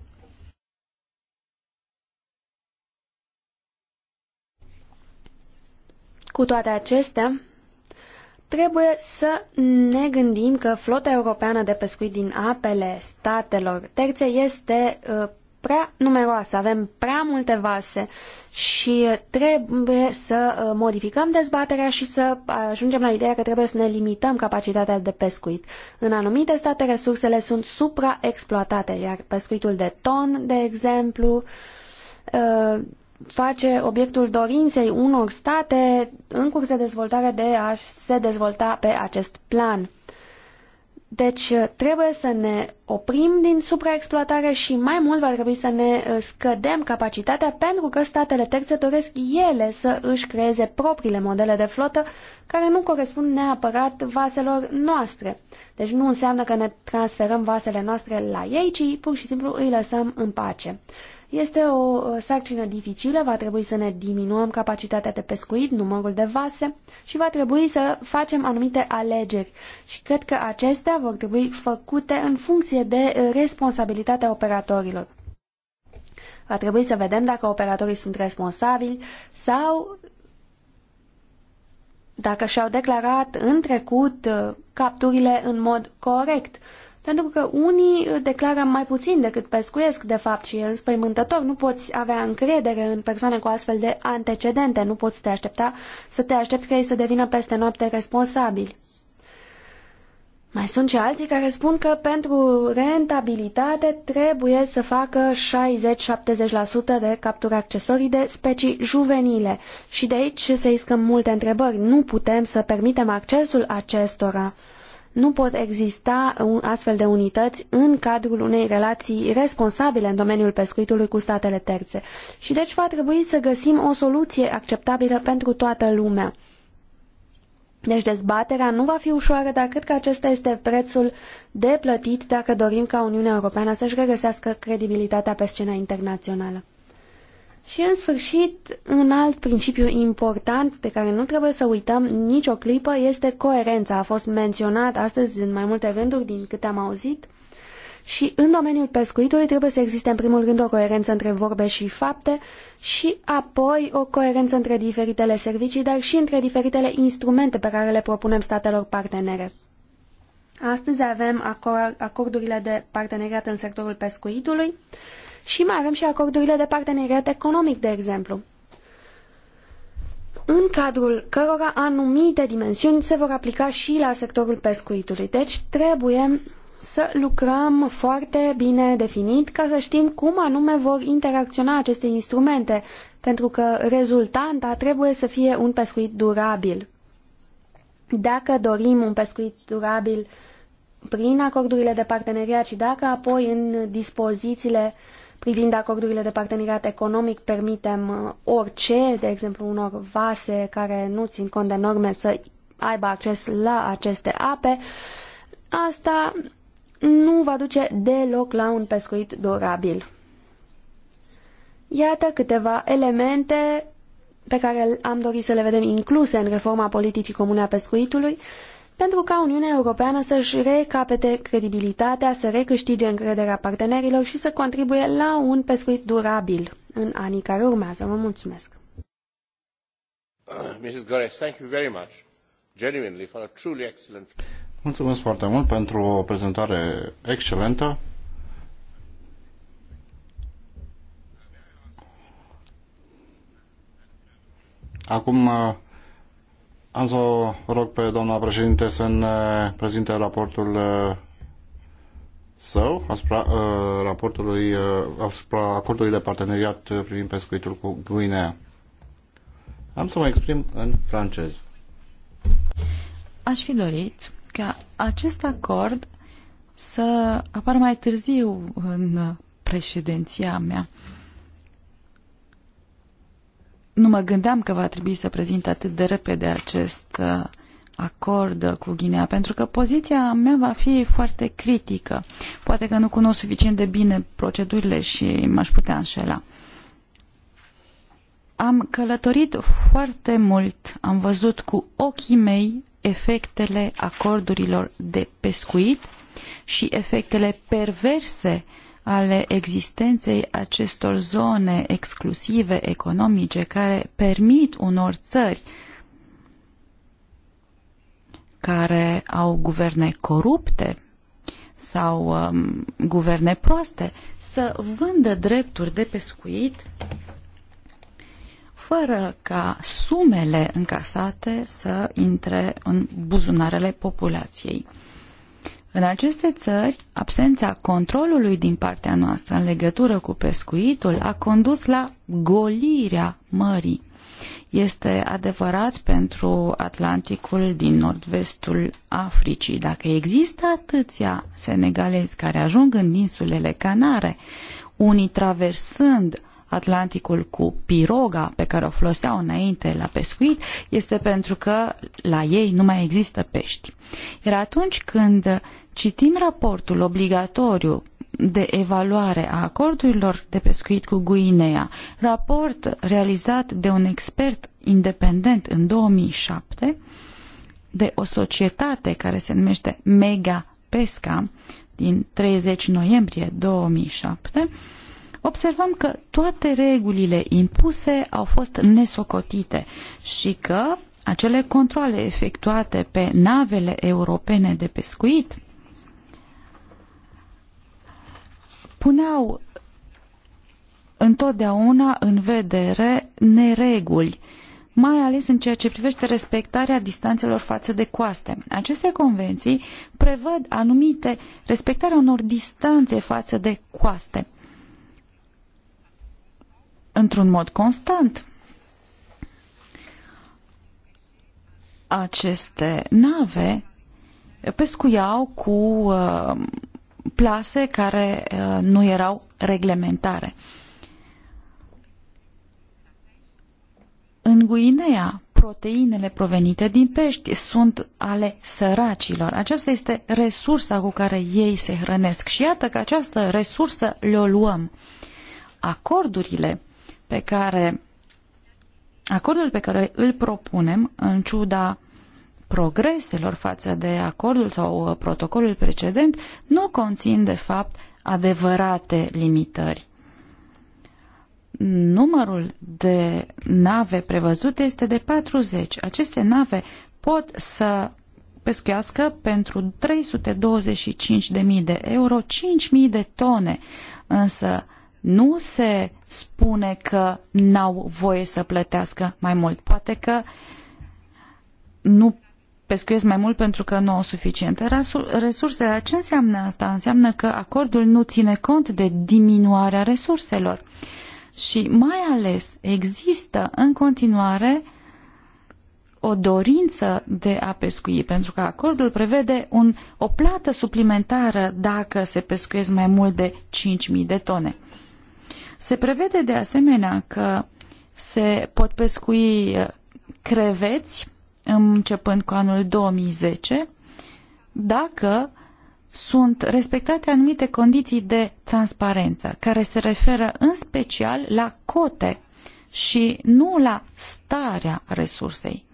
Cu toate acestea, trebuie să ne gândim că flota europeană de pescuit din apele statelor terțe este uh, prea numeroasă, avem prea multe vase și trebuie să uh, modificăm dezbaterea și să uh, ajungem la ideea că trebuie să ne limităm capacitatea de pescuit. În anumite state resursele sunt supraexploatate, iar pescuitul de ton, de exemplu, uh, face obiectul dorinței unor state în curs de dezvoltare de a se dezvolta pe acest plan. Deci uh, trebuie să ne oprim din supraexploatare și mai mult va trebui să ne uh, scădem capacitatea pentru că statele terțe doresc ele să își creeze propriile modele de flotă care nu corespund neapărat vaselor noastre. Deci nu înseamnă că ne transferăm vasele noastre la ei, ci pur și simplu îi lăsăm în pace. Este o sarcină dificilă, va trebui să ne diminuăm capacitatea de pescuit, numărul de vase și va trebui să facem anumite alegeri. Și cred că acestea vor trebui făcute în funcție de responsabilitatea operatorilor. Va trebui să vedem dacă operatorii sunt responsabili sau dacă și-au declarat în trecut capturile în mod corect pentru că unii uh, declară mai puțin decât pescuiesc, de fapt, și e înspăimântător. Nu poți avea încredere în persoane cu astfel de antecedente. Nu poți te aștepta să te aștepți că ei să devină peste noapte responsabili. Mai sunt și alții care spun că pentru rentabilitate trebuie să facă 60-70% de capturi accesorii de specii juvenile. Și de aici se iscă multe întrebări. Nu putem să permitem accesul acestora nu pot exista astfel de unități în cadrul unei relații responsabile în domeniul pescuitului cu statele terțe. Și deci va trebui să găsim o soluție acceptabilă pentru toată lumea. Deci dezbaterea nu va fi ușoară, dar cred că acesta este prețul de plătit dacă dorim ca Uniunea Europeană să-și regăsească credibilitatea pe scena internațională. Și, în sfârșit, un alt principiu important de care nu trebuie să uităm nicio clipă este coerența. A fost menționat astăzi în mai multe rânduri din câte am auzit. Și în domeniul pescuitului trebuie să existe în primul rând o coerență între vorbe și fapte și apoi o coerență între diferitele servicii, dar și între diferitele instrumente pe care le propunem statelor partenere. Astăzi avem acordurile de parteneriat în sectorul pescuitului și mai avem și acordurile de parteneriat economic, de exemplu, în cadrul cărora anumite dimensiuni se vor aplica și la sectorul pescuitului. Deci trebuie să lucrăm foarte bine definit ca să știm cum anume vor interacționa aceste instrumente, pentru că rezultanta trebuie să fie un pescuit durabil. Dacă dorim un pescuit durabil prin acordurile de parteneriat și dacă apoi în dispozițiile uh, privind acordurile de parteneriat economic permitem uh, orice, de exemplu unor vase care nu țin cont de norme să aibă acces la aceste ape, asta nu va duce deloc la un pescuit durabil. Iată câteva elemente pe care am dorit să le vedem incluse în reforma politicii comune a pescuitului pentru ca Uniunea Europeană să-și recapete credibilitatea, să recâștige încrederea partenerilor și să contribuie la un pescuit durabil în anii care urmează. Vă mulțumesc! Mulțumesc foarte mult pentru o prezentare excelentă. Acum uh, am să rog pe doamna președinte să ne prezinte raportul uh, său asupra uh, raportului uh, asupra acordului de parteneriat privind pescuitul cu Guinea. Am să mă exprim în francez. Aș fi dorit ca acest acord să apară mai târziu în președinția mea. Uh, nu mă gândeam că va trebui să prezint atât de repede acest uh, acord cu Guinea, pentru că poziția mea va fi foarte critică. Poate că nu cunosc suficient de bine procedurile și m-aș putea înșela. Am călătorit foarte mult, am văzut cu ochii mei efectele acordurilor de pescuit și efectele perverse ale existenței acestor zone exclusive economice care permit unor țări care au guverne corupte sau um, guverne proaste să vândă drepturi de pescuit fără ca sumele încasate să intre în buzunarele populației. În aceste țări, absența controlului din partea noastră în legătură cu pescuitul a condus la golirea mării. Este adevărat pentru Atlanticul din nord-vestul Africii. Dacă există atâția senegalezi care ajung în insulele Canare, unii traversând Atlanticul cu piroga pe care o foloseau înainte la pescuit este pentru că la ei nu mai există pești. Iar atunci când citim raportul obligatoriu de evaluare a acordurilor de pescuit cu Guinea, raport realizat de un expert independent în 2007, de o societate care se numește Mega Pesca din 30 noiembrie 2007, observăm că toate regulile impuse au fost nesocotite și că acele controle efectuate pe navele europene de pescuit puneau întotdeauna în vedere nereguli, mai ales în ceea ce privește respectarea distanțelor față de coaste. Aceste convenții prevăd anumite respectarea unor distanțe față de coaste într-un mod constant. Aceste nave pescuiau cu uh, plase care uh, nu erau reglementare. În Guinea, proteinele provenite din pești sunt ale săracilor. Aceasta este resursa cu care ei se hrănesc și iată că această resursă le-o luăm. Acordurile pe care acordul pe care îl propunem, în ciuda progreselor față de acordul sau uh, protocolul precedent, nu conțin de fapt adevărate limitări. Numărul de nave prevăzute este de 40. Aceste nave pot să pescuiască pentru 325.000 de euro 5.000 de tone, însă nu se spune că n-au voie să plătească mai mult. Poate că nu pescuiesc mai mult pentru că nu au suficiente resurse. Ce înseamnă asta? Înseamnă că acordul nu ține cont de diminuarea resurselor. Și mai ales există în continuare o dorință de a pescui, pentru că acordul prevede un, o plată suplimentară dacă se pescuiesc mai mult de 5.000 de tone. Se prevede de asemenea că se pot pescui uh, creveți începând cu anul 2010 dacă sunt respectate anumite condiții de transparență care se referă în special la cote și nu la starea resursei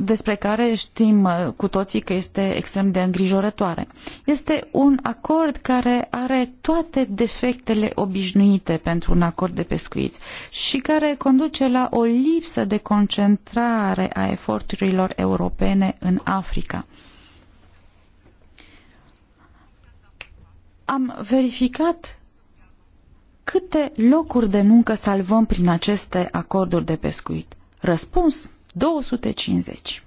despre care știm uh, cu toții că este extrem de îngrijorătoare. Este un acord care are toate defectele obișnuite pentru un acord de pescuiți și care conduce la o lipsă de concentrare a eforturilor europene în Africa. Am verificat câte locuri de muncă salvăm prin aceste acorduri de pescuit. Răspuns 250.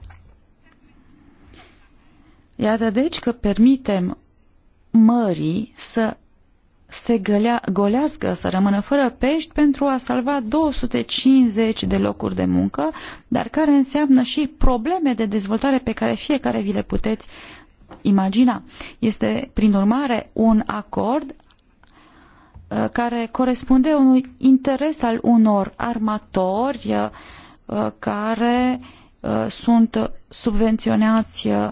Iată deci că permitem mării să se gălea, golească, să rămână fără pești pentru a salva 250 de locuri de muncă, dar care înseamnă și probleme de dezvoltare pe care fiecare vi le puteți imagina. Este, prin urmare, un acord uh, care corespunde unui interes al unor armatori uh, Uh, care uh, sunt subvenționați uh,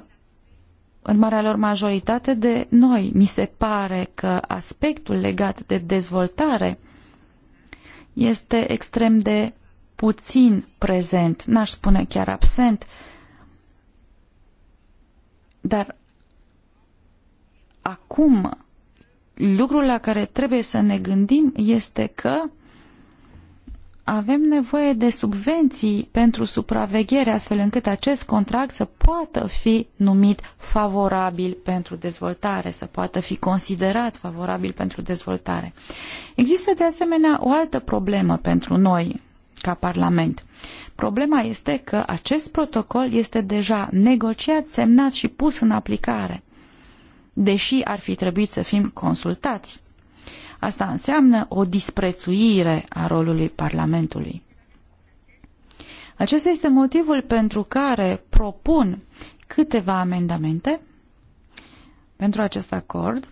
în marea lor majoritate de noi. Mi se pare că aspectul legat de dezvoltare este extrem de puțin prezent, n-aș spune chiar absent, dar acum lucrul la care trebuie să ne gândim este că avem nevoie de subvenții pentru supraveghere, astfel încât acest contract să poată fi numit favorabil pentru dezvoltare, să poată fi considerat favorabil pentru dezvoltare. Există de asemenea o altă problemă pentru noi ca Parlament. Problema este că acest protocol este deja negociat, semnat și pus în aplicare, deși ar fi trebuit să fim consultați. Asta înseamnă o disprețuire a rolului Parlamentului. Acesta este motivul pentru care propun câteva amendamente pentru acest acord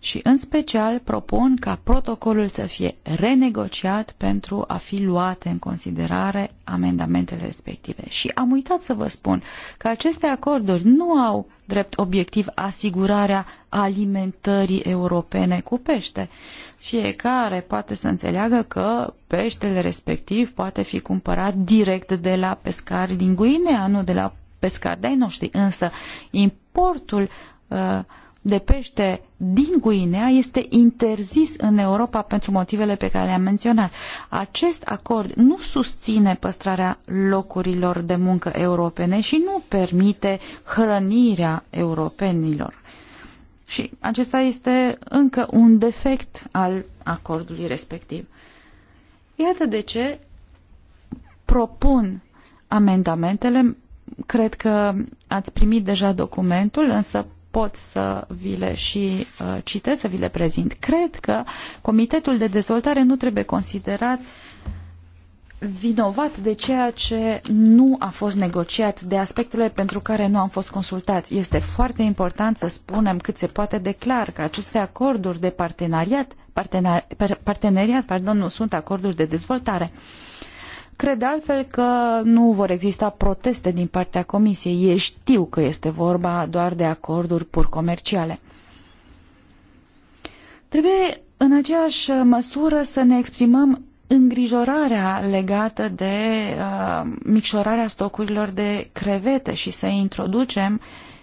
și în special propun ca protocolul să fie renegociat pentru a fi luate în considerare amendamentele respective. Și am uitat să vă spun că aceste acorduri nu au drept obiectiv asigurarea alimentării europene cu pește. Fiecare poate să înțeleagă că peștele respectiv poate fi cumpărat direct de la pescari din Guinea, nu de la pescari de-ai noștri, însă importul uh, de pește din Guinea este interzis în Europa pentru motivele pe care le-am menționat. Acest acord nu susține păstrarea locurilor de muncă europene și nu permite hrănirea europenilor. Și acesta este încă un defect al acordului respectiv. Iată de ce propun amendamentele. Cred că ați primit deja documentul, însă pot să vi le și uh, citesc, să vi le prezint. Cred că Comitetul de Dezvoltare nu trebuie considerat vinovat de ceea ce nu a fost negociat, de aspectele pentru care nu am fost consultați. Este foarte important să spunem cât se poate de clar că aceste acorduri de parteneriat, partener, parteneriat pardon, nu sunt acorduri de dezvoltare. Uh, Cred de altfel că nu vor exista proteste din partea Comisiei. Ei știu că este vorba doar de acorduri pur comerciale. Trebuie în aceeași măsură să ne exprimăm îngrijorarea legată de uh, micșorarea stocurilor de crevete și să introducem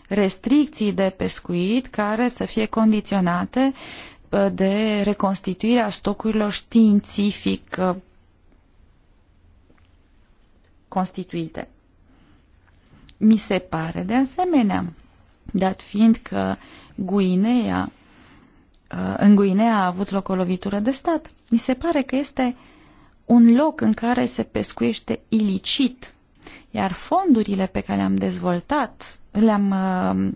restricții de pescuit care să fie condiționate uh, de reconstituirea stocurilor științific uh, constituite. Mi se pare de asemenea, dat fiind că Guinea, uh, în Guinea a avut loc o lovitură de stat, mi se pare că este un loc în care se pescuiește ilicit, iar fondurile pe care le-am dezvoltat, le-am uh,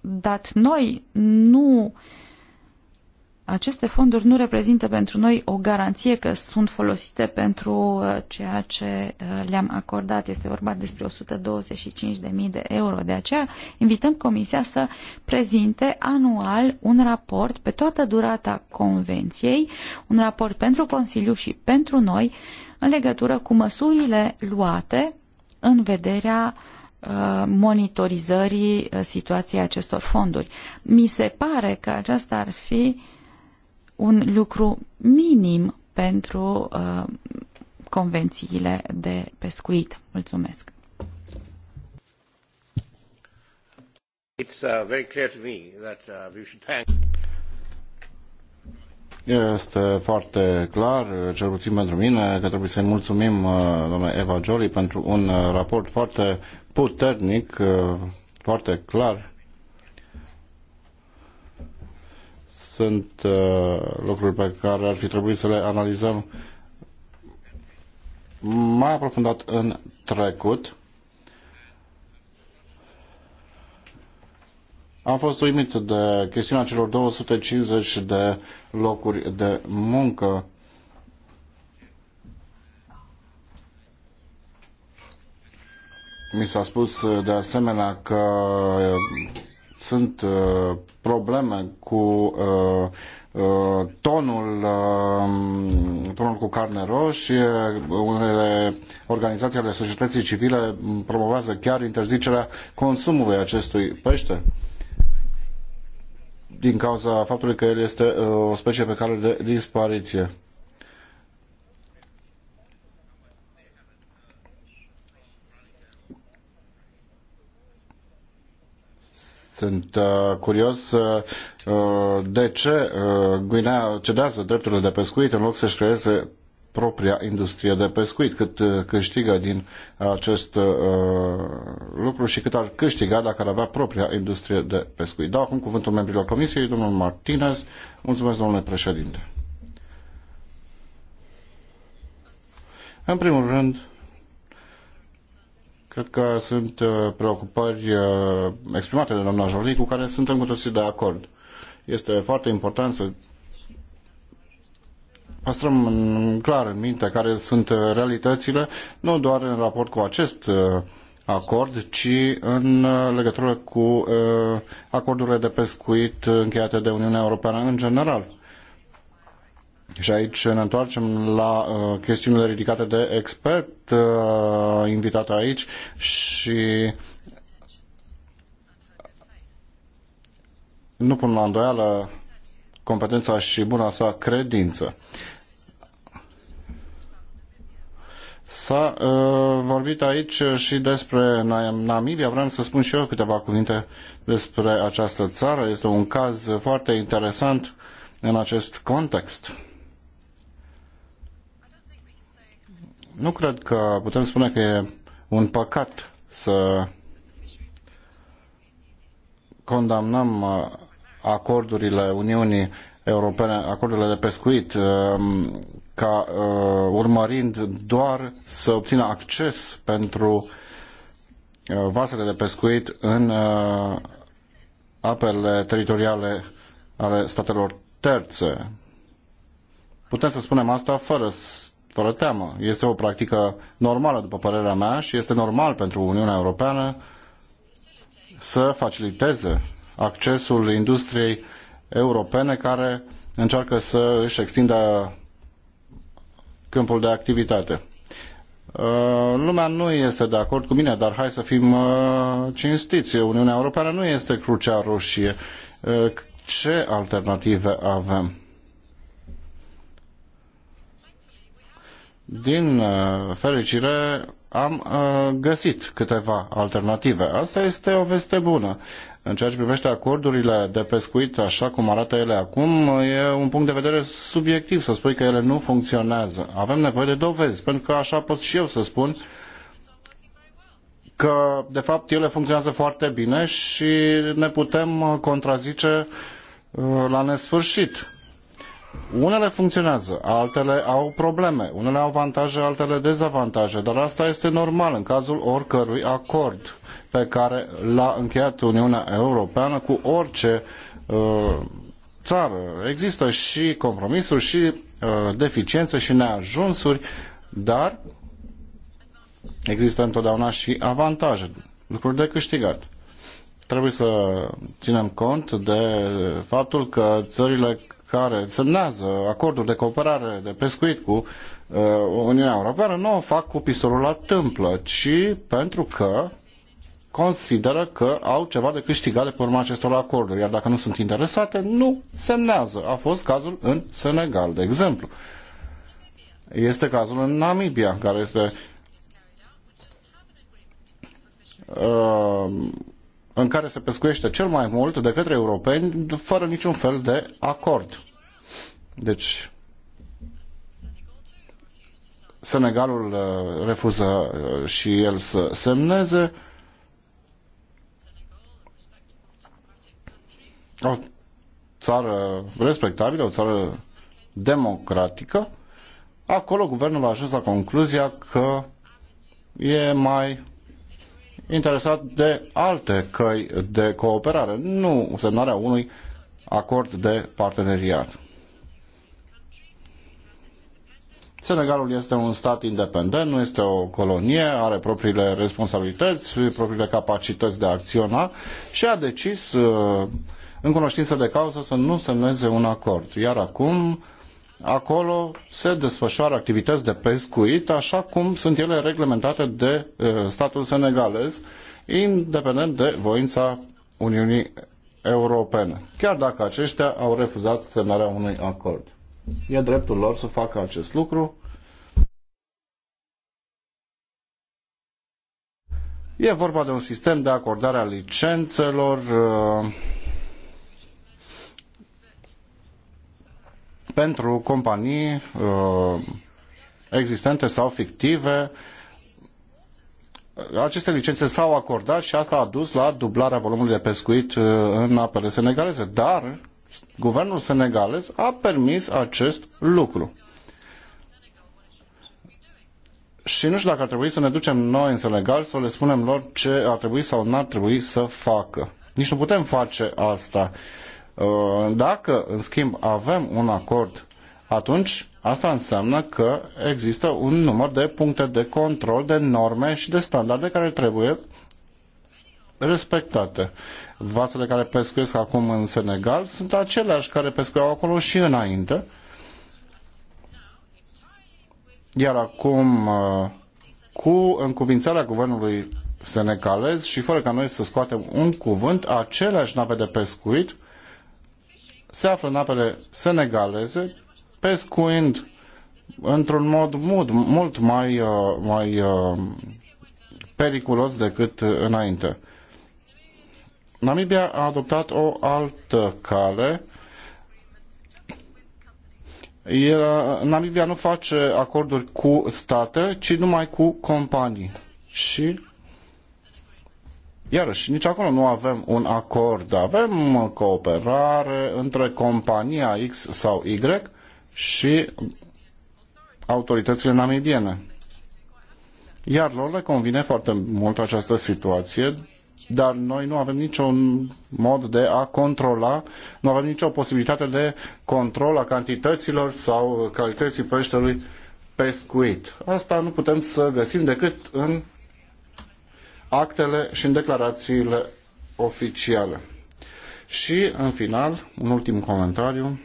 dat noi, nu uh, aceste fonduri nu reprezintă pentru noi o garanție că sunt folosite pentru uh, ceea ce uh, le-am acordat. Este vorba despre 125.000 de euro. De aceea invităm Comisia să prezinte anual un raport pe toată durata convenției, un raport pentru Consiliu și pentru noi în legătură cu măsurile luate în vederea uh, monitorizării situației acestor fonduri. Mi se pare că aceasta ar fi un lucru minim pentru uh, convențiile de pescuit. Mulțumesc. It's uh, very clear to me that uh, we should thank este foarte clar, cel puțin pentru mine, că trebuie să-i mulțumim uh, doamna Eva Jolie pentru un uh, raport foarte puternic, uh, foarte clar sunt uh, lucruri pe care ar fi trebuit să le analizăm mai aprofundat în trecut. Am fost uimit de chestiunea celor 250 de locuri de muncă. Mi s-a spus uh, de asemenea că uh, sunt uh, probleme cu uh, uh, tonul, uh, tonul cu carne roșie, unele organizații ale societății civile promovează chiar interzicerea consumului acestui pește din cauza faptului că el este uh, o specie pe care de dispariție. Sunt uh, curios uh, uh, de ce Guinea cedează drepturile de pescuit în loc să-și creeze propria industrie de pescuit, cât câștigă din acest uh, lucru și cât ar câștiga dacă ar avea propria industrie de pescuit. Dau acum cuvântul membrilor Comisiei, domnul Martinez. Mulțumesc, domnule președinte. În primul rând, Cred că sunt uh, preocupări uh, exprimate de doamna Jolie cu care suntem cu toții de acord. Este foarte important să păstrăm clar în minte care sunt uh, realitățile, nu doar în raport cu acest acord, ci în legătură cu acordurile de pescuit încheiate de Uniunea Europeană în general. Și aici ne întoarcem la uh, chestiunile ridicate de expert uh, invitat aici și nu pun la îndoială competența și buna sa credință. S-a uh, vorbit aici și despre Namibia. Vreau să spun și eu câteva cuvinte despre această țară. Este un caz foarte interesant în acest context. Nu cred că putem spune că e un păcat să condamnăm uh, acordurile Uniunii Europene, acordurile de pescuit, um, ca uh, urmărind doar să obțină acces pentru uh, vasele de pescuit în apele teritoriale ale statelor terțe. Putem să spunem asta fără fără teamă. Este o practică normală, după părerea mea, și este normal pentru Uniunea Europeană să faciliteze accesul industriei europene care încearcă să își extindă câmpul de activitate. Uh, lumea nu este de acord cu mine, dar hai să fim uh, cinstiți. Uniunea Europeană nu este crucea roșie. Uh, ce alternative avem? din uh, fericire, am uh, găsit câteva alternative. Asta este o veste bună. În ceea ce privește acordurile de pescuit, așa cum arată ele acum, e un punct de vedere subiectiv să spui că ele nu funcționează. Avem nevoie de dovezi, pentru că așa pot și eu să spun că, de fapt, ele funcționează foarte bine și ne putem contrazice uh, la nesfârșit. Unele funcționează, altele au probleme, unele au avantaje, altele dezavantaje, dar asta este normal în cazul oricărui acord pe care l-a încheiat Uniunea Europeană cu orice uh, țară. Există și compromisuri, și uh, deficiențe, și neajunsuri, dar există întotdeauna și avantaje, lucruri de câștigat trebuie să ținem cont de faptul că țările care semnează acordul de cooperare de pescuit cu uh, Uniunea Europeană nu o fac cu pistolul la tâmplă, ci pentru că consideră că au ceva de câștigat de pe urma acestor acorduri, iar dacă nu sunt interesate, nu semnează. A fost cazul în Senegal, de exemplu. Este cazul în Namibia, care este uh, în care se pescuiește cel mai mult de către europeni fără niciun fel de acord. Deci, Senegalul uh, refuză uh, și el să semneze. O țară respectabilă, o țară democratică, acolo guvernul a ajuns la concluzia că e mai interesat de alte căi de cooperare, nu semnarea unui acord de parteneriat. Senegalul este un stat independent, nu este o colonie, are propriile responsabilități, propriile capacități de a acționa și a decis, uh, în cunoștință de cauză, să nu semneze un acord. Iar acum acolo se desfășoară activități de pescuit, așa cum sunt ele reglementate de eh, statul senegalez, independent de voința Uniunii Europene, chiar dacă aceștia au refuzat semnarea unui acord. E dreptul lor să facă acest lucru. E vorba de un sistem de acordare a licențelor uh, pentru companii uh, existente sau fictive. Aceste licențe s-au acordat și asta a dus la dublarea volumului de pescuit uh, în apele senegaleze, dar guvernul senegalez a permis acest lucru. Și nu știu dacă ar trebui să ne ducem noi în Senegal să le spunem lor ce ar trebui sau n-ar trebui să facă. Nici nu putem face asta. Uh, Uh, dacă, în schimb, avem un acord, atunci asta înseamnă că există un număr de puncte de control, de norme și de standarde care trebuie respectate. Vasele care pescuiesc acum în Senegal sunt aceleași care pescuiau acolo și înainte. Iar acum, uh, cu încuvințarea guvernului senegalez și fără ca noi să scoatem un cuvânt, aceleași nave de pescuit se află în apele senegaleze, pescuind într-un mod mult, mult mai, uh, mai uh, periculos decât înainte. Namibia a adoptat o altă cale. Namibia nu face acorduri cu state, ci numai cu companii. Și Iarăși, nici acolo nu avem un acord, avem cooperare între compania X sau Y și autoritățile namibiene. Iar lor le convine foarte mult această situație, dar noi nu avem niciun mod de a controla, nu avem nicio posibilitate de control a cantităților sau calității peștelui pescuit. Asta nu putem să găsim decât în actele și în declarațiile oficiale. Și, în final, un ultim comentariu.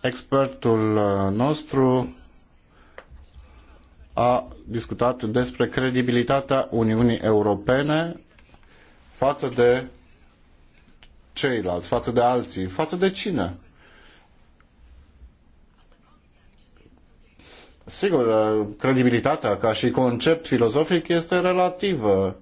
Expertul uh, nostru a discutat despre credibilitatea Uniunii Europene față de ceilalți, față de alții, față de cine? Sigur, credibilitatea ca și concept filozofic este relativă.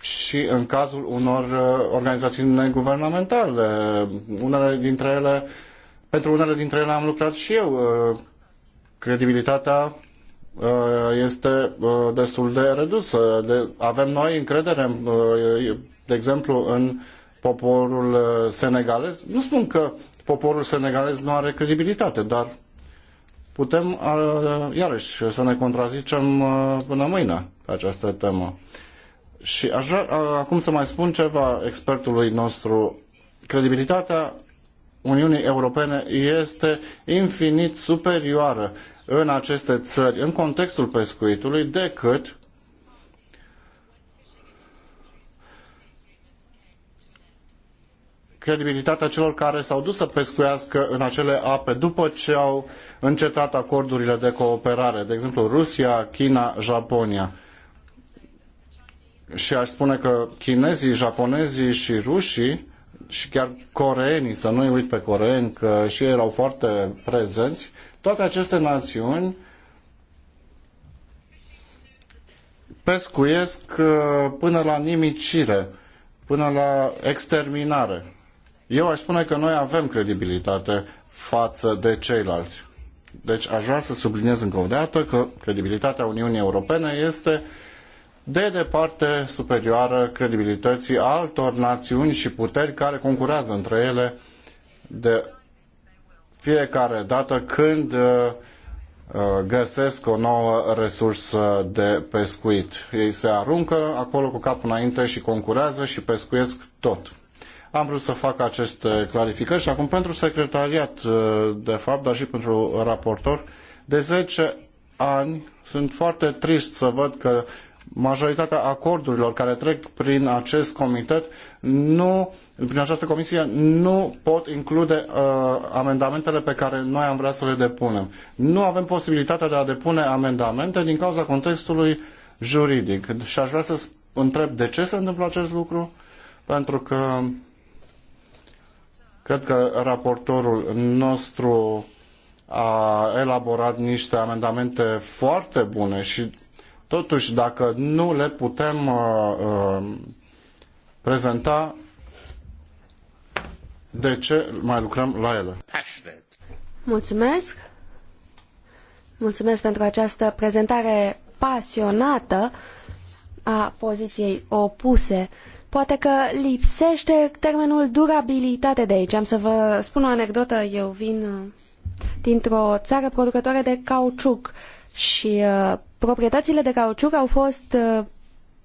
și în cazul unor uh, organizații neguvernamentale. Unele dintre ele, pentru unele dintre ele am lucrat și eu. Uh, credibilitatea uh, este destul de redusă. Avem noi încredere în de exemplu, în poporul uh, senegalez. Nu spun că poporul senegalez nu are credibilitate, dar putem, uh, iarăși, să ne contrazicem uh, până mâine pe această temă. Și aș vrea acum să mai spun ceva expertului nostru. Credibilitatea Uniunii Europene este infinit superioară în aceste țări, în contextul pescuitului, decât credibilitatea celor care s-au dus să pescuiască în acele ape după ce au încetat acordurile de cooperare, de exemplu Rusia, China, Japonia. Și aș spune că chinezii, japonezii și rușii și chiar coreenii, să nu-i uit pe coreeni, că și ei erau foarte prezenți, toate aceste națiuni pescuiesc uh, până la nimicire, până la exterminare. Eu aș spune că noi avem credibilitate față de ceilalți. Deci aș vrea să subliniez încă o dată că credibilitatea Uniunii Europene este de departe superioară credibilității altor națiuni și puteri care concurează între ele de fiecare dată când uh, uh, găsesc o nouă resursă de pescuit. Ei se aruncă acolo cu capul înainte și concurează și pescuiesc tot. Am vrut să fac aceste clarificări și acum pentru secretariat, uh, de fapt, dar și pentru raportor, de zece ani sunt foarte trist să văd că majoritatea acordurilor care trec prin acest comitet nu, prin această comisie nu pot include uh, amendamentele pe care noi am vrea să le depunem. Nu avem posibilitatea de a depune amendamente din cauza contextului juridic. Și aș vrea să întreb de ce se întâmplă acest lucru, pentru că Cred că raportorul nostru a elaborat niște amendamente foarte bune și totuși dacă nu le putem uh, uh prezenta, de ce mai lucrăm la ele? Mulțumesc! Mulțumesc pentru această prezentare pasionată a poziției opuse. Uh, Poate că lipsește termenul durabilitate de aici. Am să vă spun o anecdotă. Eu vin uh, dintr-o țară producătoare de cauciuc și uh, proprietățile de cauciuc au fost uh,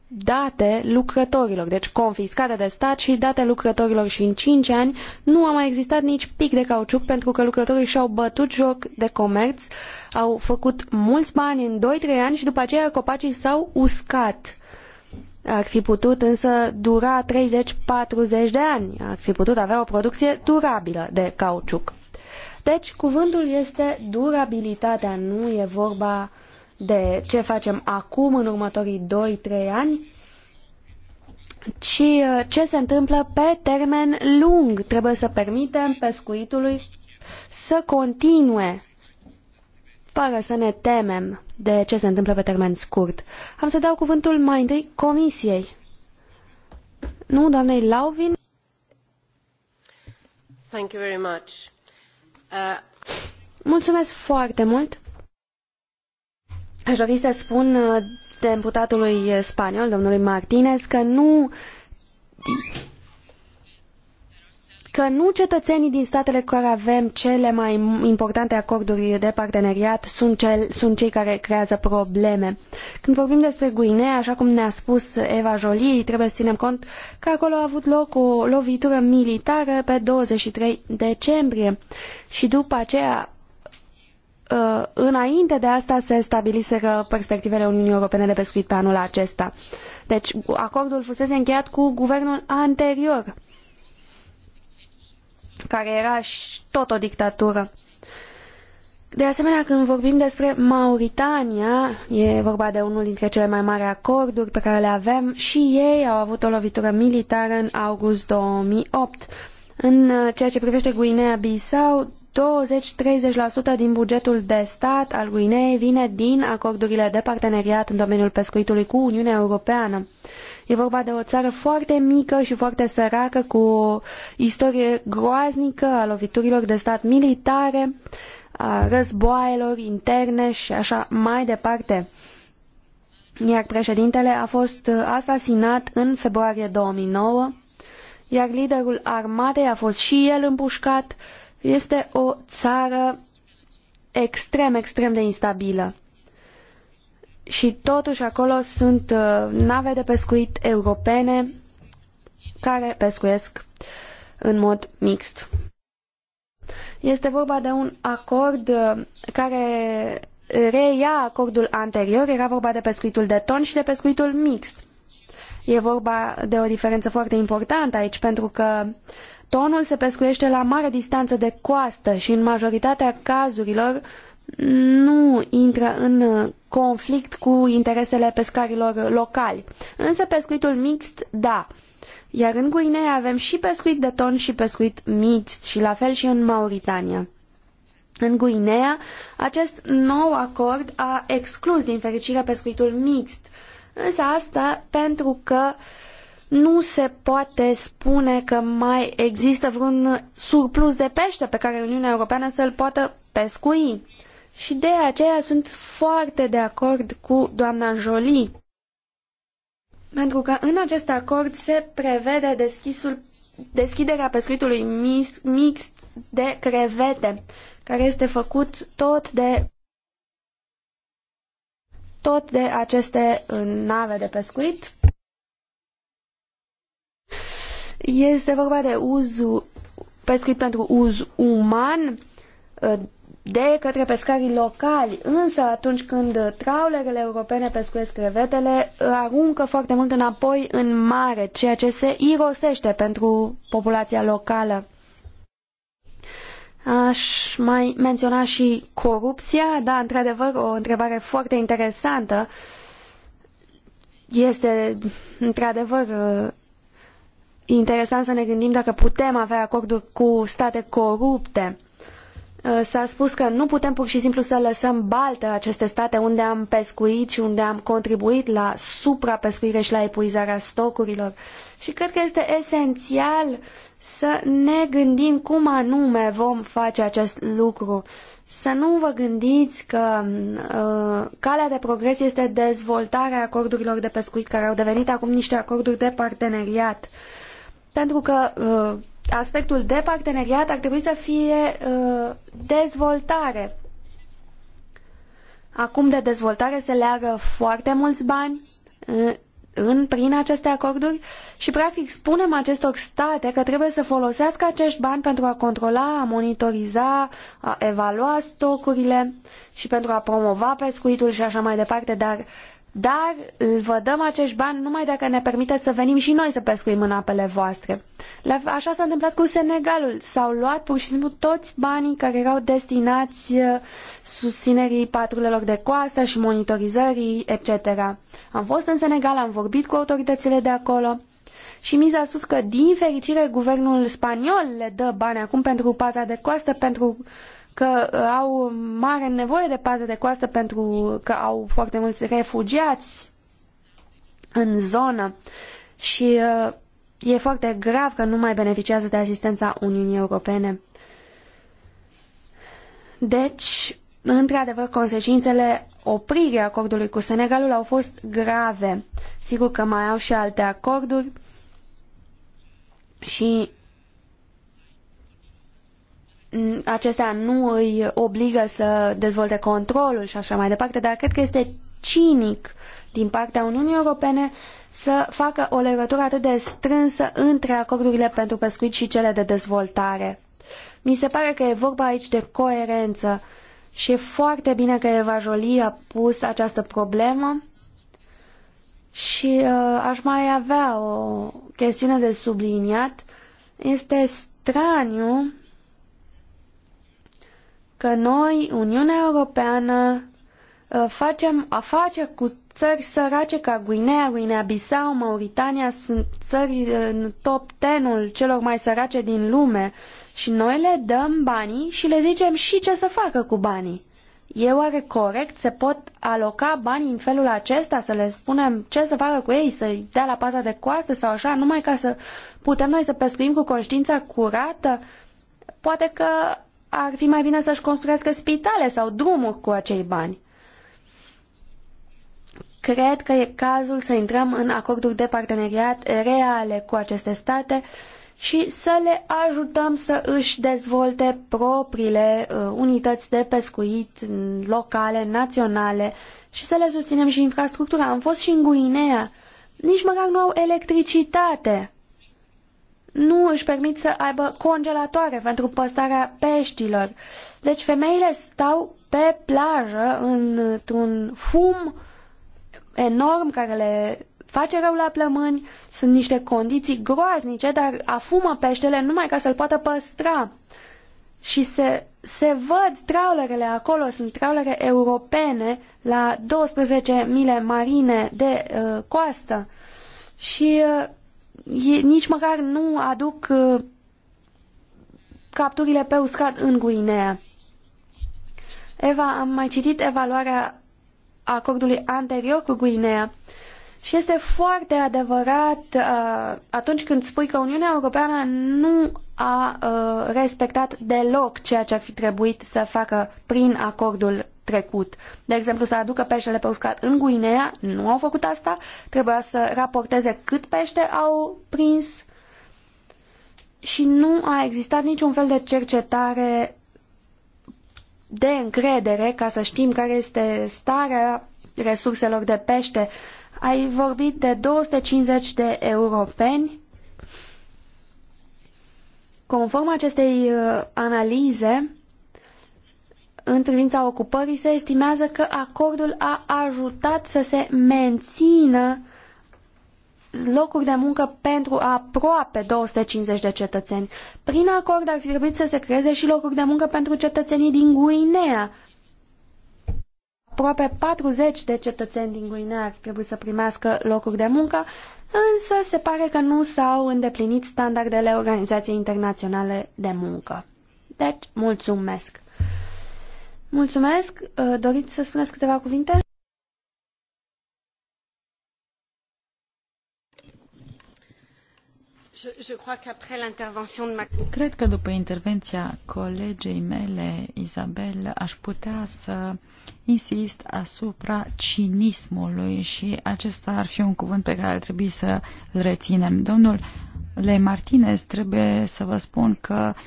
date lucrătorilor, deci confiscate de stat și date lucrătorilor și în cinci ani nu a mai existat nici pic de cauciuc pentru că lucrătorii și-au bătut joc de comerț, au făcut mulți bani în doi trei ani și după aceea copacii s-au uscat. Ar fi putut însă dura 30-40 de ani. Ar fi putut avea o producție durabilă de cauciuc. Deci, cuvântul este durabilitatea, nu e vorba de ce facem acum în următorii 2-3 ani, ci uh, ce se întâmplă pe termen lung. Trebuie să permitem pescuitului să continue fără să ne temem de ce se întâmplă pe termen scurt. Am să dau cuvântul mai întâi Comisiei. Nu, doamnei Lauvin? Thank you very much. Uh... Mulțumesc foarte mult. Aș dori să spun uh, deputatului spaniol, domnului Martinez, că nu că nu cetățenii din statele cu care avem cele mai importante acorduri de parteneriat sunt, cel, sunt cei care creează probleme. Când vorbim despre Guinea, așa cum ne-a spus Eva Jolie, trebuie să ținem cont că acolo a avut loc o lovitură militară pe 23 decembrie și după aceea uh, înainte de asta se stabiliseră perspectivele Uniunii Europene de pescuit pe anul acesta. Deci acordul fusese încheiat cu guvernul anterior care era tot o dictatură. De asemenea, când vorbim despre Mauritania, e vorba de unul dintre cele mai mari acorduri pe care le avem, și ei au avut o lovitură militară în august 2008. În uh, ceea ce privește Guinea-Bissau, 20-30% din bugetul de stat al Guineei vine din acordurile de parteneriat în domeniul pescuitului cu Uniunea Europeană. E vorba de o țară foarte mică și foarte săracă, cu o istorie groaznică a loviturilor de stat militare, a războaielor interne și așa mai departe. Iar președintele a fost asasinat în februarie 2009, iar liderul armatei a fost și el împușcat. Este o țară extrem, extrem de instabilă și totuși acolo sunt uh, nave de pescuit europene care pescuiesc în mod mixt. Este vorba de un acord uh, care reia acordul anterior, era vorba de pescuitul de ton și de pescuitul mixt. E vorba de o diferență foarte importantă aici, pentru că tonul se pescuiește la mare distanță de coastă și în majoritatea cazurilor uh, nu intră în uh, conflict cu interesele pescarilor locali. Însă pescuitul mixt, da. Iar în Guinea avem și pescuit de ton și pescuit mixt și la fel și în Mauritania. În Guinea, acest nou acord a exclus din fericire pescuitul mixt, însă asta pentru că nu se poate spune că mai există vreun surplus de pește pe care Uniunea Europeană să-l poată pescui și de aceea sunt foarte de acord cu doamna Jolie. Pentru că în acest acord se prevede deschisul, deschiderea pescuitului mixt de crevete, care este făcut tot de tot de aceste uh, nave de pescuit. Este vorba de uzu, pescuit pentru uz uman, uh, de către pescarii locali, însă atunci când traulerele europene pescuiesc crevetele, aruncă foarte mult înapoi în mare, ceea ce se irosește pentru populația locală. Aș mai menționa și corupția, da, într-adevăr, o întrebare foarte interesantă. Este, într-adevăr, interesant să ne gândim dacă putem avea acorduri cu state corupte. Uh, s-a spus că nu putem pur și simplu să lăsăm baltă aceste state unde am pescuit și unde am contribuit la suprapescuire și la epuizarea stocurilor. Și cred că este esențial să ne gândim cum anume vom face acest lucru. Să nu vă gândiți că uh, calea de progres este dezvoltarea acordurilor de pescuit care au devenit acum niște acorduri de parteneriat. Pentru că uh, aspectul de parteneriat ar trebui să fie uh, dezvoltare. Acum de dezvoltare se leagă foarte mulți bani uh, în, prin aceste acorduri și practic spunem acestor state că trebuie să folosească acești bani pentru a controla, a monitoriza, a evalua stocurile și pentru a promova pescuitul și așa mai departe, dar dar vă dăm acești bani numai dacă ne permiteți să venim și noi să pescuim în apele voastre. Așa s-a întâmplat cu Senegalul. S-au luat pur și simplu toți banii care erau destinați uh, susținerii patrulelor de coastă și monitorizării, etc. Am fost în Senegal, am vorbit cu autoritățile de acolo și mi s-a spus că, din fericire, guvernul spaniol le dă bani acum pentru paza de coastă, pentru că uh, au mare nevoie de pază de coastă pentru că au foarte mulți refugiați în zonă și uh, e foarte grav că nu mai beneficiază de asistența Uniunii Europene. Deci, într-adevăr, consecințele opririi acordului cu Senegalul au fost grave. Sigur că mai au și alte acorduri și acestea nu îi obligă să dezvolte controlul și așa mai departe, dar cred că este cinic din partea Uniunii Europene să facă o legătură atât de strânsă între acordurile pentru pescuit și cele de dezvoltare. Mi se pare că e vorba aici de coerență și e foarte bine că Eva Jolie a pus această problemă și uh, aș mai avea o chestiune de subliniat. Este straniu că noi, Uniunea Europeană, ă, facem afaceri cu țări sărace ca Guinea, Guinea-Bissau, Mauritania, sunt țări ă, în top ul celor mai sărace din lume și noi le dăm banii și le zicem și ce să facă cu banii. E oare corect? Se pot aloca banii în felul acesta? Să le spunem ce să facă cu ei? Să-i dea la paza de coastă sau așa? Numai ca să putem noi să pescuim cu conștiința curată? Poate că ar fi mai bine să-și construiască spitale sau drumuri cu acei bani. Cred că e cazul să intrăm în acorduri de parteneriat reale cu aceste state și să le ajutăm să își dezvolte propriile uh, unități de pescuit locale, naționale și să le susținem și infrastructura. Am fost și în Guinea. Nici măcar nu au electricitate nu își permit să aibă congelatoare pentru păstarea peștilor. Deci femeile stau pe plajă într-un fum enorm care le face rău la plămâni, sunt niște condiții groaznice, dar afumă peștele numai ca să-l poată păstra. Și se, se văd traulerele acolo, sunt traulere europene la 12 mile marine de uh, coastă. Și uh, e, nici măcar nu aduc uh, capturile pe uscat în Guinea. Eva, am mai citit evaluarea acordului anterior cu Guinea și este foarte adevărat uh, atunci când spui că Uniunea Europeană nu a uh, respectat deloc ceea ce ar fi trebuit să facă prin acordul trecut. De exemplu, să aducă peștele pe uscat în Guinea, nu au făcut asta, trebuia să raporteze cât pește au prins și nu a existat niciun fel de cercetare de încredere ca să știm care este starea resurselor de pește. Ai vorbit de 250 de europeni. Conform acestei uh, analize, în privința ocupării, se estimează că acordul a ajutat să se mențină locuri de muncă pentru aproape 250 de cetățeni. Prin acord ar fi trebuit să se creeze și locuri de muncă pentru cetățenii din Guinea. Aproape 40 de cetățeni din Guinea ar trebuit să primească locuri de muncă, însă se pare că nu s-au îndeplinit standardele Organizației Internaționale de Muncă. Deci, mulțumesc! Mulțumesc. Uh, doriți să spuneți câteva cuvinte? Cred că după intervenția colegei mele, Isabel, aș putea să insist asupra cinismului și acesta ar fi un cuvânt pe care ar trebui să îl reținem. Domnul Le Martinez, trebuie să vă spun că uh,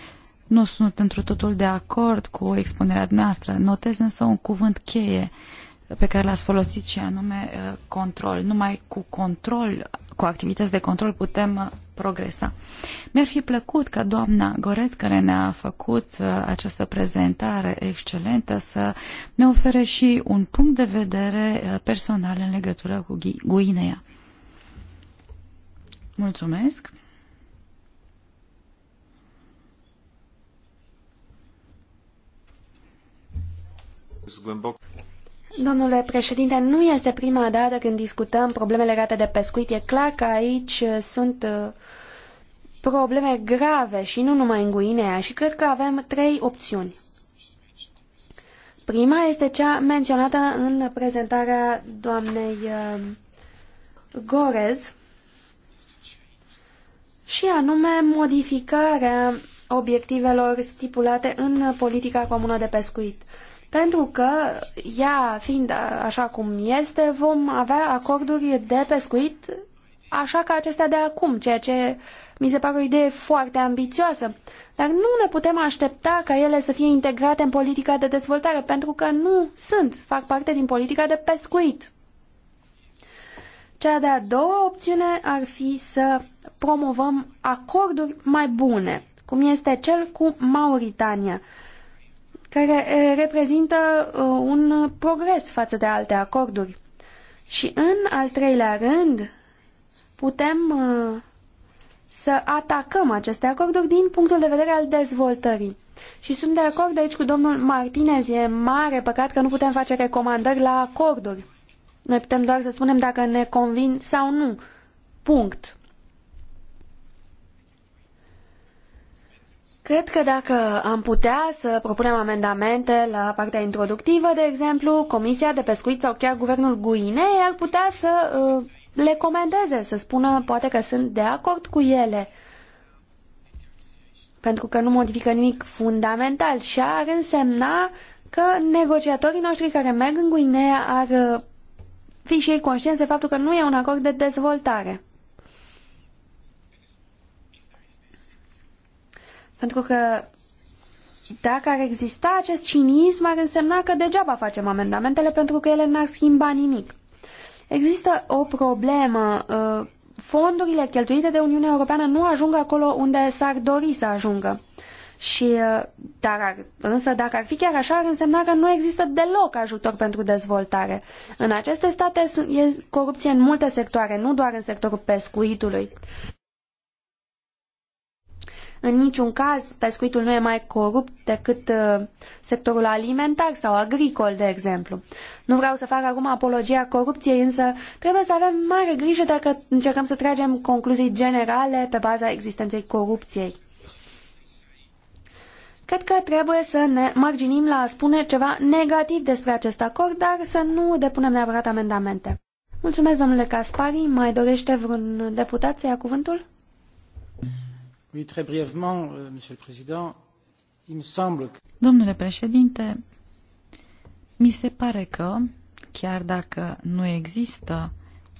nu sunt într totul de acord cu expunerea noastră. Notez însă un cuvânt cheie pe care l-ați folosit și anume uh, control. Numai cu control, cu activități de control putem uh, progresa. Mi-ar fi plăcut ca doamna Goreț, care ne-a făcut uh, această prezentare excelentă, să ne ofere și un punct de vedere personal în legătură cu Guinea. Mulțumesc! Domnule președinte, nu este prima dată când discutăm probleme legate de pescuit. E clar că aici sunt uh, probleme grave și nu numai în Guinea și cred că avem trei opțiuni. Prima este cea menționată în prezentarea doamnei uh, Gorez și anume modificarea obiectivelor stipulate în politica comună de pescuit pentru că ea fiind așa cum este, vom avea acorduri de pescuit așa ca acestea de acum, ceea ce mi se pare o idee foarte ambițioasă. Dar nu ne putem aștepta ca ele să fie integrate în politica de dezvoltare, pentru că nu sunt, fac parte din politica de pescuit. Cea de-a doua opțiune ar fi să promovăm acorduri mai bune, cum este cel cu Mauritania care reprezintă un progres față de alte acorduri. Și în al treilea rând, putem să atacăm aceste acorduri din punctul de vedere al dezvoltării. Și sunt de acord aici cu domnul Martinez, e mare păcat că nu putem face recomandări la acorduri. Noi putem doar să spunem dacă ne convin sau nu. Punct. Cred că dacă am putea să propunem amendamente la partea introductivă, de exemplu, Comisia de Pescuit sau chiar Guvernul Guinei ar putea să uh, le comenteze, să spună poate că sunt de acord cu ele, pentru că nu modifică nimic fundamental și ar însemna că negociatorii noștri care merg în Guinea ar uh, fi și ei conștienți de faptul că nu e un acord de dezvoltare. Pentru că dacă ar exista acest cinism, ar însemna că degeaba facem amendamentele pentru că ele n-ar schimba nimic. Există o problemă. Uh, fondurile cheltuite de Uniunea Europeană nu ajung acolo unde s-ar dori să ajungă. Și, uh, dar ar, însă dacă ar fi chiar așa, ar însemna că nu există deloc ajutor pentru dezvoltare. În aceste state e corupție în multe sectoare, nu doar în sectorul pescuitului. În niciun caz, pescuitul nu e mai corupt decât uh, sectorul alimentar sau agricol, de exemplu. Nu vreau să fac acum apologia corupției, însă trebuie să avem mare grijă dacă încercăm să tragem concluzii generale pe baza existenței corupției. Cred că trebuie să ne marginim la a spune ceva negativ despre acest acord, dar să nu depunem neapărat amendamente. Mulțumesc, domnule Caspari. Mai dorește vreun deputat să ia cuvântul? Euh, Domnule președinte, mi se pare că, chiar dacă nu există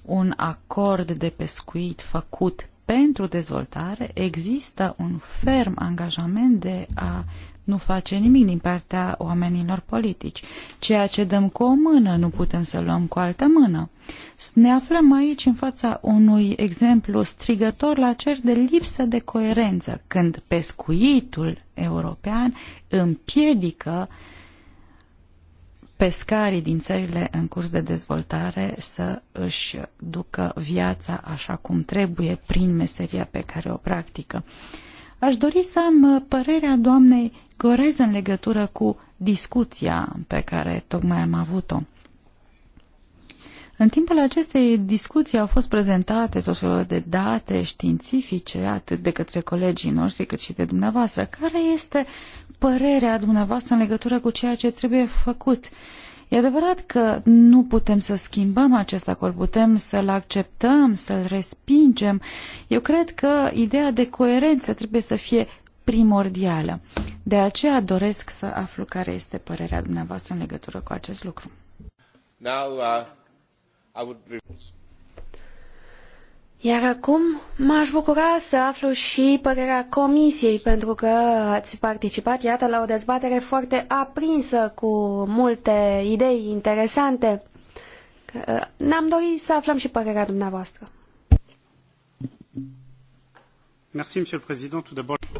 un acord de pescuit făcut pentru dezvoltare, există un ferm angajament de a nu face nimic din partea oamenilor politici. Ceea ce dăm cu o mână nu putem să luăm cu altă mână. Ne aflăm aici în fața unui exemplu strigător la cer de lipsă de coerență, când pescuitul european împiedică pescarii din țările în curs de dezvoltare să își ducă viața așa cum trebuie prin meseria pe care o practică. Aș dori să am părerea doamnei corez în legătură cu discuția pe care tocmai am avut-o. În timpul acestei discuții au fost prezentate tot felul de date științifice, atât de către colegii noștri, cât și de dumneavoastră. Care este părerea dumneavoastră în legătură cu ceea ce trebuie făcut? E adevărat că nu putem să schimbăm acest acord, putem să-l acceptăm, să-l respingem. Eu cred că ideea de coerență trebuie să fie primordială. De aceea doresc să aflu care este părerea dumneavoastră în legătură cu acest lucru. Now, uh, I would... Iar acum m-aș bucura să aflu și părerea Comisiei, pentru că ați participat, iată, la o dezbatere foarte aprinsă cu multe idei interesante. Uh, ne-am dorit să aflăm și părerea dumneavoastră.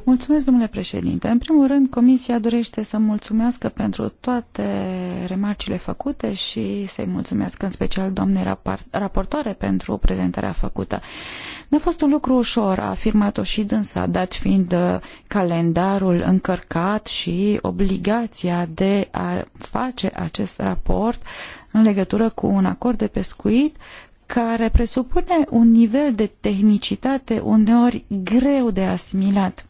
Mulțumesc, domnule președinte. În primul rând, Comisia dorește să mulțumească pentru toate remarcile făcute și să-i mulțumesc în special doamnei raportoare pentru prezentarea făcută. Nu a fost un lucru ușor, a afirmat-o și dânsa, dat fiind uh, calendarul încărcat și obligația de a face acest raport în legătură cu un acord de pescuit care presupune un nivel de tehnicitate uneori greu de asimilat.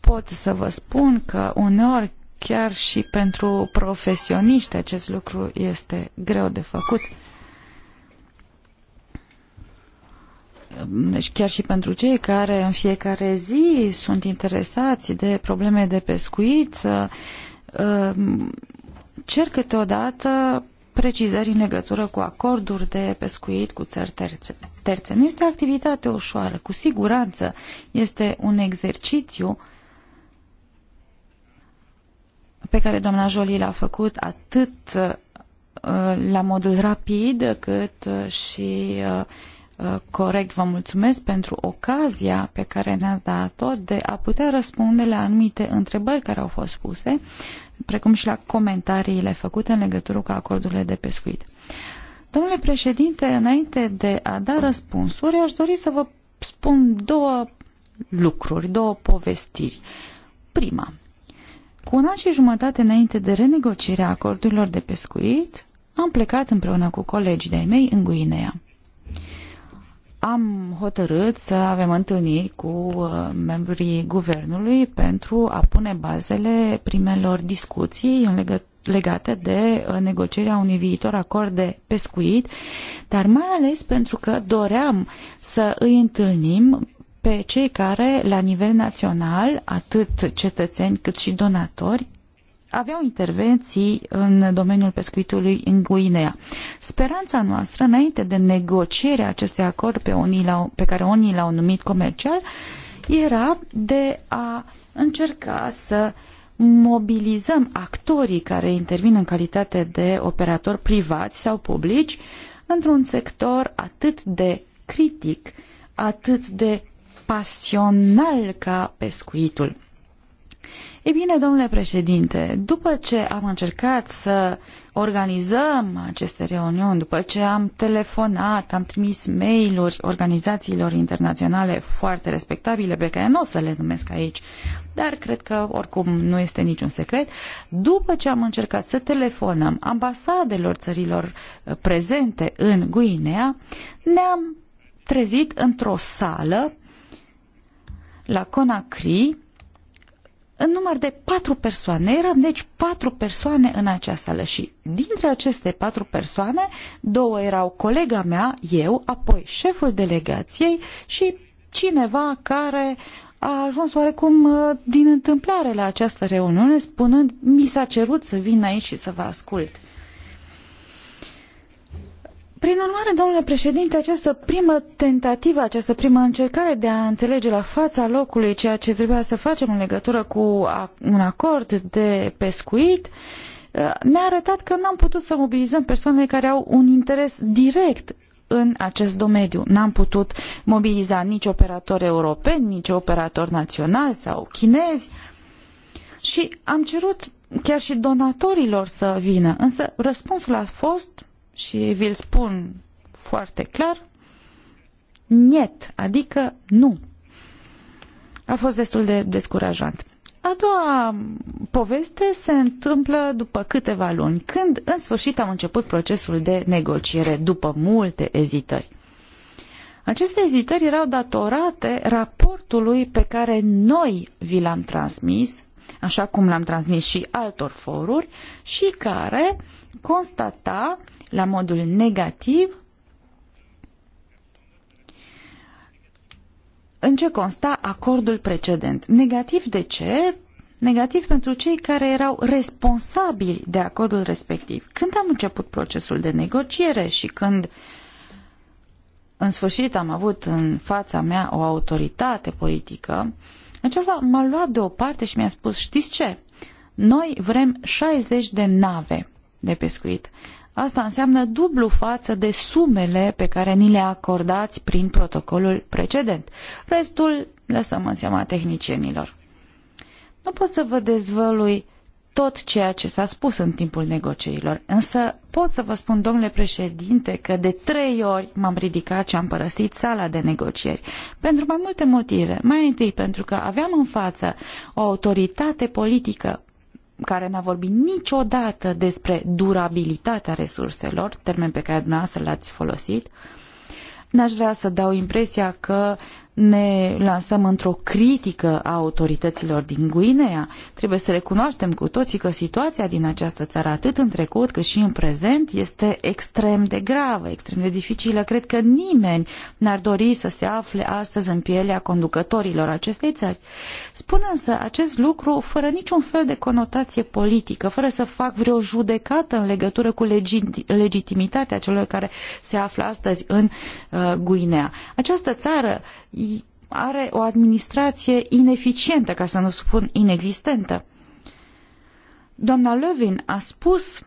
Pot să vă spun că uneori chiar și pentru profesioniști acest lucru este greu de făcut. Deci chiar și pentru cei care în fiecare zi sunt interesați de probleme de pescuit, uh, cer câteodată precizări în legătură cu acorduri de pescuit cu țări terțe. terțe. Nu este o activitate ușoară, cu siguranță este un exercițiu pe care doamna Jolie l-a făcut atât uh, la modul rapid cât uh, și uh, Uh, corect. Vă mulțumesc pentru ocazia pe care ne-ați dat-o de a putea răspunde la anumite întrebări care au fost puse, precum și la comentariile făcute în legătură cu acordurile de pescuit. Domnule președinte, înainte de a da răspunsuri, aș dori să vă spun două lucruri, două povestiri. Prima, cu un an și jumătate înainte de renegocierea acordurilor de pescuit, am plecat împreună cu colegii de-ai mei în Guinea am hotărât să avem întâlniri cu uh, membrii guvernului pentru a pune bazele primelor discuții în legătură legate de uh, negocierea unui viitor acord de pescuit, dar mai ales pentru că doream să îi întâlnim pe cei care, la nivel național, atât cetățeni cât și donatori, aveau intervenții în domeniul pescuitului în Guinea. Speranța noastră, înainte de negocierea acestui acord pe, unii la, pe care unii l-au numit comercial, era de a încerca să mobilizăm actorii care intervin în calitate de operatori privați sau publici într-un sector atât de critic, atât de pasional ca pescuitul. E bine, domnule președinte, după ce am încercat să organizăm aceste reuniuni, după ce am telefonat, am trimis mail-uri organizațiilor internaționale foarte respectabile, pe care nu o să le numesc aici, dar cred că oricum nu este niciun secret, după ce am încercat să telefonăm ambasadelor țărilor uh, prezente în Guinea, ne-am trezit într-o sală la Conakry, în număr de patru persoane. Eram deci patru persoane în această sală și dintre aceste patru persoane, două erau colega mea, eu, apoi șeful delegației și cineva care a ajuns oarecum uh, din întâmplare la această reuniune, spunând, mi s-a cerut să vin aici și să vă ascult. Prin urmare, domnule președinte, această primă tentativă, această primă încercare de a înțelege la fața locului ceea ce trebuia să facem în legătură cu un acord de pescuit, eh, ne-a arătat că n-am putut să mobilizăm persoanele care au un interes direct în acest domeniu. N-am putut mobiliza nici operatori europeni, nici operatori naționali sau chinezi și am cerut chiar și donatorilor să vină, însă răspunsul a fost și vi-l spun foarte clar, niet, adică nu. A fost destul de descurajant. A doua poveste se întâmplă după câteva luni, când în sfârșit am început procesul de negociere, după multe ezitări. Aceste ezitări erau datorate raportului pe care noi vi l-am transmis, așa cum l-am transmis și altor foruri, și care constata la modul negativ, în ce consta acordul precedent. Negativ de ce? Negativ pentru cei care erau responsabili de acordul respectiv. Când am început procesul de negociere și când în sfârșit am avut în fața mea o autoritate politică, aceasta m-a luat deoparte și mi-a spus, știți ce? Noi vrem 60 de nave de pescuit. Asta înseamnă dublu față de sumele pe care ni le acordați prin protocolul precedent. Restul lăsăm în seama tehnicienilor. Nu pot să vă dezvălui tot ceea ce s-a spus în timpul negocierilor, însă pot să vă spun, domnule președinte, că de trei ori m-am ridicat și am părăsit sala de negocieri, pentru mai multe motive. Mai întâi pentru că aveam în față o autoritate politică care n-a vorbit niciodată despre durabilitatea resurselor, termen pe care dumneavoastră l-ați folosit, n-aș vrea să dau impresia că ne lansăm într-o critică a autorităților din Guinea. Trebuie să recunoaștem cu toții că situația din această țară, atât în trecut cât și în prezent, este extrem de gravă, extrem de dificilă. Cred că nimeni n-ar dori să se afle astăzi în pielea conducătorilor acestei țări. Spun însă acest lucru fără niciun fel de conotație politică, fără să fac vreo judecată în legătură cu legi- legitimitatea celor care se află astăzi în uh, Guinea. Această țară are o administrație ineficientă, ca să nu spun inexistentă. Doamna Lövin a spus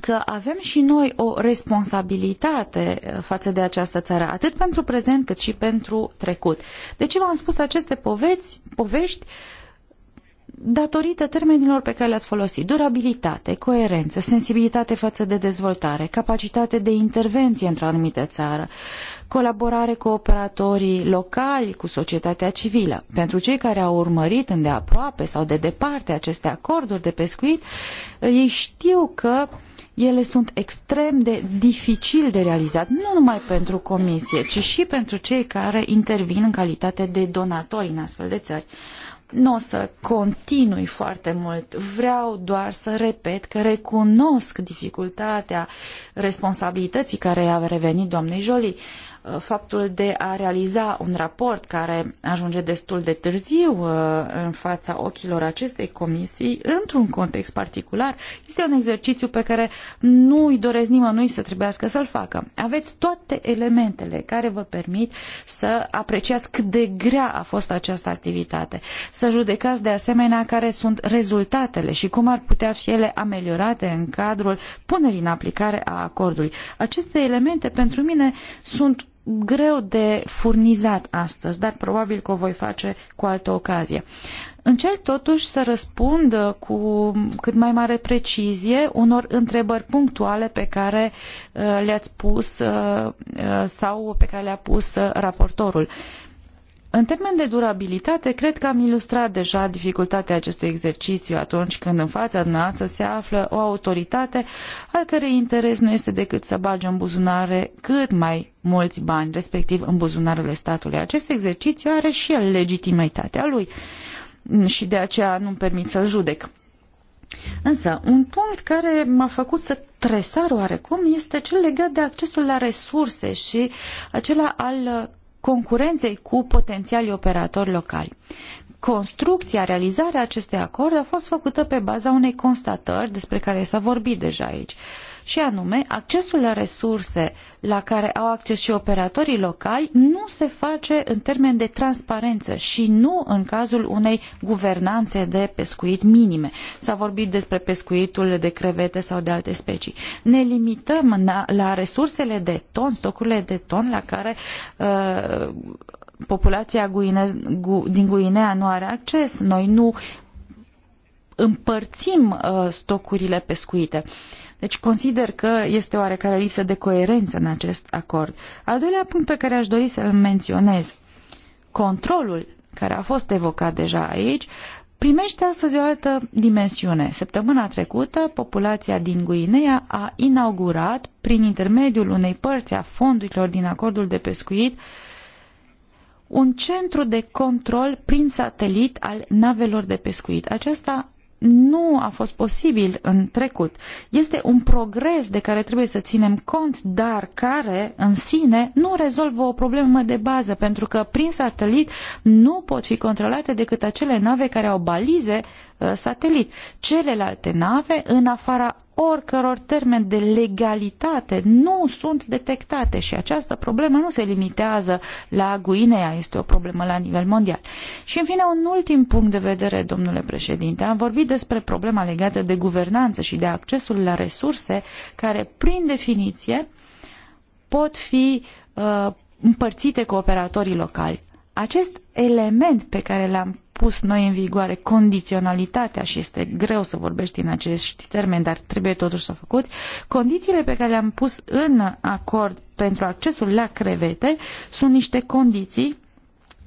că avem și noi o responsabilitate eh, față de această țară, atât pentru prezent cât și pentru trecut. De ce v-am spus aceste poveți, povești? datorită termenilor pe care le-ați folosit, durabilitate, coerență, sensibilitate față de dezvoltare, capacitate de intervenție într-o anumită țară, colaborare cu operatorii locali, cu societatea civilă. Pentru cei care au urmărit îndeaproape sau de departe aceste acorduri de pescuit, ei știu că ele sunt extrem de dificil de realizat, nu numai pentru comisie, ci și pentru cei care intervin în calitate de donatori în astfel de țări. Nu o să continui foarte mult. Vreau doar să repet că recunosc dificultatea responsabilității care a revenit doamnei Jolie. Uh, faptul de a realiza un raport care ajunge destul de târziu uh, în fața ochilor acestei comisii, într-un context particular, este un exercițiu pe care nu îi doresc nimănui să trebuiască să-l facă. Aveți toate elementele care vă permit să apreciați cât de grea a fost această activitate, să judecați de asemenea care sunt rezultatele și cum ar putea fi ele ameliorate în cadrul punerii în aplicare a acordului. Aceste elemente pentru mine sunt greu de furnizat astăzi, dar probabil că o voi face cu altă ocazie. Încerc totuși să răspund uh, cu cât mai mare precizie unor întrebări punctuale pe care uh, le-ați pus uh, sau pe care le-a pus raportorul. În termen de durabilitate, cred că am ilustrat deja dificultatea acestui exercițiu atunci când în fața dumneavoastră se află o autoritate al cărei interes nu este decât să bage în buzunare cât mai mulți bani, respectiv în buzunarele statului. Acest exercițiu are și el legitimitatea lui și de aceea nu-mi permit să-l judec. Însă, un punct care m-a făcut să tresar oarecum este cel legat de accesul la resurse și acela al concurenței cu potențialii operatori locali. Construcția, realizarea acestui acord a fost făcută pe baza unei constatări despre care s-a vorbit deja aici și anume accesul la resurse la care au acces și operatorii locali nu se face în termen de transparență și nu în cazul unei guvernanțe de pescuit minime. S-a vorbit despre pescuitul de crevete sau de alte specii. Ne limităm la, la resursele de ton, stocurile de ton la care uh, populația guine, gu, din Guinea nu are acces. Noi nu împărțim uh, stocurile pescuite. Deci consider că este oarecare lipsă de coerență în acest acord. Al doilea punct pe care aș dori să-l menționez, controlul care a fost evocat deja aici, primește astăzi o altă dimensiune. Săptămâna trecută, populația din Guinea a inaugurat, prin intermediul unei părți a fondurilor din acordul de pescuit, un centru de control prin satelit al navelor de pescuit. Aceasta nu a fost posibil în trecut. Este un progres de care trebuie să ținem cont, dar care în sine nu rezolvă o problemă de bază, pentru că prin satelit nu pot fi controlate decât acele nave care au balize Uh, satelit. Celelalte nave, în afara oricăror termeni de legalitate, nu sunt detectate și această problemă nu se limitează la Guinea, este o problemă la nivel mondial. Și în fine, un ultim punct de vedere, domnule președinte, am vorbit despre problema legată de guvernanță și de accesul la resurse care, prin definiție, pot fi uh, împărțite cu operatorii locali. Acest element pe care l-am pus noi în vigoare condiționalitatea și este greu să vorbești în acești termeni, dar trebuie totuși să făcut, condițiile pe care le-am pus în acord pentru accesul la crevete sunt niște condiții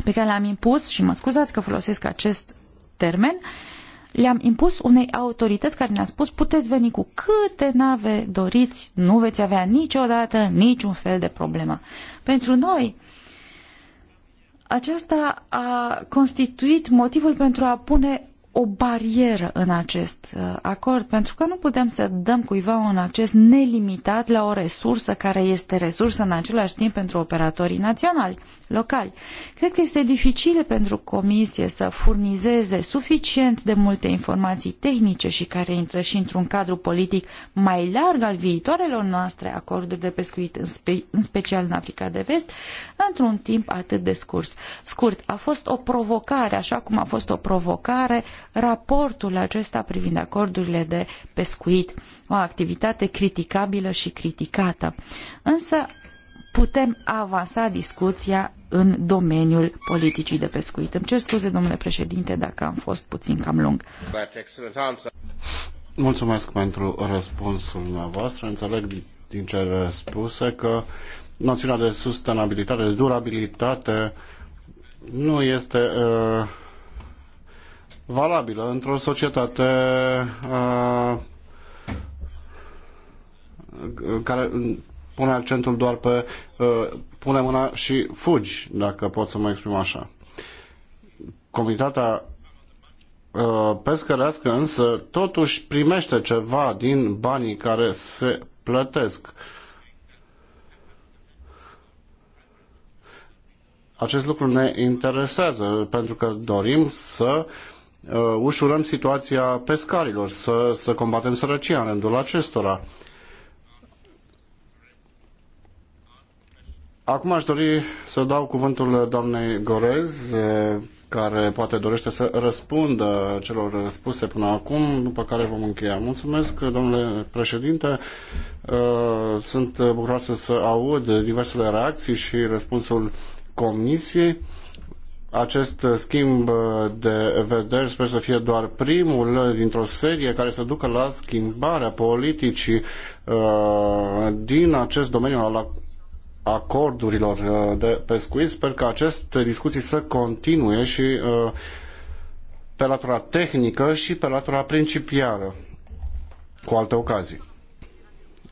pe care le-am impus și mă scuzați că folosesc acest termen, le-am impus unei autorități care ne-a spus puteți veni cu câte nave doriți, nu veți avea niciodată niciun fel de problemă. Pentru noi, aceasta a constituit motivul pentru a pune o barieră în acest uh, acord, pentru că nu putem să dăm cuiva un acces nelimitat la o resursă care este resursă în același timp pentru operatorii naționali locali. Cred că este dificil pentru comisie să furnizeze suficient de multe informații tehnice și care intră și într-un cadru politic mai larg al viitoarelor noastre acorduri de pescuit, în, spe, în special în Africa de Vest, într-un timp atât de scurs. Scurt, a fost o provocare, așa cum a fost o provocare, raportul acesta privind acordurile de pescuit o activitate criticabilă și criticată. Însă putem avansa discuția în domeniul politicii de pescuit. Îmi cer scuze, domnule președinte, dacă am fost puțin cam lung. Mulțumesc pentru răspunsul dumneavoastră. Înțeleg din ce spuse că noțiunea de sustenabilitate, de durabilitate nu este uh, valabilă într-o societate uh, care pune accentul doar pe uh, pune mâna și fugi, dacă pot să mă exprim așa. Comunitatea uh, pescărească însă totuși primește ceva din banii care se plătesc. Acest lucru ne interesează pentru că dorim să uh, ușurăm situația pescarilor, să, să combatem sărăcia în rândul acestora. Uh, Acum aș dori să dau cuvântul doamnei Gorez, eh, care poate dorește să răspundă celor spuse până acum, după care vom încheia. Mulțumesc, domnule președinte. Eh, sunt bucuroasă să aud diversele reacții și răspunsul comisiei. Acest schimb de vederi sper să fie doar primul dintr-o serie care să ducă la schimbarea politicii eh, din acest domeniu al acordurilor uh, de pescuit. Sper că aceste discuții să continue și uh, pe latura tehnică și pe latura principială cu alte ocazii.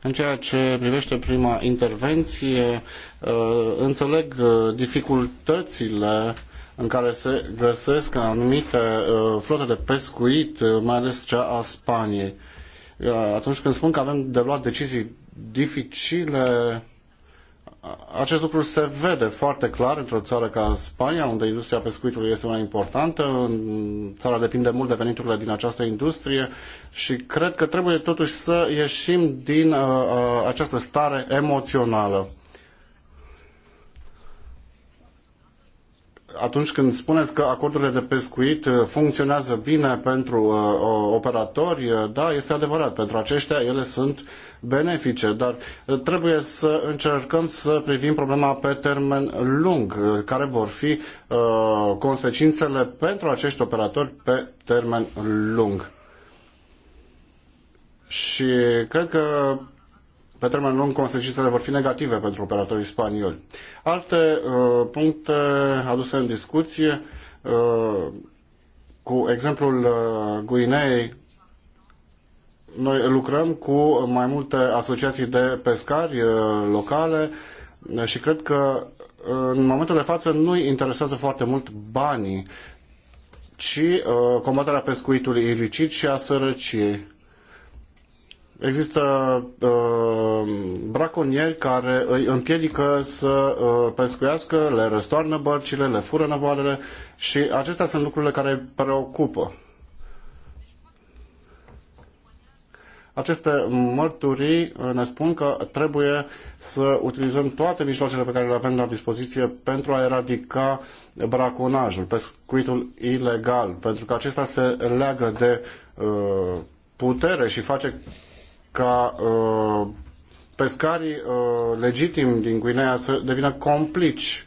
În ceea ce privește prima intervenție, uh, înțeleg dificultățile în care se găsesc anumite flote de pescuit, mai ales cea a Spaniei. Atunci când spun că avem de luat decizii dificile, acest lucru se vede foarte clar într-o țară ca Spania, unde industria pescuitului este una importantă. Țara depinde mult de veniturile din această industrie și cred că trebuie totuși să ieșim din uh, uh această stare emoțională. atunci când spuneți că acordurile de pescuit uh, funcționează bine pentru uh, operatori, uh, da, este adevărat. Pentru aceștia ele sunt benefice, dar trebuie să încercăm să privim problema pe termen lung, care vor fi consecințele pentru acești operatori pe termen lung. Și cred că pe termen lung consecințele vor fi negative pentru operatorii spanioli. Alte uh, puncte aduse în discuție, uh, cu exemplul uh, Guineei, noi lucrăm cu mai multe asociații de pescari uh, locale uh, și cred că uh, în momentul de față nu-i interesează foarte mult banii, ci uh, combaterea pescuitului ilicit și a sărăciei. Există uh, braconieri care îi împiedică să uh, pescuiască, le răstoarnă bărcile, le fură năvoarele și acestea sunt lucrurile care îi preocupă. Aceste mărturii ne spun că trebuie să utilizăm toate mijloacele pe care le avem la dispoziție pentru a eradica braconajul, pescuitul ilegal, pentru că acesta se leagă de uh, putere și face ca uh, pescarii uh, legitimi din Guinea să devină complici.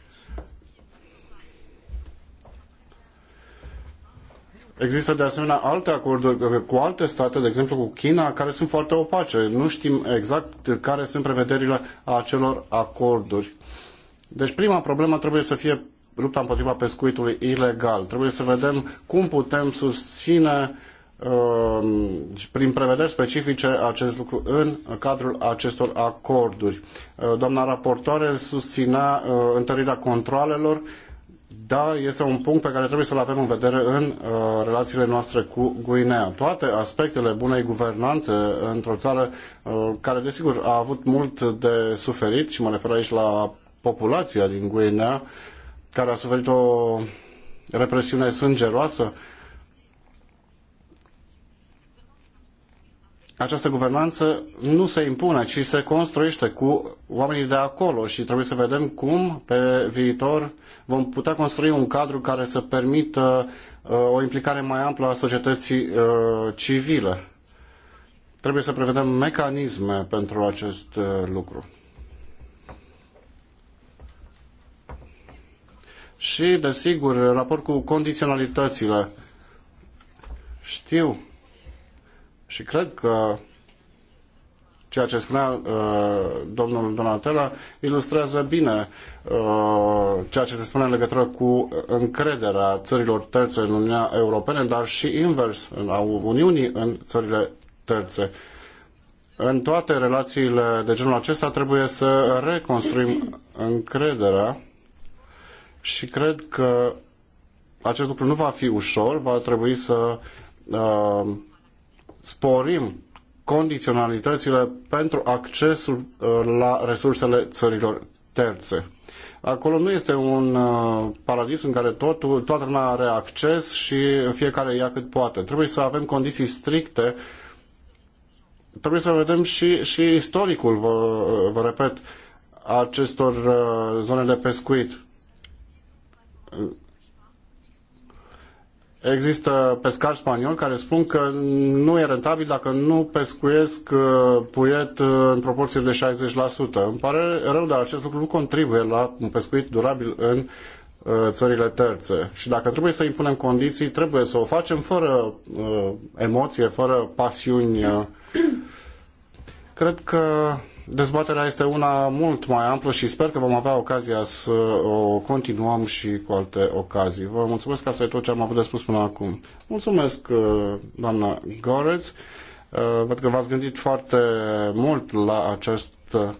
Există de asemenea alte acorduri cu alte state, de exemplu cu China, care sunt foarte opace. Nu știm exact care sunt prevederile acelor acorduri. Deci prima problemă trebuie să fie lupta împotriva pescuitului ilegal. Trebuie să vedem cum putem susține Ehm, prin prevederi specifice acest lucru în cadrul acestor acorduri. Ehm, doamna raportoare susținea ehm, întărirea controalelor. Da, este un punct pe care trebuie să-l avem în vedere în relațiile noastre cu Guinea. Toate aspectele bunei guvernanțe într-o țară care, desigur, a avut mult de suferit, și mă refer aici la populația din Guinea, care a suferit o represiune sângeroasă, această guvernanță nu se impune, ci se construiește cu oamenii de acolo și trebuie să vedem cum pe viitor vom putea construi un cadru care să permită uh, o implicare mai amplă a societății uh, civile. Trebuie să prevedem mecanisme pentru acest uh, lucru. Și, desigur, raport cu condiționalitățile. Știu și cred că ceea ce spunea uh, domnul Donatella ilustrează bine uh, ceea ce se spune în legătură cu încrederea țărilor terțe în Uniunea Europeană, dar și invers, a Uniunii în țările terțe. În toate relațiile de genul acesta trebuie să reconstruim încrederea și cred că acest lucru nu va fi ușor, va trebui să uh, sporim condiționalitățile pentru accesul uh, la resursele țărilor terțe. Acolo nu este un uh, paradis în care totul, toată lumea are acces și fiecare ia cât poate. Trebuie să avem condiții stricte. Trebuie să vedem și, și istoricul, vă, uh, vă repet, acestor zone de pescuit Există pescari spanioli care spun că nu e rentabil dacă nu pescuiesc uh, puiet uh, în proporție de 60%. Îmi pare rău, dar acest lucru nu contribuie la un pescuit durabil în uh, țările terțe. Și dacă trebuie să impunem condiții, trebuie să o facem fără emoție, fără pasiuni. Cred că Dezbaterea este una mult mai amplă și sper că vom avea ocazia să o continuăm și cu alte ocazii. Vă mulțumesc că asta e tot ce am avut de spus până acum. Mulțumesc, uh, doamna Goreț. Uh, văd că v-ați gândit foarte mult la această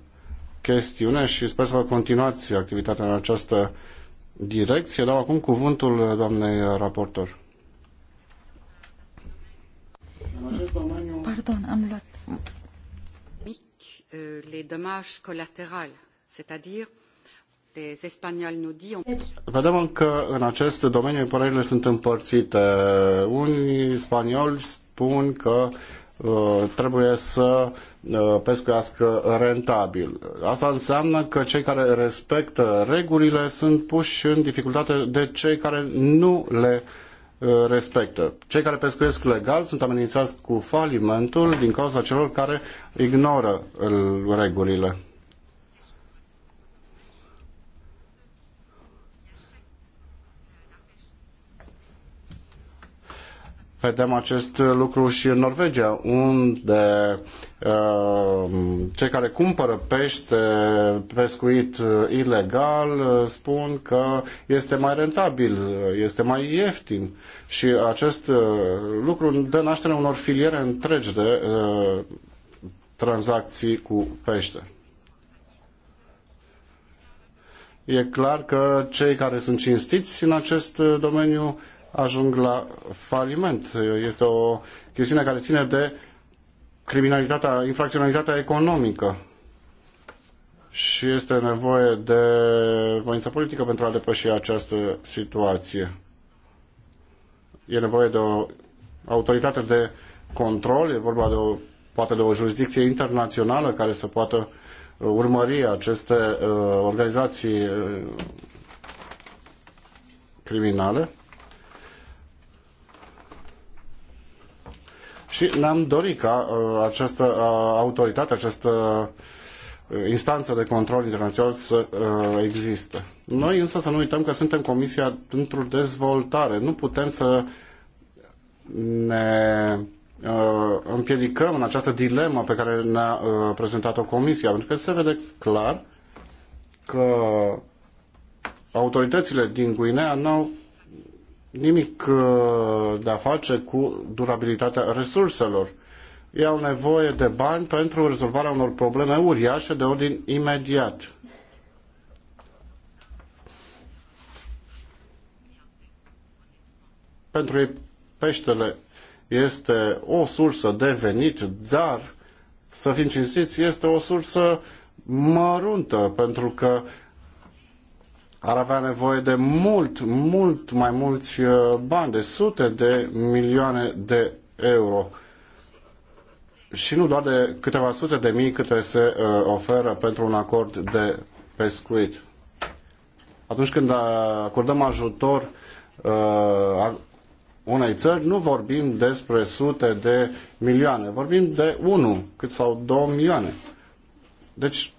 chestiune și sper să vă continuați activitatea în această direcție. Dau acum cuvântul doamnei raportor. Pardon, am luat Euh, les dommages collatéraux, c'est-à-dire les Espagnols nous disent... Vedem că în acest domeniu părerile sunt împărțite. Unii spanioli spun că uh, trebuie să uh, pescuiască rentabil. Asta înseamnă că cei care respectă regulile sunt puși în dificultate de cei care nu le respectă Uh, respectă. Cei care pescuiesc legal sunt amenințați cu falimentul din cauza celor care ignoră uh, regulile. Vedem acest lucru și în Norvegia, unde uh, cei care cumpără pește pescuit uh, ilegal uh, spun că este mai rentabil, este mai ieftin și acest lucru dă naștere unor filiere întregi de tranzacții cu pește. E clar că cei care sunt cinstiți în acest domeniu ajung la faliment. Este o chestiune care ține de criminalitatea, infracționalitatea economică și este nevoie de voință politică pentru a depăși această situație. E nevoie de o autoritate de control, e vorba de o, poate de o jurisdicție internațională care să poată uh, urmări aceste uh, organizații uh, criminale. și ne-am dorit ca uh, această uh, autoritate, această uh, instanță de control internațional să existe. Noi însă să nu uităm că suntem Comisia pentru dezvoltare. Nu putem să ne împiedicăm în această dilemă pe care ne-a prezentat-o Comisia, pentru că se vede clar că autoritățile din Guinea n-au nimic uh, de a face cu durabilitatea resurselor. Ei au nevoie de bani pentru rezolvarea unor probleme uriașe de ordin imediat. Pentru ei peștele este o sursă de venit, dar, să fim cinstiți, este o sursă măruntă, pentru că uh, ar avea nevoie de mult, mult mai mulți uh, bani, de sute de milioane de euro. Și nu doar de câteva sute de mii câte se uh, oferă pentru un acord de pescuit. Atunci când acordăm ajutor uh, unei țări, nu vorbim despre sute de milioane, vorbim de unu cât sau două milioane. Deci,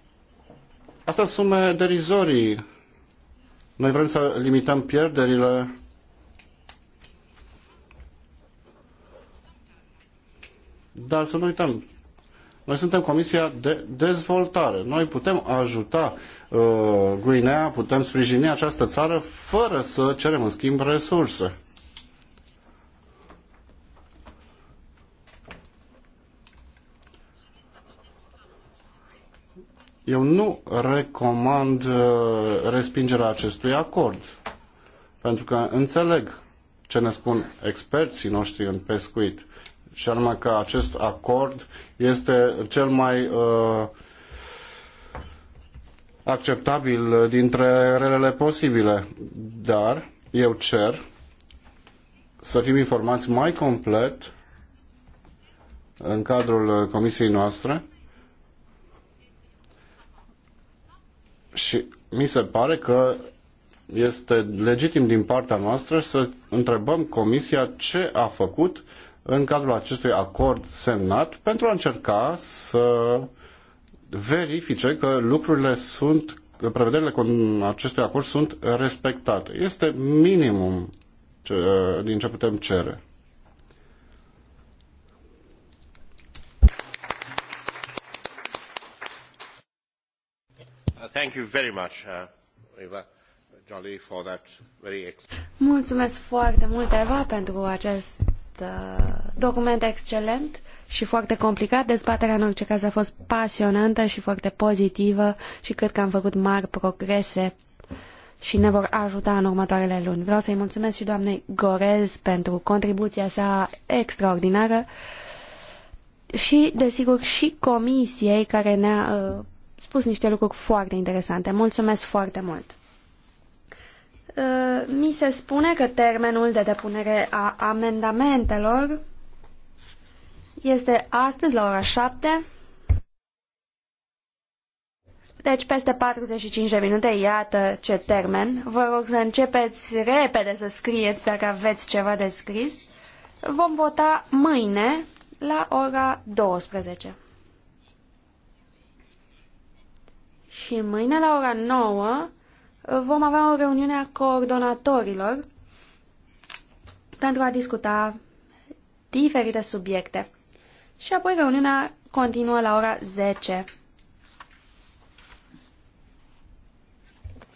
astea sunt sume derizorii noi vrem să limităm pierderile Dar să nu uităm, noi suntem Comisia de Dezvoltare. Noi putem ajuta uh, Guinea, putem sprijini această țară fără să cerem în schimb resurse. Eu nu recomand uh, respingerea acestui acord, pentru că înțeleg ce ne spun experții noștri în pescuit, și anume că acest acord este cel mai uh, acceptabil dintre relele posibile. Dar eu cer să fim informați mai complet în cadrul comisiei noastre Și mi se pare că este legitim din partea noastră să întrebăm Comisia ce a făcut în cadrul acestui acord semnat pentru a încerca să verifice că lucrurile sunt, prevederile acestui acord sunt respectate. Este minimum ce, din ce putem cere. Uh, mulțumesc foarte mult, Eva, pentru acest uh, document excelent și foarte complicat. Dezbaterea în orice caz a fost pasionantă și foarte pozitivă și cred că am făcut mari progrese și ne vor ajuta în următoarele luni. Vreau să-i mulțumesc și doamnei Gorez pentru contribuția sa extraordinară și, desigur, și comisiei care ne-a uh, spus niște lucruri foarte interesante. Mulțumesc foarte mult! Uh, mi se spune că termenul de depunere a amendamentelor este astăzi la ora 7. Deci peste 45 de minute, iată ce termen. Vă rog să începeți repede să scrieți dacă aveți ceva de scris. Vom vota mâine la ora 12. Și mâine la ora 9 uh, vom avea o reuniune a coordonatorilor pentru a discuta diferite subiecte. Și apoi reuniunea continuă la ora 10.